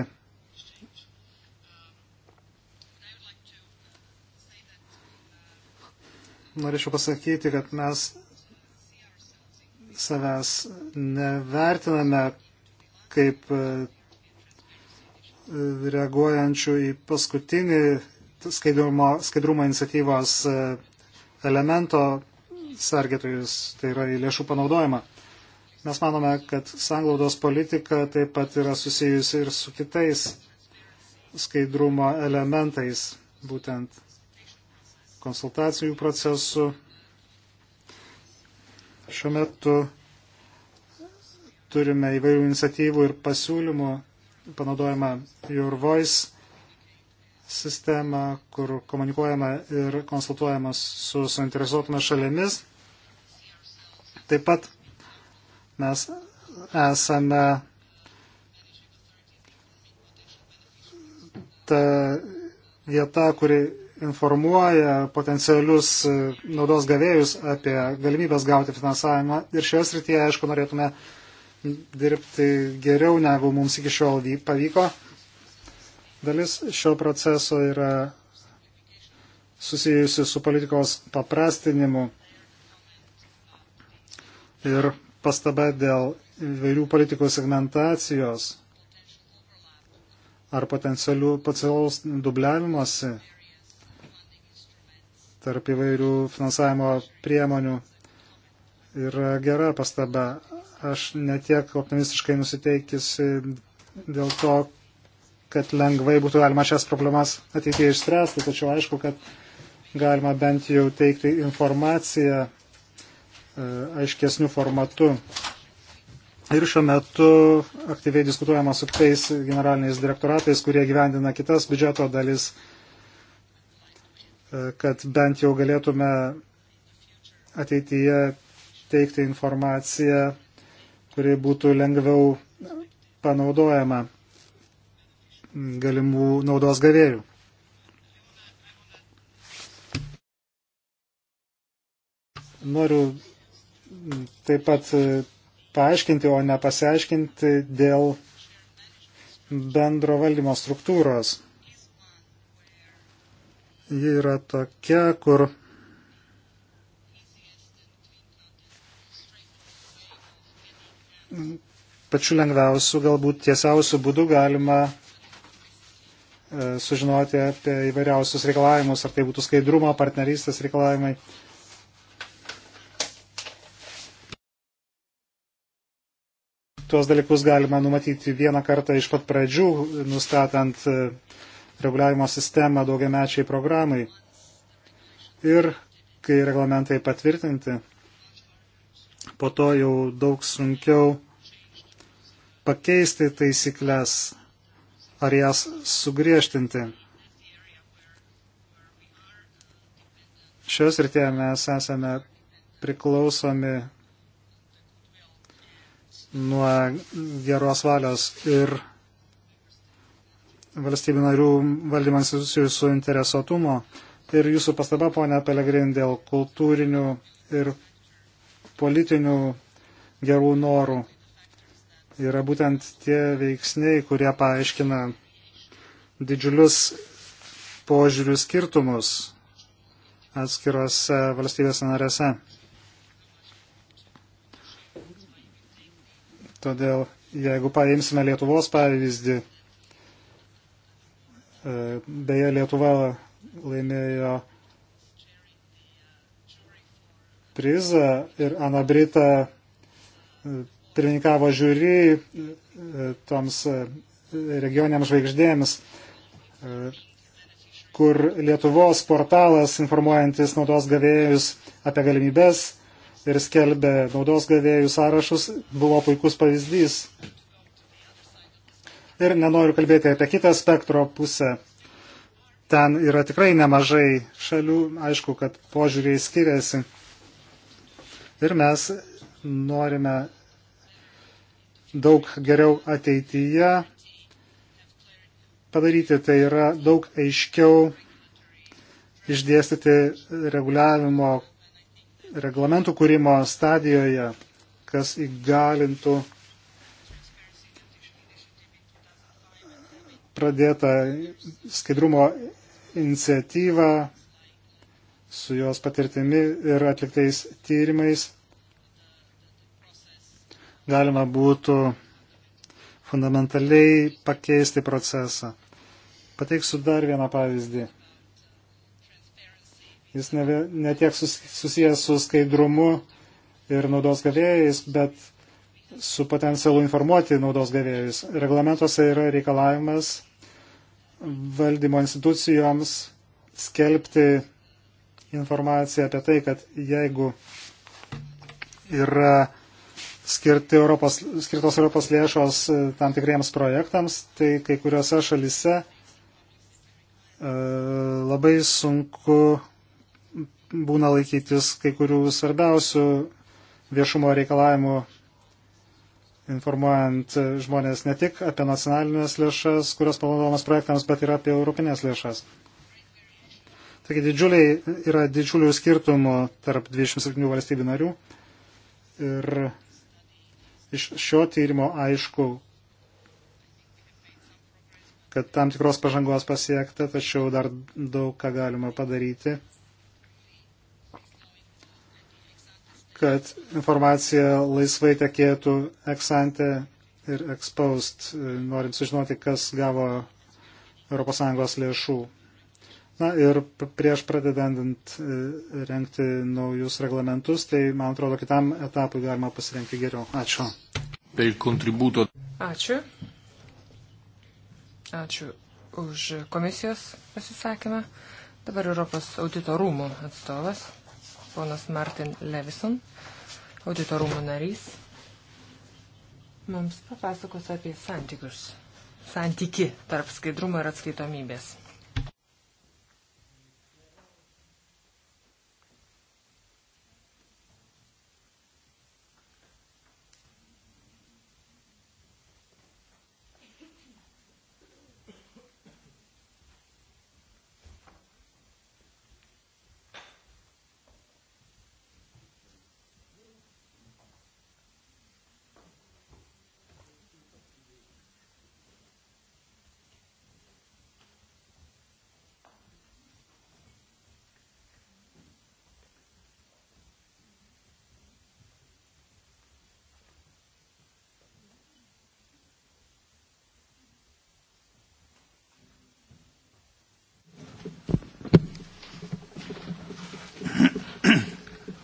norėčiau pasakyti, kad mes savęs nevertiname kaip e, reaguojančių į paskutinį skaidrumo, skaidrumo iniciatyvos e, elemento sergėtojus, tai yra į lėšų panaudojimą. Mes manome, kad sanglaudos politika taip pat yra susijusi ir su kitais skaidrumo elementais, būtent konsultacijų procesų. Šiuo metu turime įvairių iniciatyvų ir pasiūlymų, panaudojama Your Voice sistema, kur komunikuojama ir konsultuojama su suinteresuotomis šalimis. Taip pat mes esame ta vieta, kuri informuoja potencialius e, naudos gavėjus apie galimybės gauti finansavimą. Ir šioje srityje, aišku, norėtume dirbti geriau, negu mums iki šiol pavyko. Dalis šio proceso yra susijusi su politikos paprastinimu ir pastaba dėl įvairių politikų segmentacijos ar potencialių dubliavimuose tarp įvairių finansavimo priemonių yra gera pastaba. Aš netiek optimistiškai nusiteikis e, dėl to, kad lengvai būtų galima šias problemas ateityje išspręsti, tačiau aišku, kad galima bent jau teikti informaciją e, aiškesnių formatų. Ir šiuo metu aktyviai diskutuojama su tais generaliniais direktoratais, kurie gyvendina kitas biudžeto dalis kad bent jau galėtume ateityje teikti informaciją, kuri būtų lengviau panaudojama galimų naudos gavėjų. Noriu taip pat paaiškinti, o ne pasiaiškinti dėl bendro valdymo struktūros ji yra tokia, kur pačiu lengviausiu, galbūt tiesiausiu būdu galima e, sužinoti apie įvairiausius reikalavimus, ar tai būtų skaidrumo, partnerystės reikalavimai. Tuos dalykus galima numatyti vieną kartą iš pat pradžių, nustatant e, reguliavimo sistemą daugiamečiai programai. Ir kai reglamentai patvirtinti, po to jau daug sunkiau pakeisti taisyklės ar jas sugriežtinti. Šios rytėje mes esame priklausomi nuo geros valios ir valstybių narių valdymas susijusių su interesuotumo. Ir jūsų pastaba, ponia Pelegrin, dėl kultūrinių ir politinių gerų norų yra būtent tie veiksniai, kurie paaiškina didžiulius požiūrių skirtumus atskirose valstybėse narėse. Todėl, jeigu paimsime Lietuvos pavyzdį, E, beje, Lietuva laimėjo prizą ir Ana Brita e, pirmininkavo žiūri e, toms regioniams žvaigždėms, kur Lietuvos portalas informuojantis naudos gavėjus apie galimybės ir skelbė naudos gavėjų sąrašus, buvo puikus pavyzdys Ir nenoriu kalbėti apie kitą spektro pusę. Ten yra tikrai nemažai šalių, aišku, kad požiūriai skiriasi. Ir mes norime daug geriau ateityje padaryti, tai yra daug aiškiau išdėstyti reguliavimo reglamentų kūrimo stadijoje, kas įgalintų pradėta skaidrumo iniciatyva su jos patirtimi ir atliktais tyrimais. Galima būtų fundamentaliai pakeisti procesą. Pateiksiu dar vieną pavyzdį. Jis ne, ne tiek sus, susijęs su skaidrumu ir naudos gavėjais, bet su potencialu informuoti naudos gavėjus. Reglamentuose yra reikalavimas valdymo institucijoms skelbti informaciją apie tai, kad jeigu yra skirti Europos, skirtos Europos lėšos e, tam tikriems projektams, tai kai kuriuose šalise e, labai sunku būna laikytis kai kurių svarbiausių viešumo reikalavimų informuojant žmonės ne tik apie nacionalinės lėšas, kurios panaudomas projektams, bet ir apie europinės lėšas. Taigi didžiuliai, yra didžiulių skirtumų tarp 27 valstybių narių ir iš šio tyrimo aišku, kad tam tikros pažangos pasiekta, tačiau dar daug ką galima padaryti kad informacija laisvai tekėtų eksante ir exposed, norint sužinoti, kas gavo ES lėšų. Na ir prieš pradedant e, renkti naujus reglamentus, tai man atrodo, kitam etapui galima pasirengti geriau. Ačiū. Ačiū. Ačiū už komisijos pasisakymą. Dabar Europos audito rūmų atstovas ponas Martin Levison, auditorumų narys, mums papasakos apie santykius, santyki tarp skaidrumo ir atskaitomybės.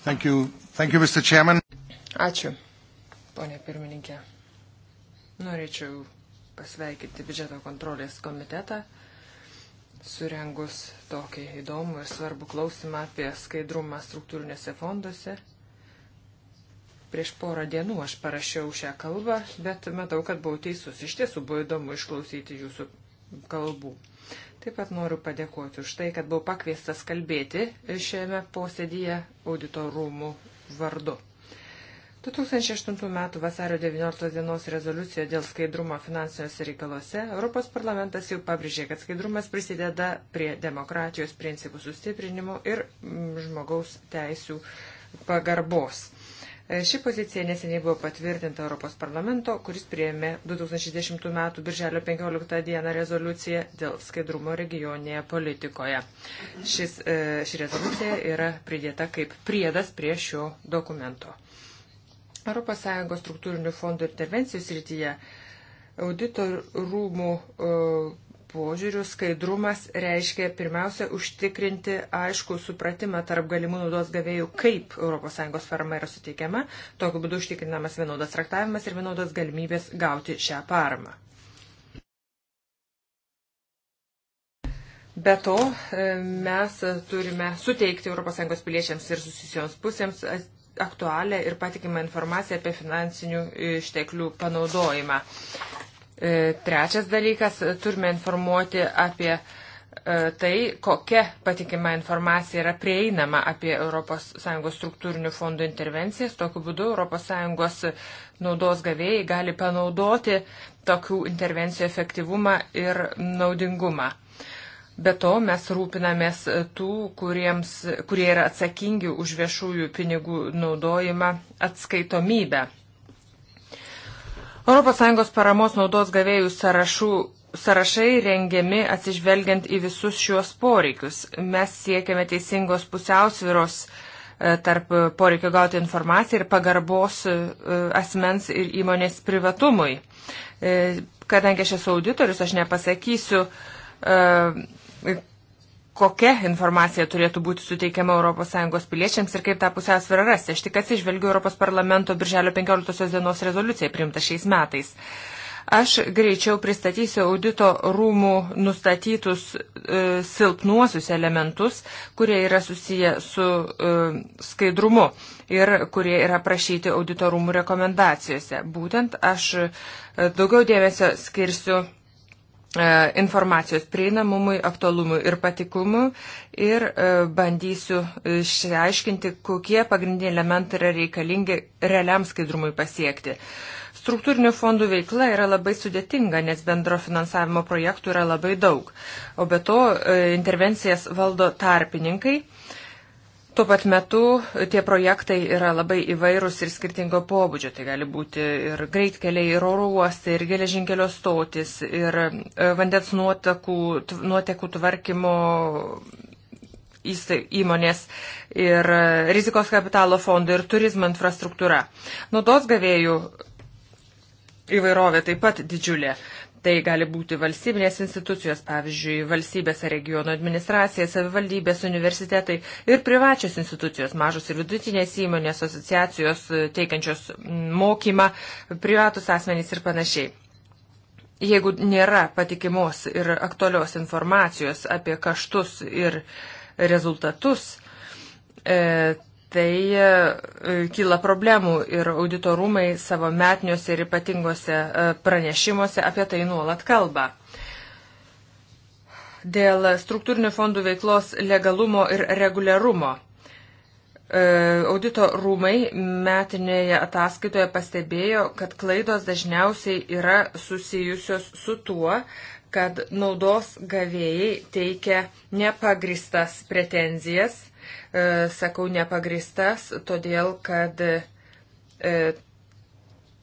Thank you. Thank you, Mr. Chairman. Ačiū, ponė pirmininkė. Norėčiau pasveikinti biudžeto kontrolės komitetą, surengus tokį įdomų ir svarbų klausimą apie skaidrumą struktūrinėse fonduose. Prieš porą dienų aš parašiau šią kalbą, bet matau, kad buvau teisus. Iš tiesų buvo įdomu išklausyti jūsų kalbų. Taip pat noriu padėkoti už tai, kad buvau pakviestas kalbėti šiame posėdyje auditorumų vardu. 2008 m. vasario 19 dienos rezoliucijoje dėl skaidrumo finansiniuose reikaluose Europos parlamentas jau pabrėžė, kad skaidrumas prisideda prie demokratijos principų sustiprinimo ir mm, žmogaus teisų pagarbos. E, ši pozicija neseniai buvo patvirtinta Europos parlamento, kuris prieėmė 2010 m. birželio 15 d. rezoliuciją dėl skaidrumo regioninėje politikoje. Šis, e, ši rezoliucija yra pridėta kaip priedas prie šio dokumento. ES struktūrinių fondų intervencijų srityje audito rūmų e, požiūrių skaidrumas reiškia pirmiausia užtikrinti aišku supratimą tarp galimų naudos gavėjų, kaip ES parama yra suteikiama, tokiu būdu užtikrinamas vienodas traktavimas ir vienodas galimybės gauti šią paramą. Be to, e, mes turime suteikti ES piliečiams ir susijusioms pusėms aktualią ir patikimą informaciją apie finansinių išteklių panaudojimą. E, trečias dalykas, turime informuoti apie e, tai, kokia patikima informacija yra prieinama apie ES struktūrinių fondų intervencijas. Tokiu būdu ES naudos gavėjai gali panaudoti tokių intervencijų efektyvumą ir naudingumą. Be to mes rūpinamės tų, kuriems, kurie yra atsakingi už viešųjų pinigų naudojimą atskaitomybę. ES paramos naudos gavėjų sąrašų, sąrašai rengiami atsižvelgiant į visus šiuos poreikius. Mes siekiame teisingos pusiausviros e, tarp poreikio gauti informaciją ir pagarbos e, asmens ir įmonės privatumui. E, kadangi aš esu auditorius, aš nepasakysiu, kokia informacija turėtų būti suteikiama ES piliečiams ir kaip tą pusiausvyrą rasti. Aš tik atsižvelgiu Europos parlamento birželio 15 dienos rezoliuciją priimtą šiais metais. Aš greičiau pristatysiu audito rūmų nustatytus e, silpnuosius elementus, kurie yra susiję su e, skaidrumu ir kurie yra prašyti audito rūmų rekomendacijose. Būtent aš e, daugiau dėmesio skirsiu E, informacijos prieinamumui, aktualumui ir patiklumui ir e, bandysiu e, išsiaiškinti, kokie pagrindiniai elementai yra reikalingi realiam skaidrumui pasiekti. Struktūrinių fondų veikla yra labai sudėtinga, nes bendro finansavimo projektų yra labai daug. O be to intervencijas valdo tarpininkai Tuo pat metu tie projektai yra labai įvairūs ir skirtingo pobūdžio. Tai gali būti ir greitkeliai, ir oro uostai, ir geležinkelio stotis, ir e, vandens nuotekų, nuotekų tvarkymo įmonės, ir e, rizikos kapitalo fondai, ir turizmo infrastruktūra. Naudos gavėjų įvairovė taip pat didžiulė. Tai gali būti valstybinės institucijos, pavyzdžiui, valstybės ar regiono administracija, savivaldybės, universitetai ir privačios institucijos, mažos ir vidutinės įmonės, asociacijos e, teikiančios mokymą, privatus asmenys ir panašiai. Jeigu nėra patikimos ir aktualios informacijos apie kaštus ir rezultatus, e, tai e, kyla problemų ir auditorumai savo metiniuose ir ypatingose e, pranešimuose apie tai nuolat kalba. Dėl struktūrinių fondų veiklos legalumo ir reguliarumo. E, audito rūmai metinėje ataskaitoje pastebėjo, kad klaidos dažniausiai yra susijusios su tuo, kad naudos gavėjai teikia nepagristas pretenzijas E, sakau, nepagristas, todėl kad e,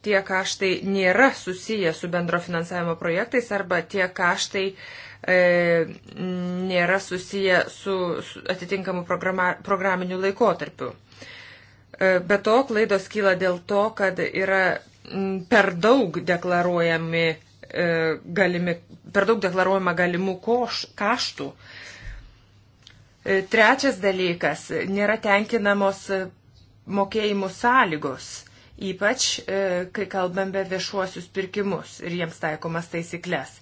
tie kaštai nėra susiję su bendro finansavimo projektais arba tie kaštai e, nėra susiję su, su atitinkamu programa, programiniu laikotarpiu. E, be to, klaidos kyla dėl to, kad yra per daug deklaruojami e, galimi, per daug deklaruojama galimų koš, kaštų. E, E, trečias dalykas - nėra tenkinamos mokėjimų sąlygos, ypač e, kai kalbam be viešuosius pirkimus ir jiems taikomas taisyklės.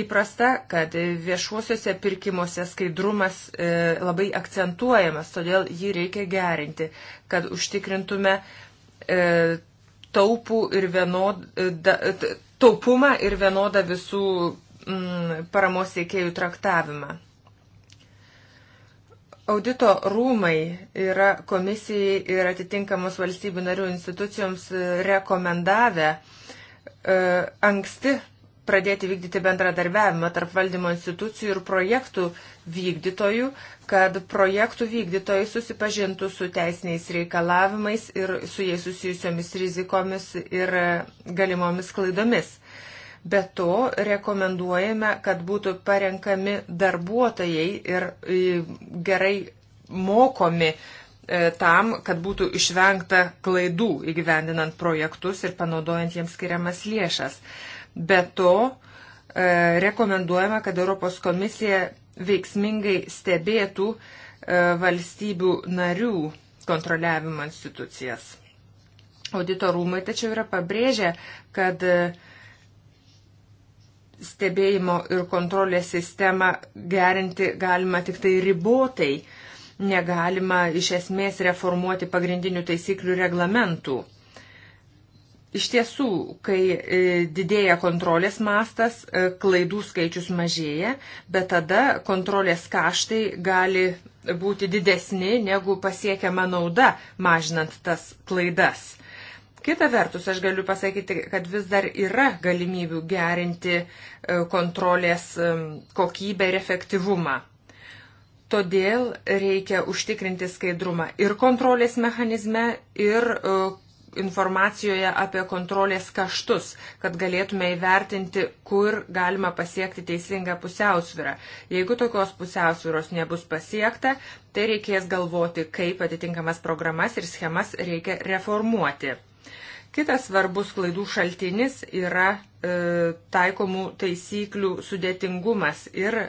Įprasta, kad viešuosiuose pirkimuose skaidrumas e, labai akcentuojamas, todėl jį reikia gerinti, kad užtikrintume e, taupų ir vienodą, taupumą ir vienodą visų m, mm, paramos teikėjų traktavimą. Audito rūmai yra komisijai ir atitinkamos valstybių narių institucijoms e, rekomendavę e, anksti pradėti vykdyti bendradarbiavimą tarp valdymo institucijų ir projektų vykdytojų, kad projektų vykdytojai susipažintų su teisiniais reikalavimais ir su jais susijusiomis rizikomis ir galimomis klaidomis. Be to rekomenduojame, kad būtų parenkami darbuotojai ir e, gerai mokomi e, tam, kad būtų išvengta klaidų įgyvendinant projektus ir panaudojant jiems skiriamas lėšas. Be to e, rekomenduojame, kad Europos komisija veiksmingai stebėtų valstybių narių kontroliavimo institucijas. Auditorumai tačiau yra pabrėžę, kad uh, stebėjimo ir kontrolės sistemą gerinti galima tik tai ribotai, negalima iš esmės reformuoti pagrindinių taisyklių reglamentų. Iš tiesų, kai e, didėja kontrolės mastas, e, klaidų skaičius mažėja, bet tada kontrolės kaštai gali būti didesni negu pasiekiama nauda, mažinant tas klaidas. Kita vertus, aš galiu pasakyti, kad vis dar yra galimybių gerinti e, kontrolės e, kokybę ir efektyvumą. Todėl reikia užtikrinti skaidrumą ir kontrolės mechanizme, ir e, informacijoje apie kontrolės kaštus, kad galėtume įvertinti, kur galima pasiekti teisingą pusiausvyrą. Jeigu tokios pusiausvyros nebus pasiekta, tai reikės galvoti, kaip atitinkamas programas ir schemas reikia reformuoti. Kitas svarbus klaidų šaltinis yra e, taikomų taisyklių sudėtingumas ir e,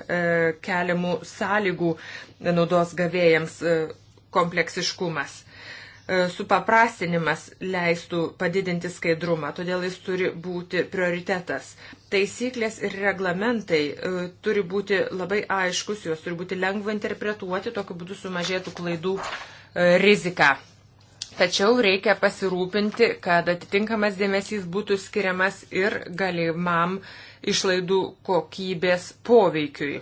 keliamų sąlygų naudos gavėjams e, kompleksiškumas. E, supaprastinimas leistų padidinti skaidrumą, todėl jis turi būti prioritetas. Taisyklės ir reglamentai e, turi būti labai aiškus, juos turi būti lengva interpretuoti, tokiu būdu sumažėtų klaidų e, rizika. Tačiau reikia pasirūpinti, kad atitinkamas dėmesys būtų skiriamas ir galimam išlaidų kokybės poveikiui.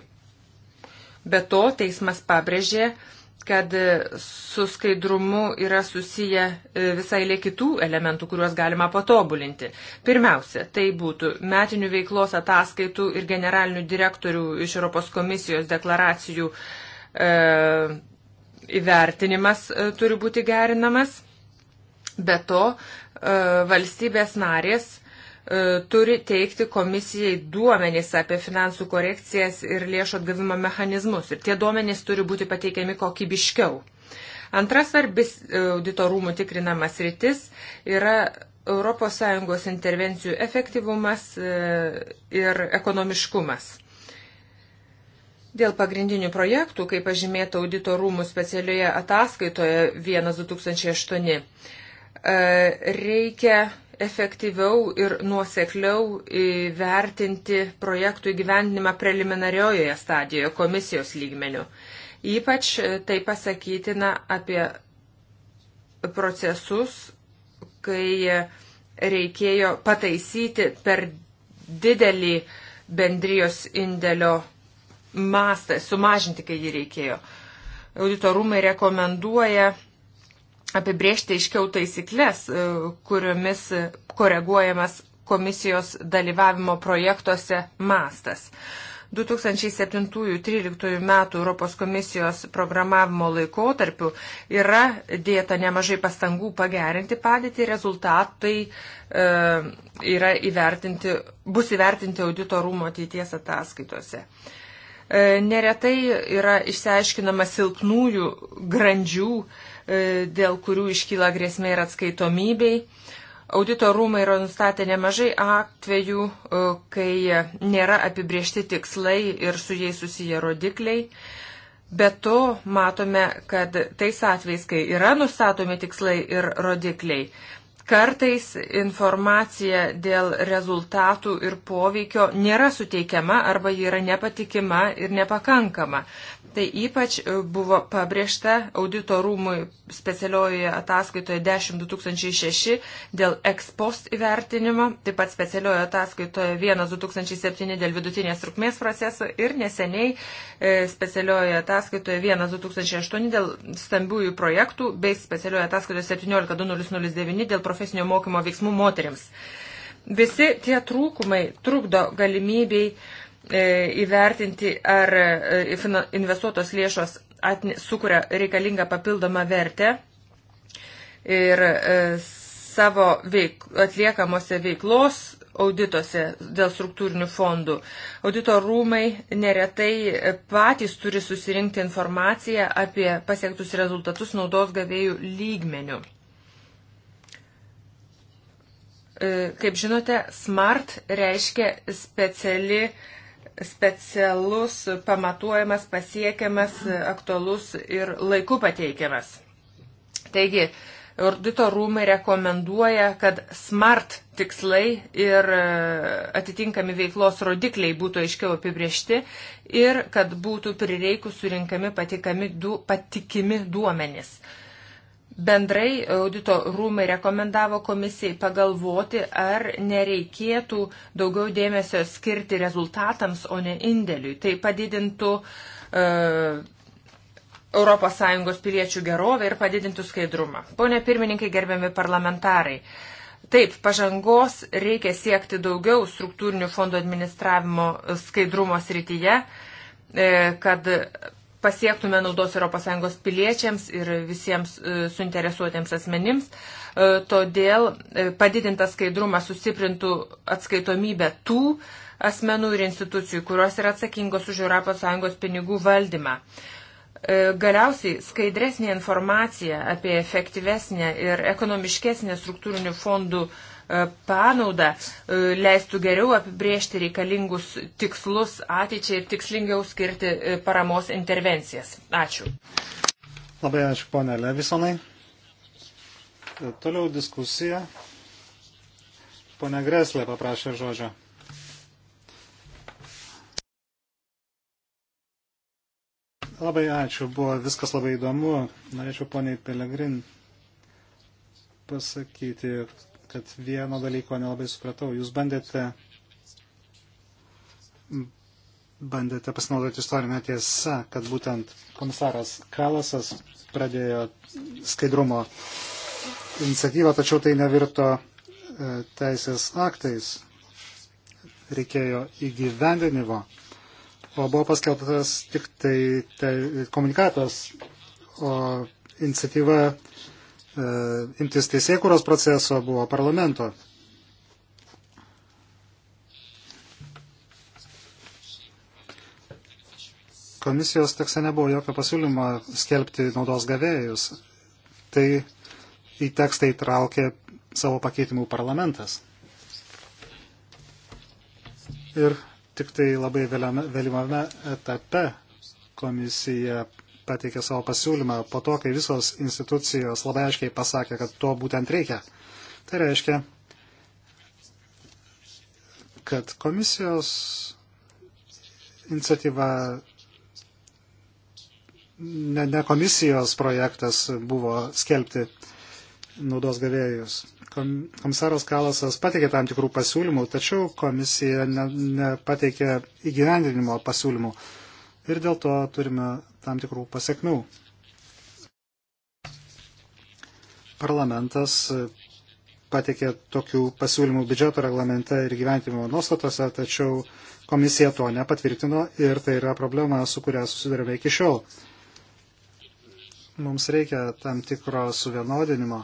Be to, teismas pabrėžė, kad su skaidrumu yra susiję e, visai lė kitų elementų, kuriuos galima patobulinti. Pirmiausia, tai būtų metinių veiklos ataskaitų ir generalinių direktorių iš Europos komisijos deklaracijų e, įvertinimas e, turi būti gerinamas. Be to, e, valstybės narės e, turi teikti komisijai duomenys apie finansų korekcijas ir lėšų atgavimo mechanizmus. Ir tie duomenys turi būti pateikiami kokybiškiau. Antras svarbis e, auditorumų tikrinamas rytis yra ES intervencijų efektyvumas ir ekonomiškumas. Dėl pagrindinių projektų, kaip pažymėta audito rūmų specialioje ataskaitoje 1.2008, E, reikia efektyviau ir nuosekliau vertinti projektų įgyvendinimą preliminariojoje stadijoje komisijos lygmenių. Ypač e, tai pasakytina apie procesus, kai reikėjo pataisyti per didelį bendrijos indėlio mastą, sumažinti, kai jį reikėjo. Auditorum rekomenduoja apibriežti iškiau taisyklės, e, kuriomis koreguojamas komisijos dalyvavimo projektuose mastas. 2007-2013 metų Europos komisijos programavimo laikotarpiu yra dėta nemažai pastangų pagerinti padėtį, rezultatai e, yra įvertinti, bus įvertinti auditorumo ateities ataskaitose. E, neretai yra išsiaiškinama silpnųjų grandžių e, E, dėl kurių iškyla grėsmė ir atskaitomybei. Audito rūmai yra nustatę nemažai atvejų, e, kai nėra apibriešti tikslai ir su jais susiję rodikliai. Be to matome, kad tais atvejais, kai yra nustatomi tikslai ir rodikliai, kartais informacija dėl rezultatų ir poveikio nėra suteikiama arba ji yra nepatikima ir nepakankama. Tai ypač e, buvo pabrėžta auditorumui specialiojoje ataskaitoje 10.2006 dėl ekspost įvertinimo, taip pat specialiojoje ataskaitoje 1.2007 dėl vidutinės trukmės proceso ir neseniai e, specialiojoje ataskaitoje 1.2008 dėl stambiųjų projektų bei specialiojoje ataskaitoje 17.2009 dėl profesinio mokymo veiksmų moteriams. Visi tie trūkumai trukdo galimybei E, įvertinti, ar e, investuotos lėšos atne, sukuria reikalingą papildomą vertę ir e, savo veik, atliekamose veiklos audituose dėl struktūrinių fondų. Audito rūmai neretai patys turi susirinkti informaciją apie pasiektus rezultatus naudos gavėjų lygmenių. Kaip žinote, SMART reiškia speciali uh, specialus, pamatuojamas, pasiekiamas, aktualus ir laiku pateikiamas. Taigi, audito rūmai rekomenduoja, kad smart tikslai ir e, atitinkami veiklos rodikliai būtų aiškiau apibriešti ir kad būtų prireikus surinkami patikami, du, patikimi duomenys. Uh, Bendrai audito rūmai rekomendavo komisijai pagalvoti, ar nereikėtų daugiau dėmesio skirti rezultatams, o ne indėliui. Tai padidintų uh, e, ES piliečių gerovę ir padidintų skaidrumą. Pone pirmininkai, gerbiami parlamentarai. Taip, pažangos reikia siekti daugiau struktūrinių fondų administravimo skaidrumo srityje, e, kad pasiektume naudos ES piliečiams ir visiems e, suinteresuotiems asmenims. E, todėl e, padidintas skaidrumas sustiprintų atskaitomybę tų asmenų ir institucijų, kurios yra atsakingos už ES pinigų valdymą. Galiausiai skaidresnė informacija apie efektyvesnę ir ekonomiškesnę struktūrinių fondų uh, E, panaudą e, leistų geriau apibriežti reikalingus tikslus ateičiai ir tikslingiau skirti e, paramos intervencijas. Ačiū. Labai ačiū, ponė Levisonai. Toliau diskusija. Pone Greslė paprašė žodžio. Labai ačiū, buvo viskas labai įdomu. Norėčiau poniai Pelegrin pasakyti, kad vieno dalyko nelabai supratau. Jūs bandėte, bandėte pasinaudoti istorinę tiesą, kad būtent komisaras Kalasas pradėjo skaidrumo iniciatyvą, tačiau tai nevirto e, teisės aktais. Reikėjo įgyvendinimo. O buvo paskelbtas tik tai, tai komunikatas, o iniciatyva E, imtis teisėkuros proceso buvo parlamento. Komisijos tekste nebuvo jokio pasiūlymo skelbti naudos gavėjus. Tai į tekstą įtraukė savo pakeitimų parlamentas. Ir tik tai labai vėliame, vėlimame etape komisija pateikė savo pasiūlymą po to, kai visos institucijos labai aiškiai pasakė, kad to būtent reikia. Tai reiškia, kad komisijos iniciatyva, ne, ne komisijos projektas buvo skelbti naudos gavėjus. Komisaras Kalasas pateikė tam tikrų pasiūlymų, tačiau komisija nepateikė ne, ne įgyvendinimo pasiūlymų. Ir dėl to turime tam tikrų pasiekmių. Parlamentas patikė tokių pasiūlymų biudžeto reglamente ir gyventimo nuostatose, tačiau komisija to nepatvirtino ir tai yra problema, su kuria susidarėme iki šiol. Mums reikia tam tikro suvienodinimo,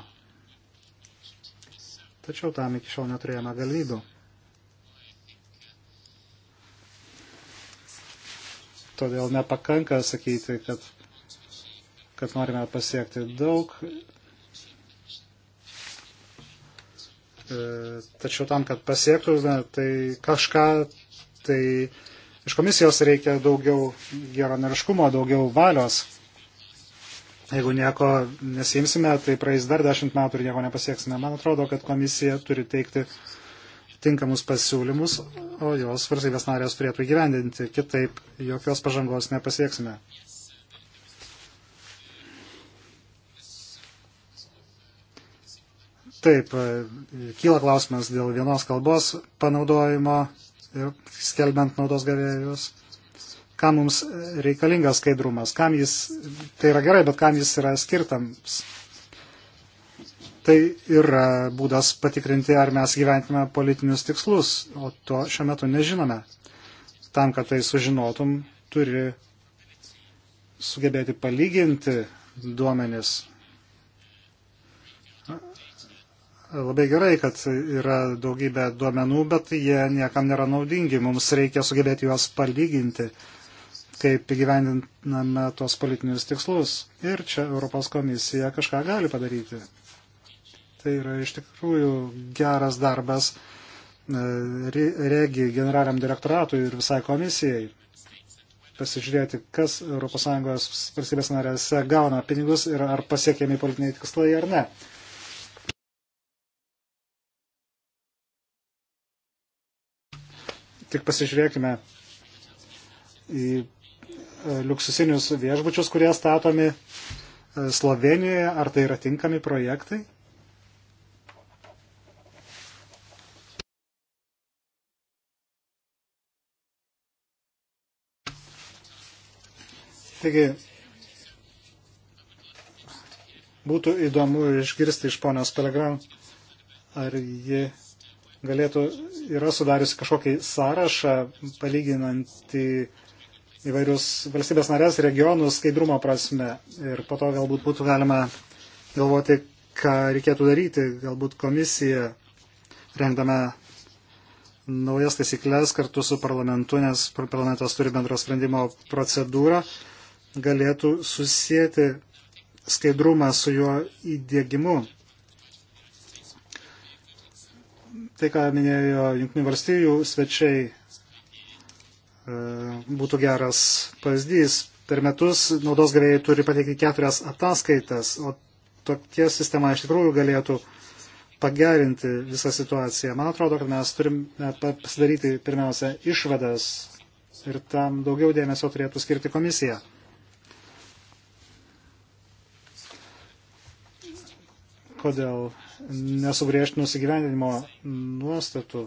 tačiau tam iki šiol neturėjome galimybių. Todėl nepakanka sakyti, kad, kad norime pasiekti daug. E, tačiau tam, kad pasiektume, tai kažką, tai iš komisijos reikia daugiau geronariškumo, daugiau valios. Jeigu nieko nesimsime, tai praeis dar dešimt metų ir nieko nepasieksime. Man atrodo, kad komisija turi teikti uh, tinkamus pasiūlymus, o jos valstybės narės turėtų įgyvendinti, kitaip jokios pažangos nepasieksime. Taip, kyla klausimas dėl vienos kalbos panaudojimo ir skelbiant naudos gavėjus. Kam mums reikalingas skaidrumas, kam jis, tai yra gerai, bet kam jis yra skirtams tai yra būdas patikrinti, ar mes gyventime politinius tikslus, o to šiuo metu nežinome. Tam, kad tai sužinotum, turi sugebėti palyginti duomenis. Labai gerai, kad yra daugybė duomenų, bet jie niekam nėra naudingi. Mums reikia sugebėti juos palyginti, kaip įgyvendiname tos politinius tikslus. Ir čia Europos komisija kažką gali padaryti. Tai yra iš tikrųjų geras darbas e, regi generaliam direktoratui ir visai komisijai pasižiūrėti, kas ES valstybės narėse gauna pinigus ir ar pasiekiami politiniai tikslai ar ne. Tik pasižiūrėkime į e, liuksusinius viešbučius, kurie statomi e, Slovenijoje, ar tai yra tinkami projektai. Taigi, būtų įdomu išgirsti iš ponios Telegram, ar ji galėtų, yra sudariusi kažkokį sąrašą, palyginant į įvairius valstybės narės regionus skaidrumo prasme. Ir po to galbūt būtų galima galvoti, ką reikėtų daryti. Galbūt komisija rengdame naujas taisyklės kartu su parlamentu, nes parlamentas turi bendros sprendimo procedūrą galėtų susijęti skaidrumą su jo įdėgymu. Tai, ką minėjo Junktinių valstybių svečiai, e, būtų geras pavyzdys. Per metus naudos gavėjai turi pateikti keturias ataskaitas, o tokia sistema iš tikrųjų galėtų pagerinti visą situaciją. Man atrodo, kad mes turime pasidaryti pirmiausia išvadas ir tam daugiau dėmesio turėtų skirti komisija. kodėl nesugriežtinus įgyvendinimo nuostatų.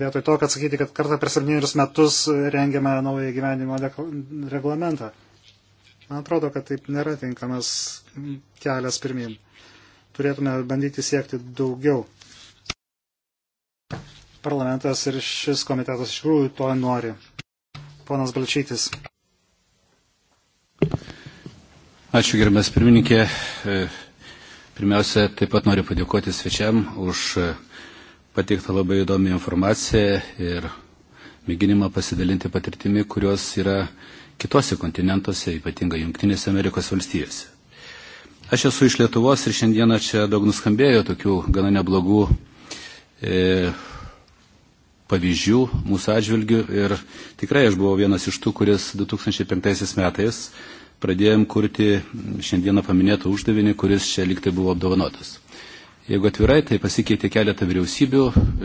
Vietoj to, kad sakyti, kad kartą per septynerius metus rengiame naują įgyvendinimo reglamentą. Man atrodo, kad taip nėra tinkamas kelias pirmin. Turėtume bandyti siekti daugiau. Parlamentas ir šis komitetas iš tikrųjų to nori. Ponas Balčytis. Ačiū, gerbiamas pirmininkė. E, pirmiausia, taip pat noriu padėkoti svečiam už pateiktą labai įdomią informaciją ir mėginimą pasidalinti patirtimi, kurios yra kitose kontinentuose, ypatingai Junktinėse Amerikos valstijose. Aš esu iš Lietuvos ir šiandieną čia daug nuskambėjo tokių gana neblogų e, pavyzdžių mūsų atžvilgių ir tikrai aš buvau vienas iš tų, kuris 2005 metais pradėjom kurti šiandieną paminėtą uždavinį, kuris čia liktai buvo apdovanotas. Jeigu atvirai, tai pasikeitė keletą vyriausybių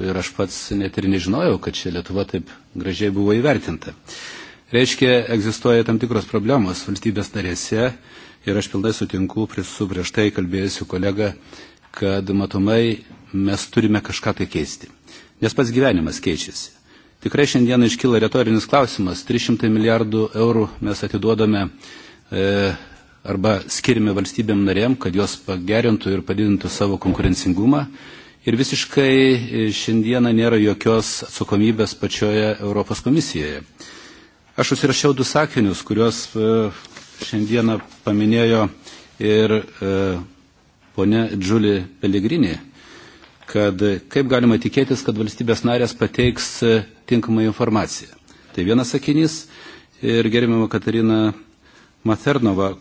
ir aš pats net ir nežinojau, kad čia Lietuva taip gražiai buvo įvertinta. Reiškia, egzistuoja tam tikros problemos valstybės narėse ir aš pilnai sutinku su prieš tai kalbėjusiu kolega, kad matomai mes turime kažką tai keisti. Nes pats gyvenimas keičiasi. Tikrai šiandien iškyla retorinis klausimas. 300 milijardų eurų mes atiduodame E, arba skirime valstybėm narėm, kad jos pagerintų ir padidintų savo konkurencingumą. Ir visiškai e, šiandieną nėra jokios atsakomybės pačioje Europos komisijoje. Aš užsirašiau du sakinius, kuriuos e, šiandieną paminėjo ir ponė Džiulį Pelegrinį, kad kaip galima tikėtis, kad valstybės narės pateiks tinkamą informaciją. Tai vienas sakinys ir gerimama Katarina Macernova,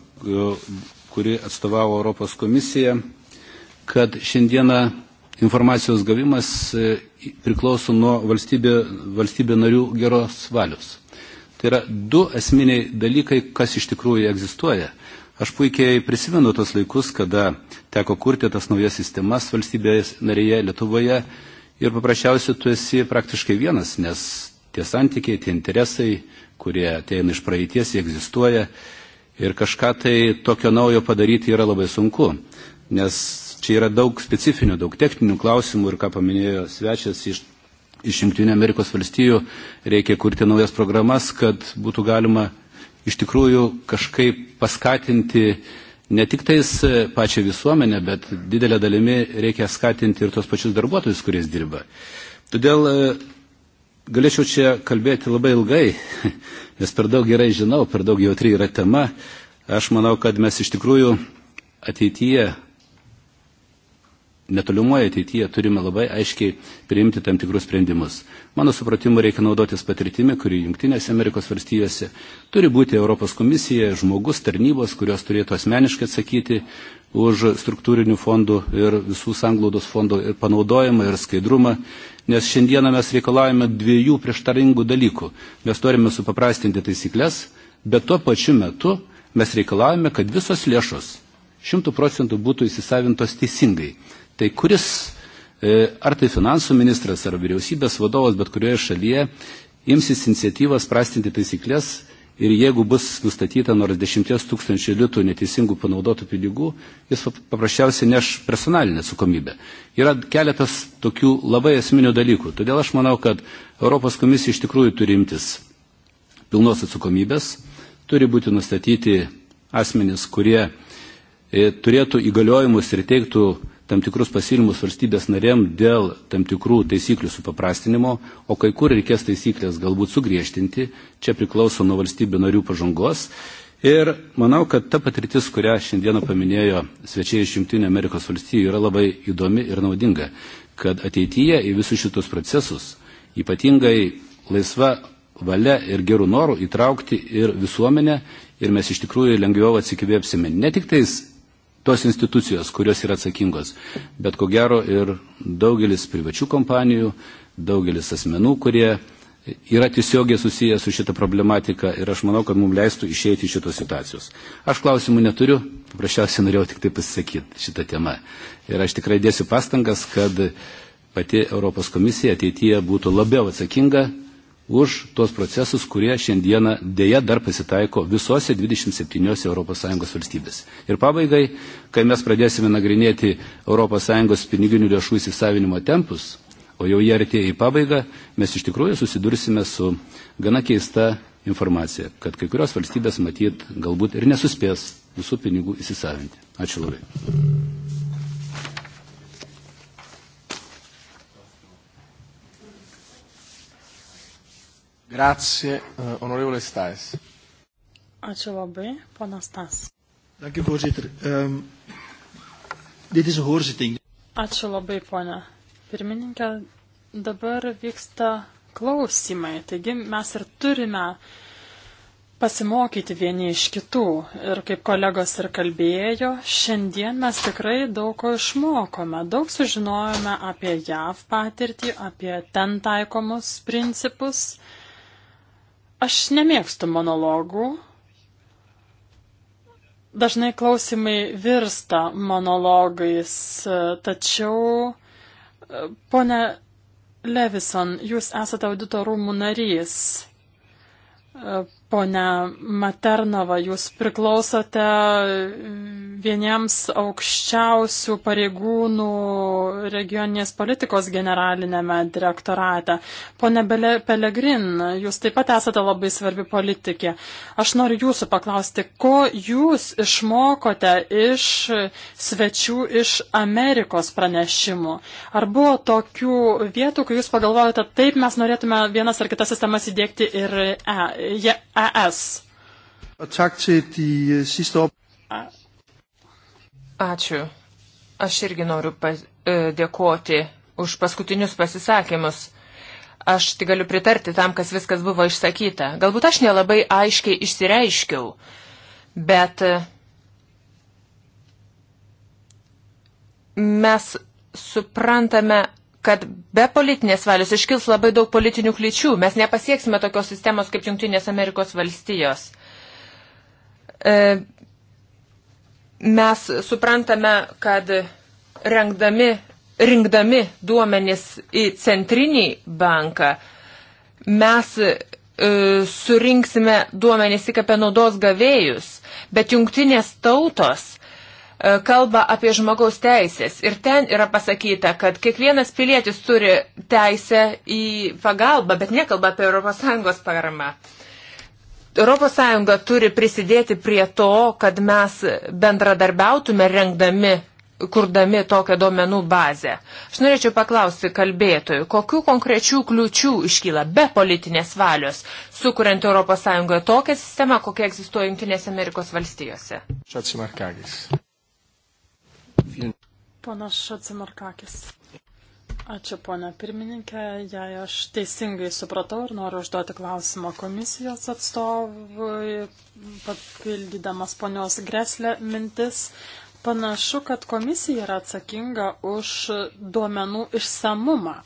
kuri atstovavo Europos komisiją, kad šiandieną informacijos gavimas e, priklauso nuo valstybė, valstybė narių geros valios. Tai yra du esminiai dalykai, kas iš tikrųjų egzistuoja. Aš puikiai prisimenu tos laikus, kada teko kurti tas naujas sistemas valstybės narėje Lietuvoje ir paprasčiausiai tu esi praktiškai vienas, nes tie santykiai, tie interesai, kurie ateina iš praeities, jie egzistuoja Ir kažką tai tokio naujo padaryti yra labai sunku, nes čia yra daug specifinių, daug techninių klausimų ir ką paminėjo svečias iš, iš Junktinių Amerikos valstijų, reikia kurti naujas programas, kad būtų galima iš tikrųjų kažkaip paskatinti ne tik tais pačią visuomenę, bet didelę dalimi reikia skatinti ir tos pačius darbuotojus, kuriais dirba. Todėl e, galėčiau čia kalbėti labai ilgai, nes per daug gerai žinau, per daug jautri yra tema. Aš manau, kad mes iš tikrųjų ateityje, netolimuoje ateityje turime labai aiškiai priimti tam tikrus sprendimus. Mano supratimu, reikia naudotis patirtimi, kuri Junktinėse Amerikos valstijose turi būti Europos komisija, žmogus, tarnybos, kurios turėtų asmeniškai atsakyti už struktūrinių fondų ir visų sanglaudos fondų ir panaudojimą ir skaidrumą nes šiandieną mes reikalavome dviejų prieštaringų dalykų. Mes norime supaprastinti taisyklės, bet tuo pačiu metu mes reikalavome, kad visos lėšos šimtų procentų būtų įsisavintos teisingai. Tai kuris, e, ar tai finansų ministras, ar vyriausybės vadovas, bet kurioje šalyje imsis iniciatyvas prastinti taisyklės ir jeigu bus nustatyta nors 10 tūkstančių litų neteisingų panaudotų pinigų, jis paprasčiausiai neš personalinę atsakomybę. Yra keletas tokių labai esminių dalykų. Todėl aš manau, kad Europos komisija iš tikrųjų turi imtis pilnos atsakomybės, turi būti nustatyti asmenys, kurie e, turėtų įgaliojimus ir teiktų tam tikrus pasiūlymus valstybės narėm dėl tam tikrų taisyklių supaprastinimo, o kai kur reikės taisyklės galbūt sugriežtinti, čia priklauso nuo valstybių narių pažangos. Ir manau, kad ta patirtis, kurią šiandieną paminėjo svečiai iš Junktinio Amerikos valstybių, yra labai įdomi ir naudinga, kad ateityje į visus šitus procesus ypatingai laisva valia ir gerų norų įtraukti ir visuomenę ir mes iš tikrųjų lengviau atsikvėpsime ne tik tais tos institucijos, kurios yra atsakingos, bet ko gero ir daugelis privačių kompanijų, daugelis asmenų, kurie yra tiesiogiai susiję su šita problematika ir aš manau, kad mums leistų išeiti iš šitos situacijos. Aš klausimų neturiu, paprasčiausiai norėjau tik tai pasisakyti šitą temą. Ir aš tikrai dėsiu pastangas, kad pati Europos komisija ateityje būtų labiau atsakinga už tuos procesus, kurie šiandieną dėja dar pasitaiko visose 27 ES valstybėse. Ir pabaigai, kai mes pradėsime nagrinėti ES piniginių lėšų įsisavinimo tempus, o jau jie artėja į pabaigą, mes iš tikrųjų susidursime su gana keista informacija, kad kai kurios valstybės matyt galbūt ir nesuspės visų pinigų įsisavinti. Ačiū labai. Grazie, uh, onorevole Stais. Ačiū labai, ponas Tas. Dank u, voorzitter. Um, dit is een hoorzitting. Ačiū labai, ponia. Pirmininkė, dabar vyksta klausimai, taigi mes ir turime pasimokyti vieni iš kitų. Ir kaip kolegos ir kalbėjo, šiandien mes tikrai daug ko išmokome, daug sužinojome apie JAV patirtį, apie ten taikomus principus. Aš nemėgstu monologų. Dažnai klausimai virsta monologais, tačiau, ponė Levison, jūs esate auditorumų narys. Pone Maternova, jūs priklausote vieniems aukščiausių pareigūnų regioninės politikos generalinėme direktorate. Pone Pelegrin, jūs taip pat esate labai svarbi politikė. Aš noriu jūsų paklausti, ko jūs išmokote iš svečių iš Amerikos pranešimų? Ar buvo tokių vietų, kai jūs pagalvojate, taip mes norėtume vienas ar kitas sistemas įdėkti ir e, je, ES. Øh, Ačiū. Aš irgi noriu e, dėkoti už paskutinius pasisakymus. Aš tik galiu pritarti tam, kas viskas buvo išsakyta. Galbūt aš nelabai aiškiai išsireiškiau, bet e, mes suprantame kad be politinės valios iškils labai daug politinių kličių. Mes nepasieksime tokios sistemos kaip Junktinės Amerikos valstijos. E, mes suprantame, kad rengdami, rinkdami duomenis į centrinį banką, mes e, surinksime duomenys tik apie naudos gavėjus, bet jungtinės tautos E, kalba apie žmogaus teisės. Ir ten yra pasakyta, kad kiekvienas pilietis turi teisę į pagalbą, bet nekalba apie ES paramą. ES turi prisidėti prie to, kad mes bendradarbiautume rengdami kurdami tokią duomenų bazę. Aš norėčiau paklausti kalbėtojų, kokiu konkrečių kliučių iškyla be politinės valios, sukuriant ES tokią sistemą, kokia egzistuoja Junktinėse Amerikos valstijose. Šatsimarkagis. Pana Šacimarkakis. Ačiū, ponia pirmininkė. Jei aš teisingai supratau ir noriu užduoti klausimą komisijos atstovui, papildydamas ponios Greslė mintis, panašu, kad komisija yra atsakinga už duomenų išsamumą.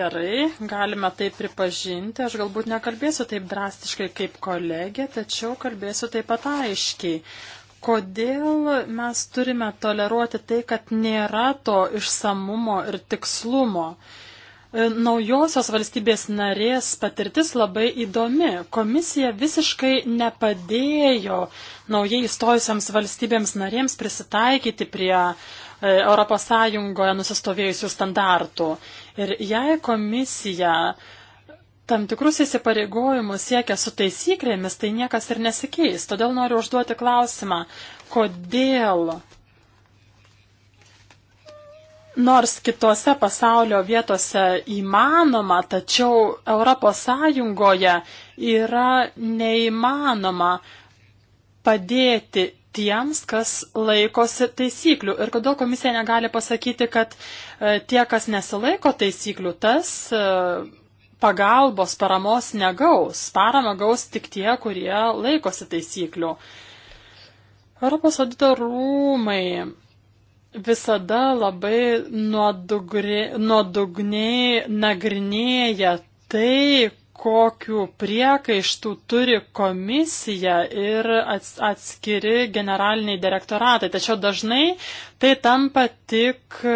Gerai, galime tai pripažinti. Aš galbūt nekalbėsiu taip drastiškai kaip kolegė, tačiau kalbėsiu taip pat aiškiai. Kodėl mes turime toleruoti tai, kad nėra to išsamumo ir tikslumo? E, naujosios valstybės narės patirtis labai įdomi. Komisija visiškai nepadėjo naujai įstojusiams valstybėms narėms prisitaikyti prie ES nusistovėjusių standartų. Ir jei komisija uh, tam tikrus įsipareigojimus siekia su taisyklėmis, tai niekas ir nesikeis. Todėl noriu užduoti klausimą, kodėl nors kitose pasaulio vietose įmanoma, tačiau Europos Sąjungoje yra neįmanoma padėti tiems, kas laikosi taisyklių. Ir kodėl komisija negali pasakyti, kad e, tie, kas nesilaiko taisyklių, tas e, pagalbos paramos negaus. Paramą gaus tik tie, kurie laikosi taisyklių. Europos audito rūmai visada labai nuodugri, nuodugniai nagrinėja tai, kokiu priekaištų turi komisija ir atskiri generaliniai direktoratai. Tačiau dažnai tai tampa tik e,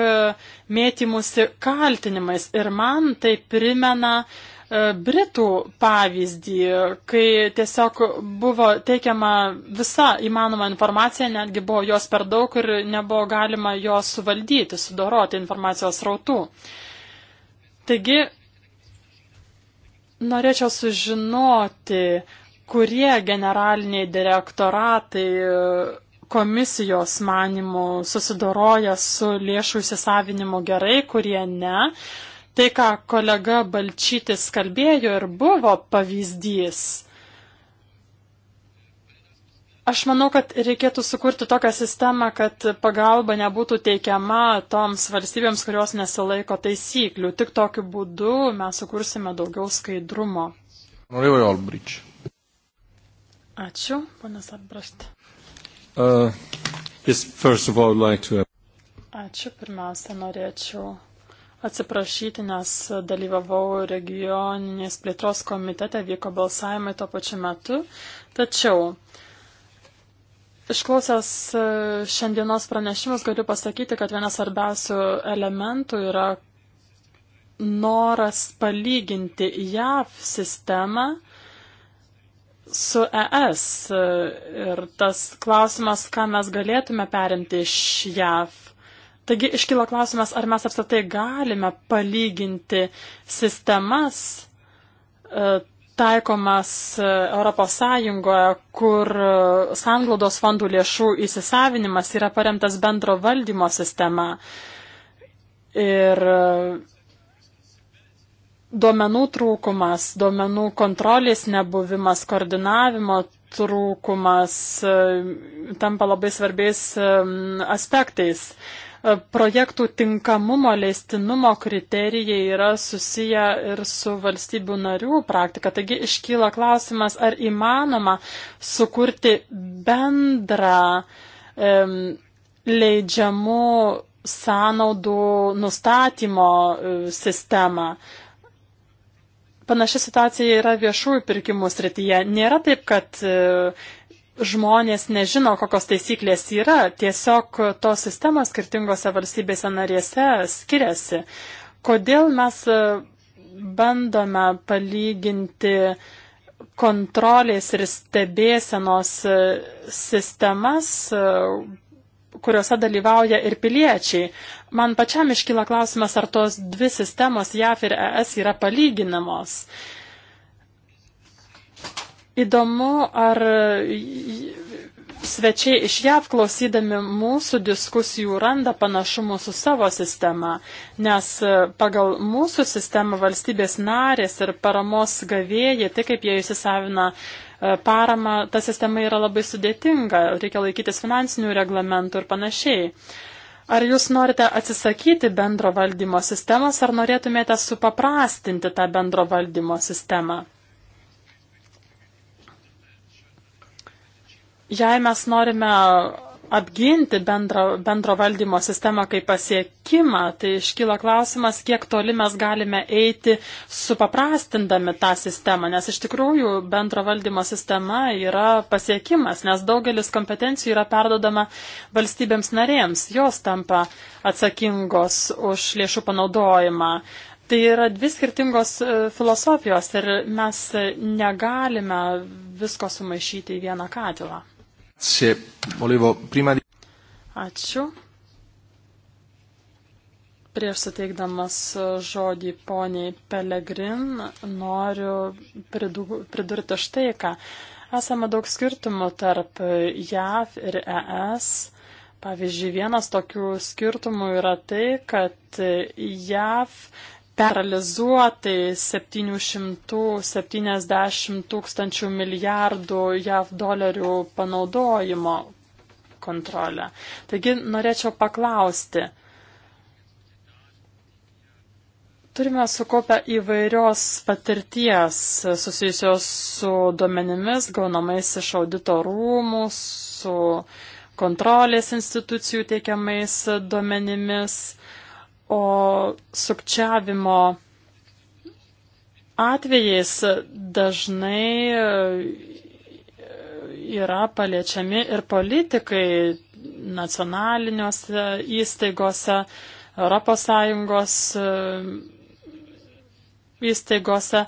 mėtymusi kaltinimais. Ir man tai primena e, Britų pavyzdį, kai tiesiog buvo teikiama visa įmanoma informacija, netgi buvo jos per daug ir nebuvo galima jos suvaldyti, sudoroti informacijos rautų. Taigi Norėčiau sužinoti, kurie generaliniai direktoratai e, komisijos manimų susidoroja su lėšų įsisavinimu gerai, kurie ne. Tai, ką kolega Balčytis kalbėjo ir buvo pavyzdys. Aš manau, kad reikėtų sukurti tokią sistemą, kad pagalba nebūtų teikiama toms valstybėms, kurios nesilaiko taisyklių. Tik tokiu būdu mes sukursime daugiau skaidrumo. Norėjau Olbrič. Ačiū, panas Albrecht. Uh, yes, first of all, I'd like to... Ačiū, pirmiausia, norėčiau atsiprašyti, nes dalyvavau regioninės plėtros komitete, vyko balsavimai tuo pačiu metu. Tačiau Išklausęs e, šiandienos pranešimus galiu pasakyti, kad vienas svarbiausių elementų yra noras palyginti JAV sistemą su ES. E, ir tas klausimas, ką mes galėtume perimti iš JAV. Taigi iškyla klausimas, ar mes apsatai galime palyginti sistemas e, taikomas ES, kur e, sanglaudos fondų lėšų įsisavinimas yra paremtas bendro valdymo sistema. Ir e, duomenų trūkumas, duomenų kontrolės nebuvimas, koordinavimo trūkumas e, tampa labai svarbiais aspektais projektų tinkamumo, leistinumo kriterijai yra susiję ir su valstybių narių praktika. Taigi iškyla klausimas, ar įmanoma sukurti bendrą um, leidžiamų sąnaudų nustatymo e, sistemą. Panaši situacija yra viešųjų pirkimų srityje. Nėra taip, kad e, žmonės nežino, kokios taisyklės yra, tiesiog tos sistemos skirtingose valstybėse narėse skiriasi. Kodėl mes e, bandome palyginti kontrolės ir stebėsenos e, sistemas, e, kuriuose dalyvauja ir piliečiai. Man pačiam iškyla klausimas, ar tos dvi sistemos JAF ir ES yra palyginamos. Uh, Įdomu, ar svečiai iš JAV klausydami mūsų diskusijų randa panašumų su savo sistema, nes e, pagal mūsų sistemą valstybės narės ir paramos gavėjai, tai kaip jie įsisavina e, paramą, ta sistema yra labai sudėtinga, reikia laikytis finansinių reglamentų ir panašiai. Ar jūs norite atsisakyti bendro valdymo sistemos, ar norėtumėte supaprastinti tą bendro valdymo sistemą? Jei mes norime apginti bendro, bendro valdymo sistemą kaip pasiekimą, tai iškyla klausimas, kiek toli mes galime eiti supaprastindami tą sistemą, nes iš tikrųjų bendro valdymo sistema yra pasiekimas, nes daugelis kompetencijų yra perdodama valstybėms narėms, jos tampa atsakingos už lėšų panaudojimą. Tai yra dvi skirtingos e, filosofijos ir mes negalime visko sumaišyti į vieną katilą. Ačiū. Prieš suteikdamas žodį poniai Pelegrin noriu pridurti štai ką. Esame daug skirtumų tarp JAV ir ES. Pavyzdžiui, vienas tokių skirtumų yra tai, kad JAV peralizuoti 770 tūkstančių milijardų JAV dolerių panaudojimo kontrolę. Taigi norėčiau paklausti, turime sukaupę įvairios patirties susijusios su duomenimis gaunamais iš audito rūmų, su kontrolės institucijų teikiamais duomenimis O sukčiavimo atvejais dažnai e, yra paliečiami ir politikai nacionaliniuose įstaigose, ES e, įstaigose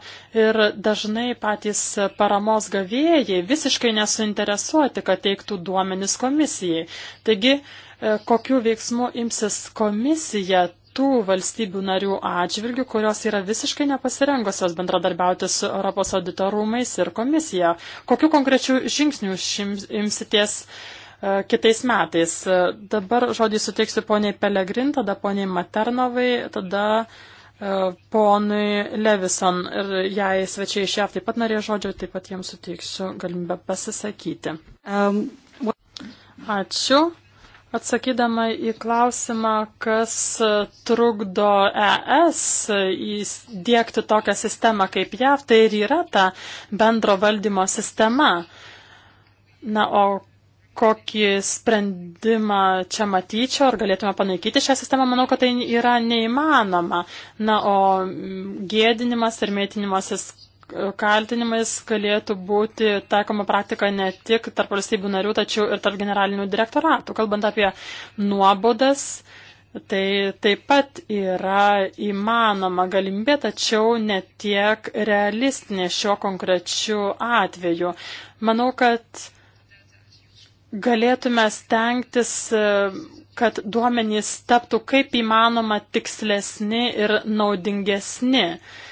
ir dažnai patys paramos gavėjai visiškai nesuinteresuoti, kad teiktų duomenis komisijai. Taigi, e, kokiu veiksmu imsis komisija kitų valstybių narių atžvilgių, kurios yra visiškai nepasirengusios bendradarbiauti su Europos auditorumais ir komisija. Kokiu konkrečiu žingsniu imsities e, kitais metais? Dabar žodį suteiksiu poniai Pelegrin, tada poniai Maternovai, tada e, ponui Levison ir jei svečiai iš JAV taip pat norėjo žodžio, taip pat jiems suteiksiu galimybę pasisakyti. Um, Ačiū. Atsakydama į klausimą, kas trukdo ES įdėkti tokią sistemą kaip JAV, tai ir yra ta bendro valdymo sistema. Na, o kokį sprendimą čia matyčiau, ar galėtume panaikyti šią sistemą, manau, kad tai yra neįmanoma. Na, o gėdinimas ir mėtinimasis kaltinimais galėtų būti taikoma praktika ne tik tarp valstybių narių, tačiau ir tarp generalinių direktoratų. Kalbant apie nuobodas, tai taip pat yra įmanoma galimybė, tačiau ne tiek realistinė šiuo konkrečiu atveju. Manau, kad galėtume stengtis kad duomenys taptų kaip įmanoma tikslesni ir naudingesni. Uh,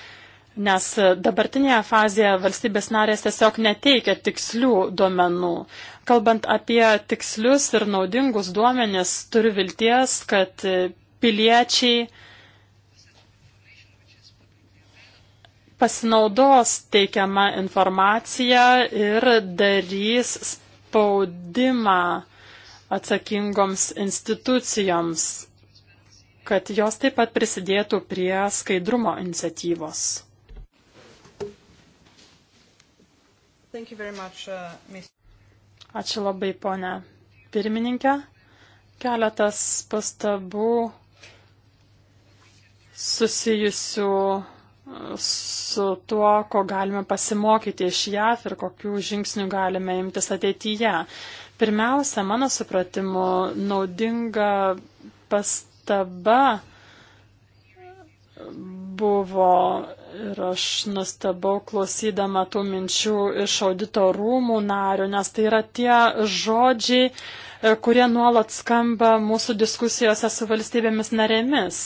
nes e, dabartinėje fazėje valstybės narės tiesiog neteikia tikslių duomenų. Kalbant apie tikslius ir naudingus duomenis, turiu vilties, kad e, piliečiai pasinaudos teikiama informacija ir darys spaudimą atsakingoms institucijoms, kad jos taip pat prisidėtų prie skaidrumo iniciatyvos. Much, uh, Ačiū labai, ponia pirmininkė. Keletas pastabų susijusių uh, su tuo, ko galime pasimokyti iš JAF ir kokių žingsnių galime imtis ateityje. Pirmiausia, mano supratimu, naudinga pastaba buvo Ir aš nustebau klausydama tų minčių iš audito rūmų narių, nes tai yra tie žodžiai, e, kurie nuolat skamba mūsų diskusijose su valstybėmis narėmis.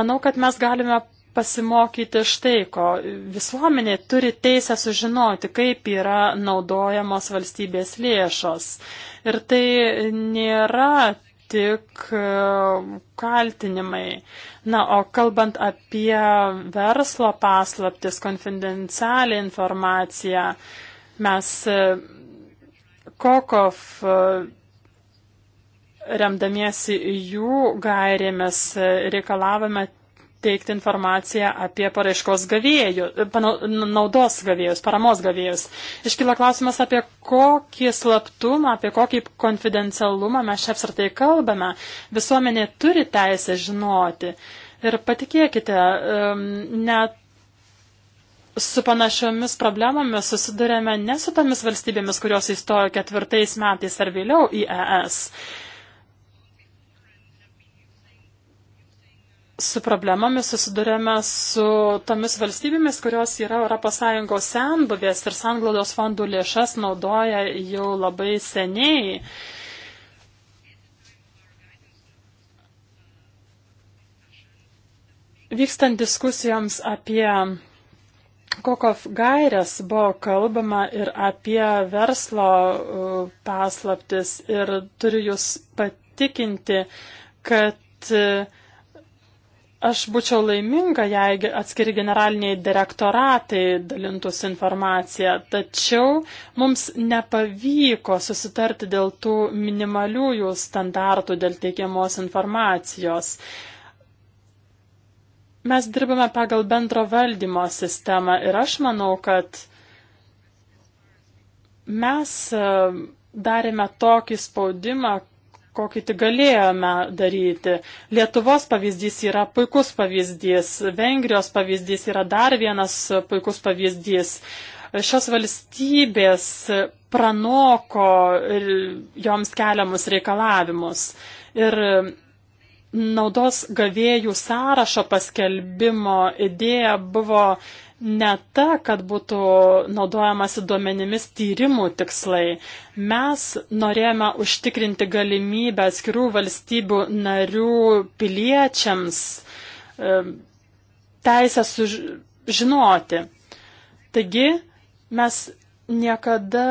Manau, kad mes galime pasimokyti štai ko. Visuomenė turi teisę sužinoti, kaip yra naudojamos valstybės lėšos. Ir tai nėra tik um, kaltinimai. Na, o kalbant apie verslo paslaptis, konfidencialią informaciją, mes uh, Kokov uh, remdamiesi jų gairėmis uh, reikalavome teikti informaciją apie paraiškos gavėjus, e, naudos gavėjus, paramos gavėjus. Iškyla klausimas, apie kokį slaptumą, apie kokį konfidencialumą mes čia apsartai kalbame. Visuomenė turi teisę žinoti. Ir patikėkite, net su panašiomis problemomis susidurėme ne su tomis valstybėmis, kurios įstojo ketvirtais metais ar vėliau į ES. su problemomis susidurėme su tomis valstybėmis, kurios yra ES senbuvės ir sanglaudos fondų lėšas naudoja jau labai seniai. Vykstant diskusijoms apie kokov gairias buvo kalbama ir apie verslo uh, paslaptis ir turiu jūs patikinti, kad uh, Aš būčiau laiminga, jei atskiri generaliniai direktoratai dalintųsi informaciją, tačiau mums nepavyko susitarti dėl tų minimaliųjų standartų dėl teikiamos informacijos. Mes dirbame pagal bendro valdymo sistemą ir aš manau, kad mes e, darėme tokį spaudimą, kokį tik galėjome daryti. Lietuvos pavyzdys yra puikus pavyzdys, Vengrijos pavyzdys yra dar vienas puikus pavyzdys. Šios valstybės pranoko joms keliamus reikalavimus. Ir naudos gavėjų sąrašo paskelbimo idėja buvo ne ta, kad būtų naudojamasi duomenimis tyrimų tikslai. Mes norėjome užtikrinti galimybę atskirų valstybių narių piliečiams e, teisę sužinoti. Taigi mes niekada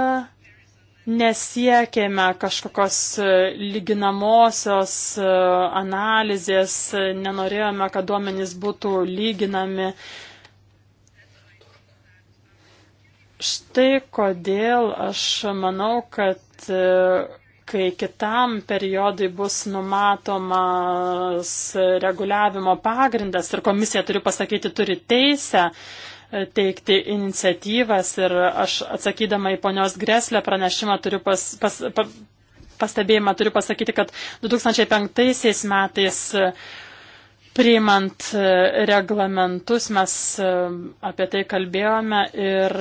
nesiekėme kažkokios e, lyginamosios e, analizės, nenorėjome, kad duomenys būtų lyginami Štai kodėl aš manau, kad e, kai kitam periodui bus numatomas reguliavimo pagrindas ir komisija, turiu pasakyti, turi teisę e, teikti iniciatyvas ir aš atsakydama į ponios Greslę pranešimą turiu pas, pas, pa, pastebėjimą, turiu pasakyti, kad 2005 metais e, priimant reglamentus mes apie tai kalbėjome ir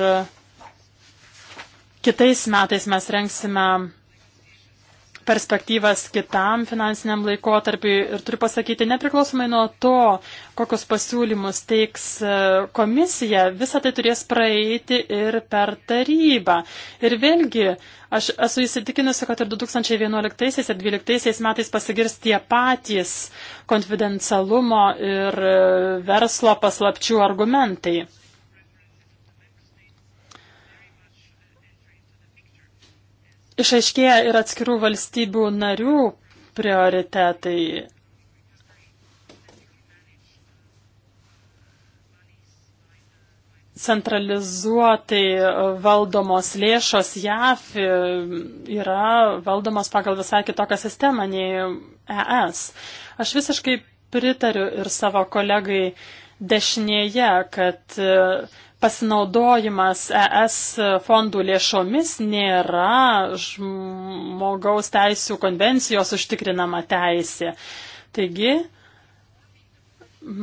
Kitais metais mes rengsime perspektyvas kitam finansiniam laikotarpiui ir turiu pasakyti, nepriklausomai nuo to, kokius pasiūlymus teiks e, komisija, visą tai turės praeiti ir per tarybą. Ir vėlgi, aš esu įsitikinusi, kad ir 2011 ir 2012 metais pasigirs tie patys konfidencialumo ir e, verslo paslapčių argumentai. išaiškėja ir atskirų valstybių narių prioritetai. Centralizuotai valdomos lėšos JAF yra valdomos pagal visai kitokią sistemą nei ES. Aš visiškai pritariu ir savo kolegai dešinėje, kad uh, pasinaudojimas ES fondų lėšomis nėra žmogaus teisų konvencijos užtikrinama teisė. Taigi,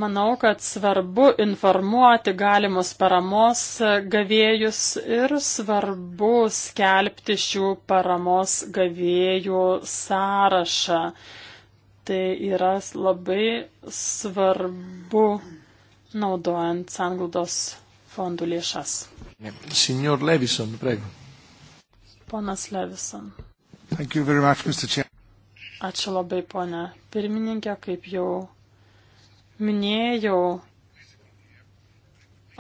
manau, kad svarbu informuoti galimus paramos gavėjus ir svarbu skelbti šių paramos gavėjų sąrašą. Tai yra labai svarbu naudojant sanglaudos fondų lėšas. Signor Levison, prego. Ponas Levison. Thank you very much, Mr. Chair. Ačiū labai, ponė pirmininkė, kaip jau minėjau,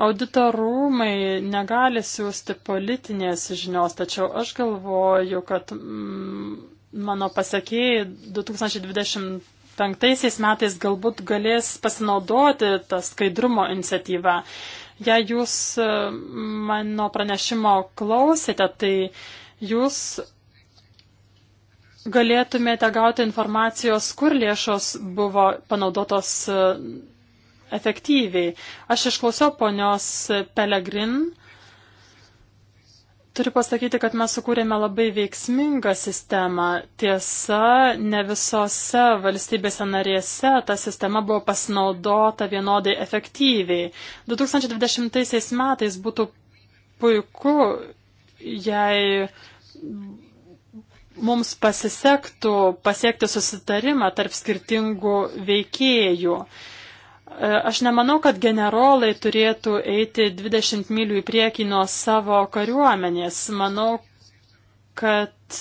audito rūmai negali siūsti politinės žinios, tačiau aš galvoju, kad mm, mano pasiekėjai 2025 metais galbūt galės pasinaudoti tą skaidrumo iniciatyvą. Jei jūs e, mano pranešimo klausėte, tai jūs galėtumėte gauti informacijos, kur lėšos buvo panaudotos e, efektyviai. Aš išklausiau ponios Pelegrin Turiu pasakyti, kad mes sukūrėme labai veiksmingą sistemą. Tiesa, ne visose valstybėse narėse ta sistema buvo pasinaudota vienodai efektyviai. 2020 metais būtų puiku, jei mums pasisektų pasiekti susitarimą tarp skirtingų veikėjų. E, aš nemanau, kad generolai turėtų eiti 20 mylių į priekį nuo savo kariuomenės. Manau, kad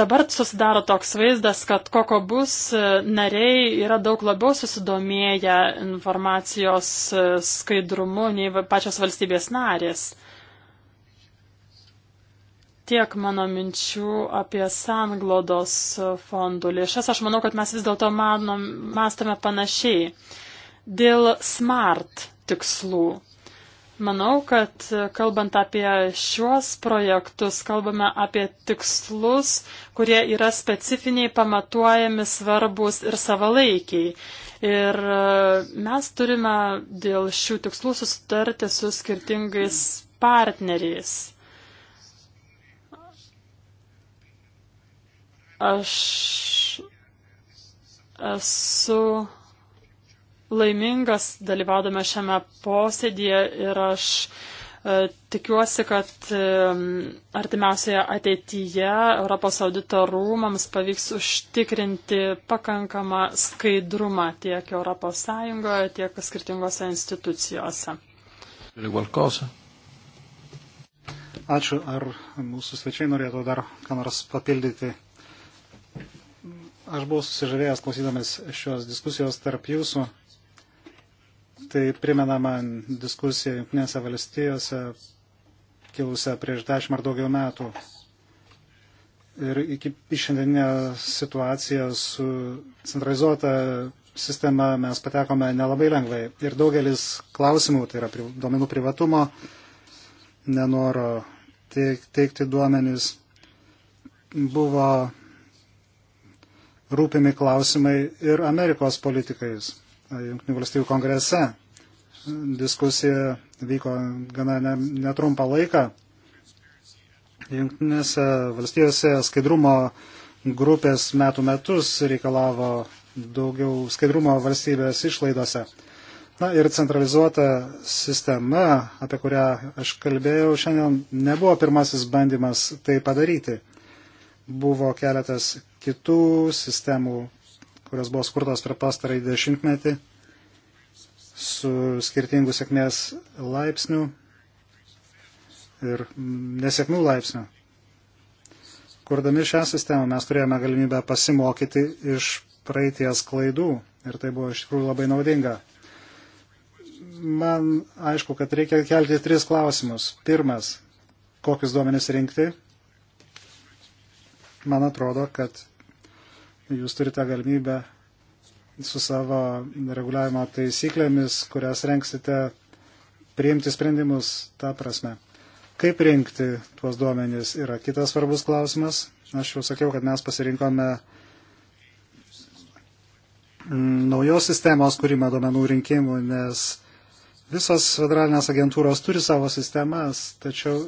dabar susidaro toks vaizdas, kad koko bus e, nariai yra daug labiau susidomėję informacijos e, skaidrumu nei pačios valstybės narės tiek mano minčių apie sanglodos fondų lėšas. Aš manau, kad mes vis dėlto mąstame panašiai. Dėl smart tikslų. Manau, kad kalbant apie šiuos projektus, kalbame apie tikslus, kurie yra specifiniai, pamatuojami, svarbus ir savalaikiai. Ir e, mes turime dėl šių tikslų susitarti su skirtingais partneriais. Aš esu laimingas dalyvaudama šiame posėdėje ir aš e, Tikiuosi, kad e, artimiausioje ateityje Europos audito rūmams pavyks užtikrinti pakankamą skaidrumą tiek ES, tiek skirtingose institucijose. Ačiū. Ar mūsų svečiai norėtų dar ką nors papildyti? Aš buvau susižavėjęs klausydamas šios diskusijos tarp jūsų. Tai primena man diskusiją Junktinėse valstijose kilusią prieš dešimt ar daugiau metų. Ir iki šiandieninę situaciją su centralizuota sistema mes patekome nelabai lengvai. Ir daugelis klausimų, tai yra duomenų privatumo, nenoro teikti duomenys, buvo rūpimi klausimai ir Amerikos politikais. Junktinių valstybių kongrese diskusija vyko gana netrumpą laiką. Junktinėse valstijose skaidrumo grupės metų metus reikalavo daugiau skaidrumo valstybės išlaidose. Na ir centralizuota sistema, apie kurią aš kalbėjau šiandien, nebuvo pirmasis bandymas tai padaryti. Buvo keletas kitų sistemų, kurios buvo skurtos per pastarąjį dešimtmetį su skirtingų sėkmės laipsnių ir nesėkmių laipsnių. Kurdami šią sistemą mes turėjome galimybę pasimokyti iš praeities klaidų ir tai buvo iš tikrųjų labai naudinga. Man aišku, kad reikia kelti tris klausimus. Pirmas, kokius duomenis rinkti. Man atrodo, kad jūs turite galimybę su savo reguliavimo taisyklėmis, kurias renksite, priimti sprendimus tą prasme. Kaip rinkti tuos duomenys yra kitas svarbus klausimas. Aš jau sakiau, kad mes pasirinkome mm, naujos sistemos kūrimą duomenų rinkimų, nes visos federalinės agentūros turi savo sistemas, tačiau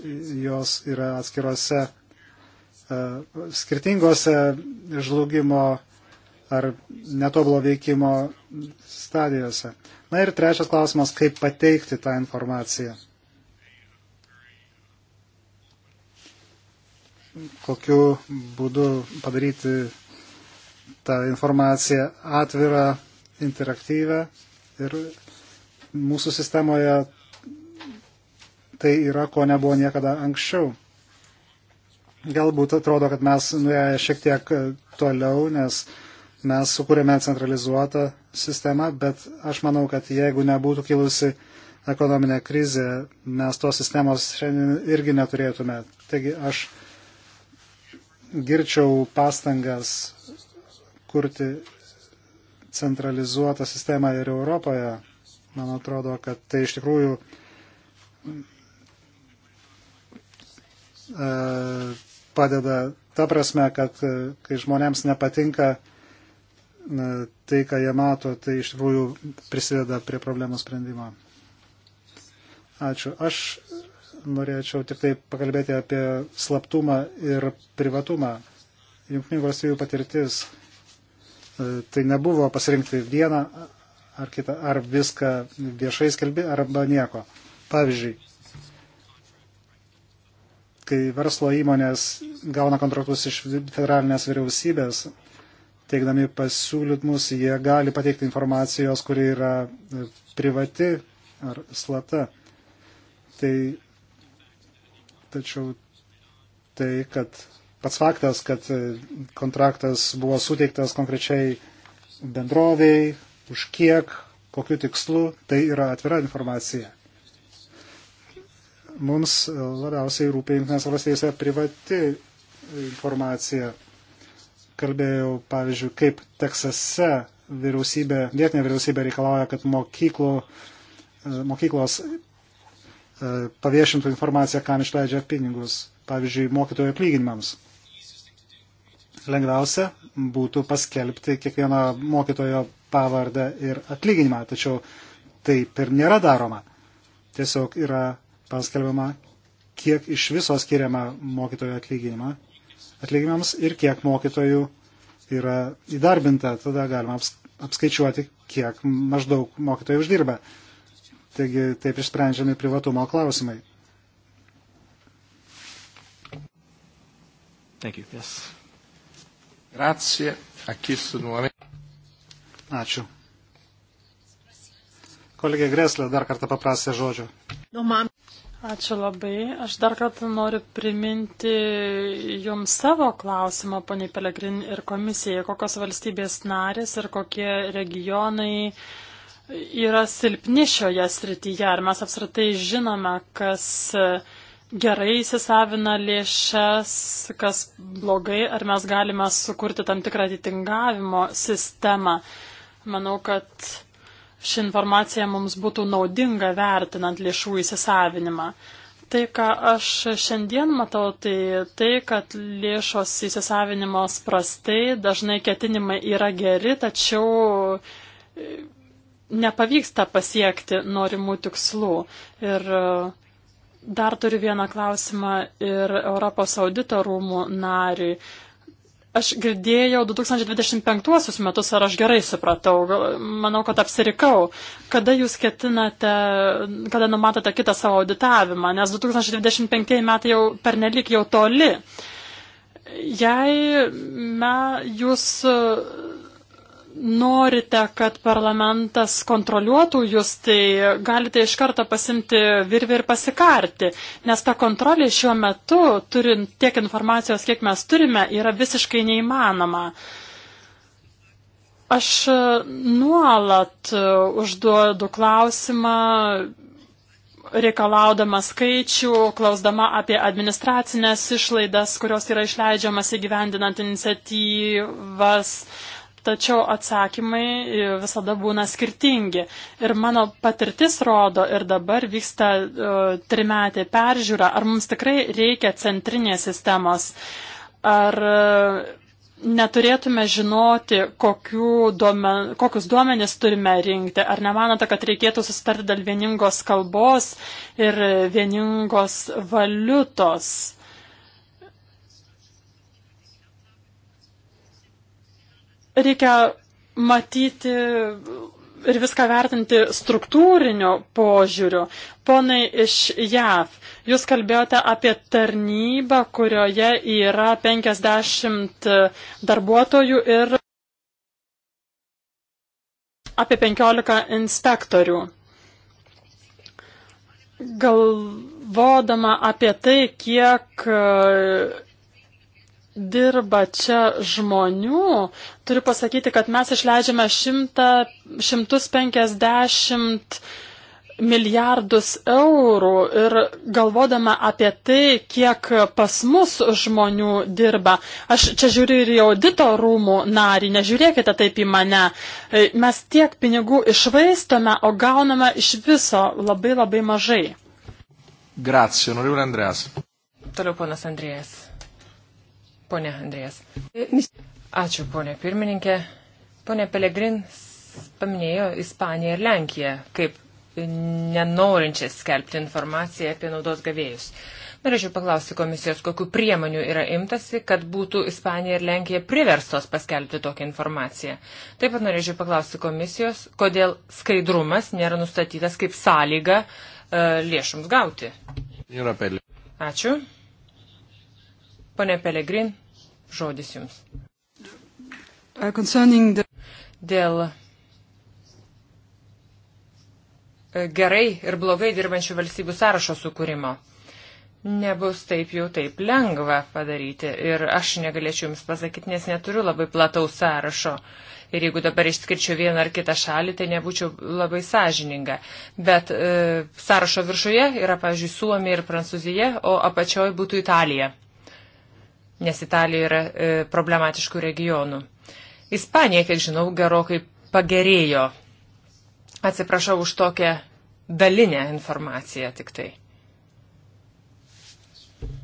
jos yra atskirose E, skirtingose žlugimo ar netobulo veikimo stadijose. Na ir trečias klausimas, kaip pateikti tą informaciją. Kokiu būdu padaryti tą informaciją atvirą, interaktyvę ir mūsų sistemoje tai yra, ko nebuvo niekada anksčiau. Galbūt atrodo, kad mes nuėjome šiek tiek e, toliau, nes mes sukūrėme centralizuotą sistemą, bet aš manau, kad jeigu nebūtų kilusi ekonominė krizė, mes tos sistemos šiandien irgi neturėtume. Taigi aš girčiau pastangas kurti centralizuotą sistemą ir Europoje. Man atrodo, kad tai iš tikrųjų e, padeda ta prasme, kad e, kai žmonėms nepatinka tai, ką jie mato, tai iš tikrųjų prisideda prie problemų sprendimo. Ačiū. Aš norėčiau tik tai pakalbėti apie slaptumą ir privatumą. Junktinių valstybių patirtis e, tai nebuvo pasirinkti vieną ar kitą, ar viską viešai skelbi, arba nieko. Pavyzdžiui, kai verslo įmonės gauna kontraktus iš federalinės vyriausybės, teikdami pasiūlymus, jie gali pateikti informacijos, kuri yra e, privati ar slata. Tai, tačiau tai, kad pats faktas, kad e, kontraktas buvo suteiktas konkrečiai bendroviai, už kiek, kokiu tikslu, tai yra atvira informacija mums labiausiai rūpia Junktinės valstijose privati informacija. Kalbėjau, pavyzdžiui, kaip Teksase vyriausybė, vietinė vyriausybė reikalauja, kad mokyklų, e, mokyklos e, paviešintų informaciją, kam išleidžia pinigus, pavyzdžiui, mokytojų atlyginimams. Lengviausia būtų paskelbti kiekvieno mokytojo pavardę ir atlyginimą, tačiau taip ir nėra daroma. Tiesiog yra paskelbiama, kiek iš viso skiriama mokytojų atlyginimą, atlyginimams ir kiek mokytojų yra įdarbinta, tada galima apskaičiuoti, kiek maždaug mokytojai uždirba. Taigi taip išsprendžiami privatumo klausimai. Thank you. Yes. Grazie. Ha chiesto nuovamente. Ačiū. Kolegė Greslė dar kartą paprasė žodžio. Nu, man. Ačiū labai. Aš dar kartą noriu priminti Jums savo klausimą, poniai Pelegrin, ir komisijai, kokios valstybės narės ir kokie regionai yra silpni šioje srityje. Ar mes apsritai žinome, kas gerai įsisavina lėšas, kas blogai, ar mes galime sukurti tam tikrą atitingavimo sistemą. Manau, kad ši informacija mums būtų naudinga vertinant lėšų įsisavinimą. Tai, ką aš šiandien matau, tai tai, kad lėšos įsisavinimos prastai, dažnai ketinimai yra geri, tačiau e, nepavyksta pasiekti norimų tikslų. Ir e, dar turiu vieną klausimą ir Europos audito rūmų nariui. Aš girdėjau 2025 metus, ar aš gerai supratau, manau, kad apsirikau. Kada jūs ketinate, kada numatote kitą savo auditavimą, nes 2025 metai jau pernelik jau toli. Jei me, jūs norite, kad parlamentas kontroliuotų jūs, tai galite iš karto pasimti virvį ir pasikarti, nes ta kontrolė šiuo metu, turint tiek informacijos, kiek mes turime, yra visiškai neįmanoma. Aš nuolat užduodu klausimą reikalaudama skaičių, klausdama apie administracinės išlaidas, kurios yra išleidžiamas įgyvendinant iniciatyvas, tačiau atsakymai visada būna skirtingi. Ir mano patirtis rodo, ir dabar vyksta uh, trimetė peržiūra, ar mums tikrai reikia centrinės sistemos, ar uh, neturėtume žinoti, duomen, kokius duomenis turime rinkti. Ar nemanote, kad reikėtų susitarti dėl vieningos kalbos ir vieningos valiutos? reikia matyti ir viską vertinti struktūrinio požiūriu. Ponai iš JAV, jūs kalbėjote apie tarnybą, kurioje yra 50 darbuotojų ir apie 15 inspektorių. Galvodama apie tai, kiek dirba čia žmonių, turiu pasakyti, kad mes išleidžiame 100, 150 milijardus eurų ir galvodama apie tai, kiek pas mus žmonių dirba. Aš čia žiūriu ir į audito rūmų narį, nežiūrėkite taip į mane. E, mes tiek pinigų išvaistome, o gauname iš viso labai labai mažai. Grazie, noriu Andrės. Toliau ponas Andrėjas. Pone Andrės. Ačiū, ponė pirmininkė. Pone Pelegrin paminėjo Ispaniją ir Lenkiją kaip nenorinčias skelbti informaciją apie naudos gavėjus. Norėčiau paklausti komisijos, kokiu priemonių yra imtasi, kad būtų Ispanija ir Lenkija priverstos paskelbti tokią informaciją. Taip pat norėčiau paklausti komisijos, kodėl skaidrumas nėra nustatytas kaip sąlyga uh, lėšoms gauti. Ačiū. Pone Pelegrin, žodis jums. Uh, Dėl uh, gerai ir blogai dirbančių valstybių sąrašo sukūrimo. Nebus taip jau taip lengva padaryti ir aš negalėčiau Jums pasakyti, nes neturiu labai plataus sąrašo. Ir jeigu dabar išskirčiau vieną ar kitą šalį, tai nebūčiau labai sąžininga. Bet e, sąrašo viršuje yra, pavyzdžiui, Suomija ir Prancūzija, o apačioje būtų Italija nes Italija yra e, problematiškų regionų. Ispanija, kiek žinau, gerokai pagerėjo. Atsiprašau už tokią dalinę informaciją tik tai.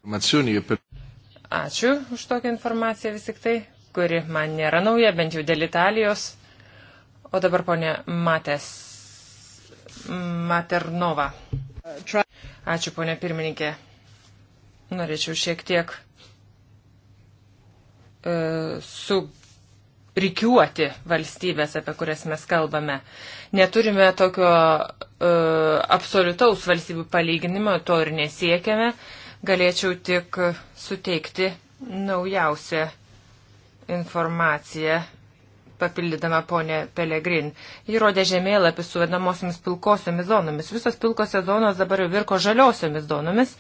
Ačiū už tokią informaciją vis tik tai, kuri man nėra nauja, bent jau dėl Italijos. O dabar ponė Matės Maternova. Ačiū ponė pirmininkė. Norėčiau šiek tiek E, su rikiuoti valstybės, apie kurias mes kalbame. Neturime tokio e, absoliutaus valstybių palyginimo, to ir nesiekiame. Galėčiau tik suteikti naujausią informaciją, papildydama ponę Pelegrin. Ji rodė žemėlapį su vadinamosiamis pilkosiomis zonomis. Visos pilkosios zonos dabar jau virko žaliosiomis zonomis. E,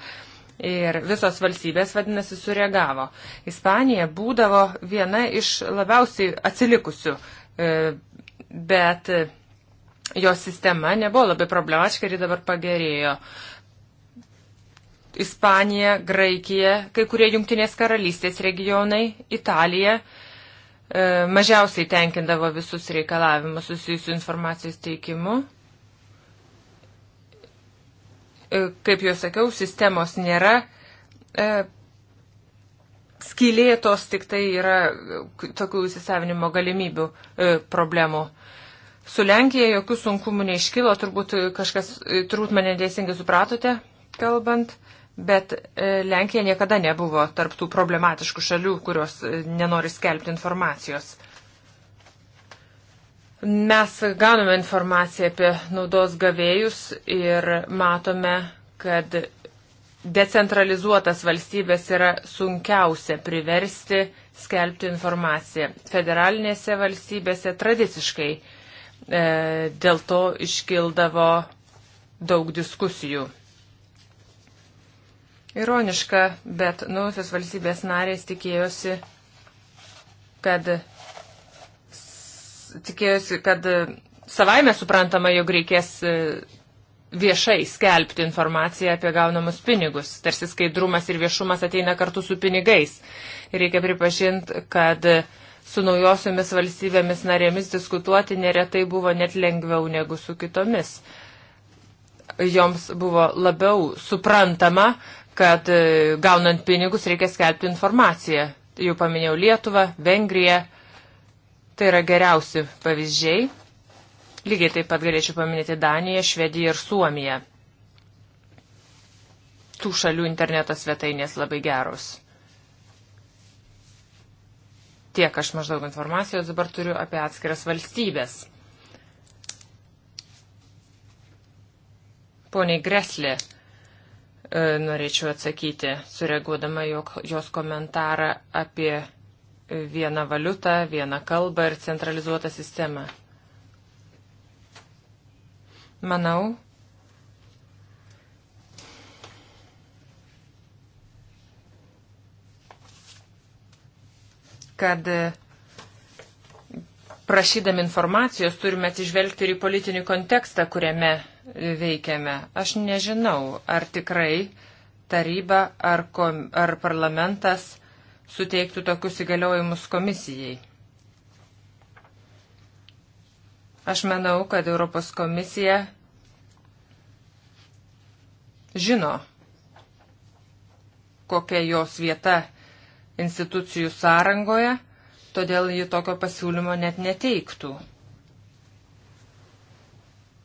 Ir visos valstybės, vadinasi, sureagavo. Ispanija būdavo viena iš labiausiai atsilikusių, e, bet e, jos sistema nebuvo labai problematiška ir ji dabar pagerėjo. Ispanija, Graikija, kai kurie jungtinės karalystės regionai, Italija e, mažiausiai tenkindavo visus reikalavimus susijusių informacijos teikimu. E, kaip jau sakiau, sistemos nėra e, skylėtos, tik tai yra e, tokių įsisavinimo galimybių problemų. Su Lenkija jokių sunkumų neiškilo, turbūt kažkas, turbūt mane teisingai supratote, kalbant, bet Lenkija niekada nebuvo tarptų problematiškų šalių, kurios nenori skelbti informacijos. Mes gauname informaciją apie naudos gavėjus ir matome, kad decentralizuotas valstybės yra sunkiausia priversti skelbti informaciją. Federalinėse valstybėse tradiciškai e, dėl to iškildavo daug diskusijų. Ironiška, bet naujasis valstybės narės tikėjosi, kad tikėjosi, kad e, savaime suprantama, jog reikės e, viešai skelbti informaciją apie gaunamus pinigus. Tarsi skaidrumas ir viešumas ateina kartu su pinigais. Ir reikia pripažinti, kad e, su naujosiomis valstybėmis narėmis diskutuoti neretai buvo net lengviau negu su kitomis. Joms buvo labiau suprantama, kad gaunant pinigus reikia skelbti informaciją. Jau paminėjau Lietuvą, Vengriją, Tai yra geriausi pavyzdžiai. Lygiai taip pat galėčiau paminėti Daniją, Švediją ir Suomiją. Tų šalių interneto svetainės labai geros. Tiek aš maždaug informacijos dabar turiu apie atskiras valstybės. Poniai Greslė, e, norėčiau atsakyti, sureaguodama jos komentarą apie vieną valiutą, vieną kalbą ir centralizuotą sistemą. Manau, kad prašydami informacijos turime atsižvelgti ir į politinį kontekstą, kuriame veikiame. Aš nežinau, ar tikrai taryba ar, kom, ar parlamentas suteiktų tokius įgaliojimus komisijai. Aš manau, kad Europos komisija žino, kokia jos vieta institucijų sąrangoje, todėl ji tokio pasiūlymo net neteiktų.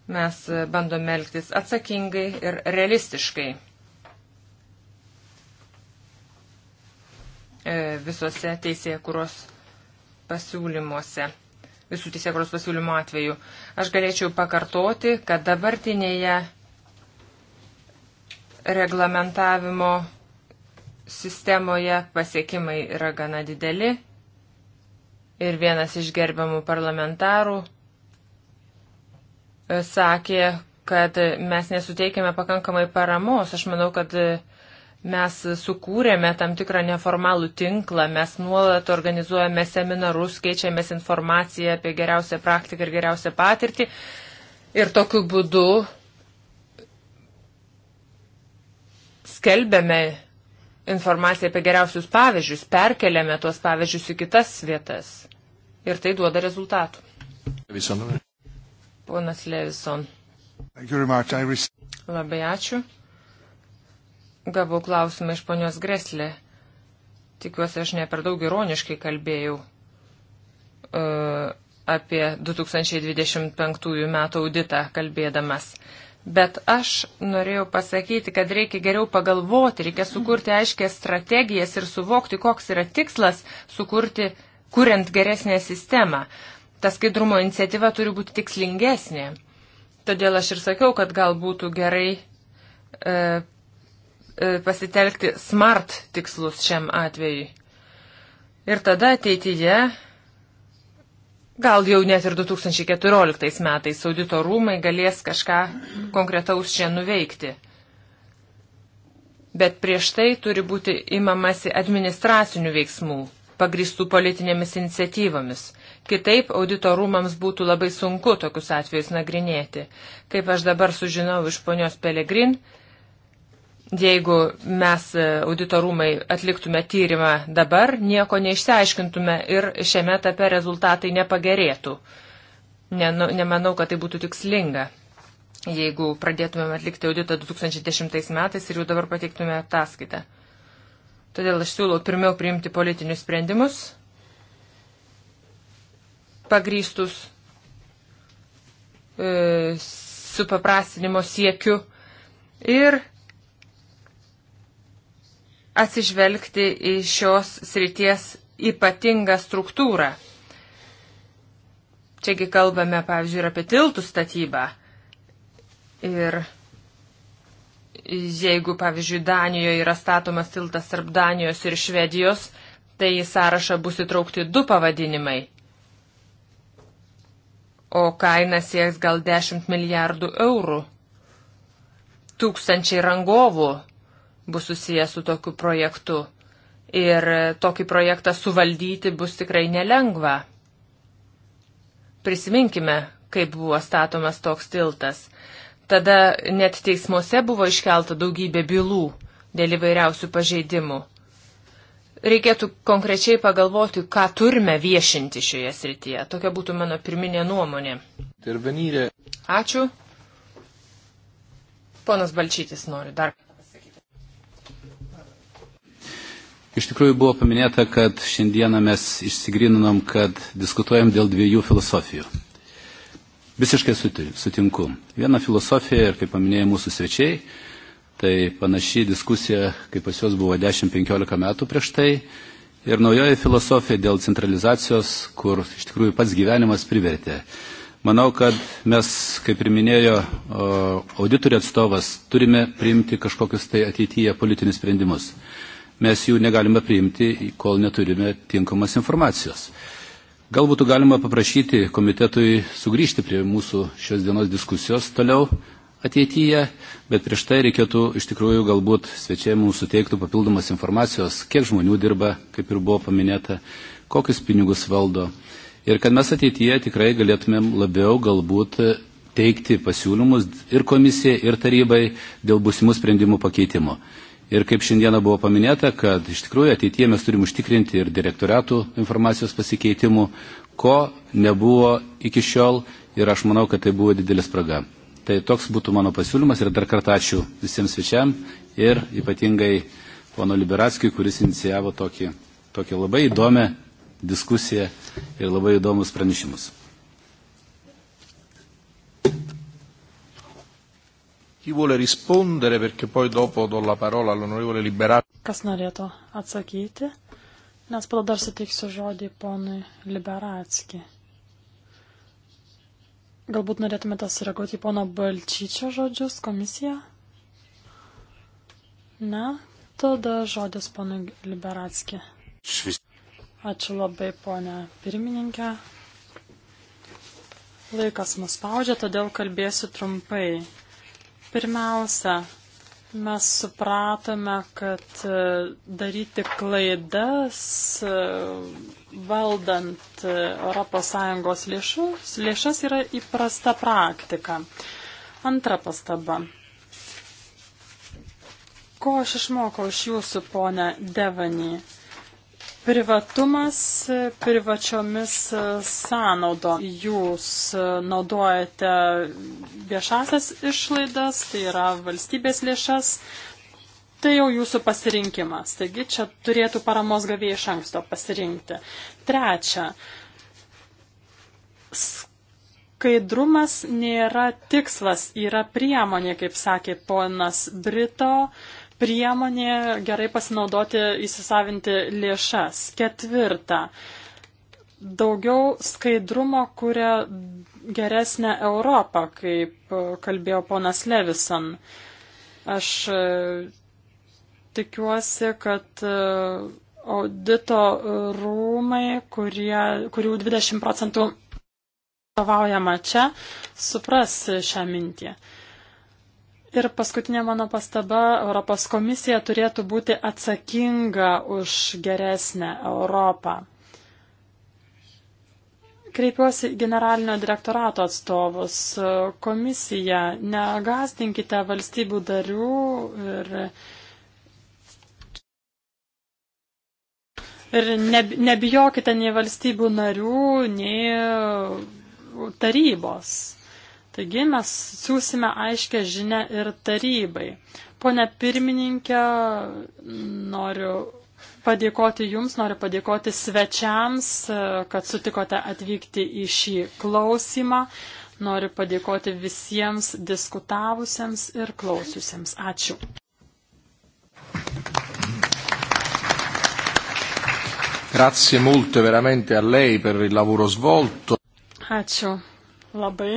Mes bandome elgtis atsakingai ir realistiškai. E, visose teisėkuros pasiūlymuose, visų teisėkuros pasiūlymų atveju. Aš galėčiau pakartoti, kad dabartinėje reglamentavimo sistemoje pasiekimai yra gana dideli ir vienas iš gerbiamų parlamentarų e, sakė, kad mes nesuteikėme pakankamai paramos. Aš manau, kad e, Mes sukūrėme tam tikrą neformalų tinklą, mes nuolat organizuojame seminarus, keičiamės informaciją apie geriausią praktiką ir geriausią patirtį. Ir tokiu būdu skelbėme informaciją apie geriausius pavyzdžius, perkeliame tuos pavyzdžius į kitas vietas. Ir tai duoda rezultatų. Ponas Levison. Labai ačiū. Gavau klausimą iš ponios Greslė. Tikiuosi, aš ne per daug ironiškai kalbėjau uh, apie 2025 metų auditą kalbėdamas. Bet aš norėjau pasakyti, kad reikia geriau pagalvoti, reikia sukurti aiškės strategijas ir suvokti, koks yra tikslas sukurti, kuriant geresnę sistemą. Ta skaidrumo iniciatyva turi būti tikslingesnė. Todėl aš ir sakiau, kad gal būtų gerai e, E, pasitelkti smart tikslus šiam atvejui. Ir tada ateityje, gal jau net ir 2014 metais, audito rūmai galės kažką konkretaus čia nuveikti. Bet prieš tai turi būti imamasi administracinių veiksmų, pagristų politinėmis iniciatyvomis. Kitaip auditorumams būtų labai sunku tokius atvejus nagrinėti. Kaip aš dabar sužinau iš ponios Pelegrin, Jeigu mes e, auditorumai atliktume tyrimą dabar, nieko neišsiaiškintume ir šiame etape rezultatai nepagerėtų. Nenu, nemanau, kad tai būtų tikslinga. Jeigu pradėtumėm atlikti auditą 2010 metais ir jau dabar pateiktume ataskaitą. Todėl aš siūlau pirmiau priimti politinius sprendimus pagrystus e, supaprastinimo siekiu ir atsižvelgti į šios srities ypatingą struktūrą. Čiagi kalbame, pavyzdžiui, ir apie tiltų statybą. Ir jeigu, pavyzdžiui, Danijoje yra statomas tiltas tarp Danijos ir Švedijos, tai į sąrašą bus įtraukti du pavadinimai. O kaina sieks gal 10 milijardų eurų. Tūkstančiai rangovų bus susijęs su tokiu projektu. Ir tokį projektą suvaldyti bus tikrai nelengva. Prisiminkime, kaip buvo statomas toks tiltas. Tada net teismuose buvo iškelta daugybė bylų dėl įvairiausių pažeidimų. Reikėtų konkrečiai pagalvoti, ką turime viešinti šioje srityje. Tokia būtų mano pirminė nuomonė. Tervenyrė. Ačiū. Ponas Balčytis nori dar. Iš tikrųjų buvo paminėta, kad šiandieną mes išsigryninom, kad diskutuojam dėl dviejų filosofijų. Visiškai sutinku. Viena filosofija, ir kaip paminėjo mūsų svečiai, tai panaši diskusija, kaip pas juos buvo 10-15 metų prieš tai. Ir naujoji filosofija dėl centralizacijos, kur iš tikrųjų pats gyvenimas privertė. Manau, kad mes, kaip ir minėjo auditorių atstovas, turime priimti kažkokius tai ateityje politinius sprendimus mes jų negalime priimti, kol neturime tinkamas informacijos. Galbūt galima paprašyti komitetui sugrįžti prie mūsų šios dienos diskusijos toliau ateityje, bet prieš tai reikėtų iš tikrųjų galbūt svečiai mums suteiktų papildomas informacijos, kiek žmonių dirba, kaip ir buvo paminėta, kokius pinigus valdo. Ir kad mes ateityje tikrai galėtumėm labiau galbūt teikti pasiūlymus ir komisijai, ir tarybai dėl būsimų sprendimų pakeitimo. Ir kaip šiandieną buvo paminėta, kad iš tikrųjų ateityje mes turim užtikrinti ir direktoriatų informacijos pasikeitimų, ko nebuvo iki šiol ir aš manau, kad tai buvo didelis spraga. Tai toks būtų mano pasiūlymas ir dar kartą ačiū visiems svečiam ir ypatingai pono Liberatskijui, kuris inicijavo tokį, tokį labai įdomią diskusiją ir labai įdomus pranešimus. Chi vuole rispondere perché poi dopo do la parola all'onorevole Liberati. Kas norėtų atsakyti? Nes po to dar suteiksiu žodį ponui Liberatski. Galbūt norėtumėte sureaguoti į pono Balčyčio žodžius komisiją? Ne? Tada žodis ponui Liberatski. Ačiū labai, ponė pirmininkė. Laikas mus spaudžia, todėl kalbėsiu trumpai. Pirmiausia, mes supratome, kad e, daryti klaidas e, valdant e, ES lėšus, lėšas yra įprasta praktika. Antra pastaba. Ko aš išmokau iš jūsų, ponė Devanį? Privatumas privačiomis sąnaudo. Jūs naudojate viešasias išlaidas, tai yra valstybės lėšas, tai jau jūsų pasirinkimas. Taigi čia turėtų paramos gavėjai iš anksto pasirinkti. Trečia, skaidrumas nėra tikslas, yra priemonė, kaip sakė ponas Brito. Uh, priemonė gerai pasinaudoti įsisavinti lėšas. Ketvirta, daugiau skaidrumo kuria geresnę Europą, kaip kalbėjo ponas Levison. Aš e, tikiuosi, kad e, audito rūmai, kurie, kurių 20 procentų vadovaujama čia, supras šią mintį. Ir paskutinė mano pastaba, Europos komisija turėtų būti atsakinga už geresnę Europą. Kreipiuosi generalinio direktorato atstovus. Komisija, negazdinkite valstybių darių ir, ir nebijokite nei valstybių narių, nei tarybos. Taigi mes siūsime aiškę žinę ir tarybai. Pone pirmininkė, noriu padėkoti Jums, noriu padėkoti svečiams, kad sutikote atvykti į šį klausimą. Noriu padėkoti visiems diskutavusiems ir klausiusiems. Ačiū. Grazie molte veramente a lei per il lavoro svolto. Ačiū labai.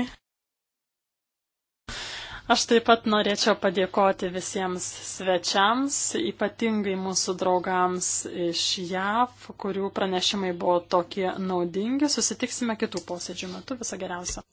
Aš taip pat norėčiau padėkoti visiems svečiams, ypatingai mūsų draugams iš JAV, kurių pranešimai buvo tokie naudingi. Susitiksime kitų posėdžių metu. Visą geriausią.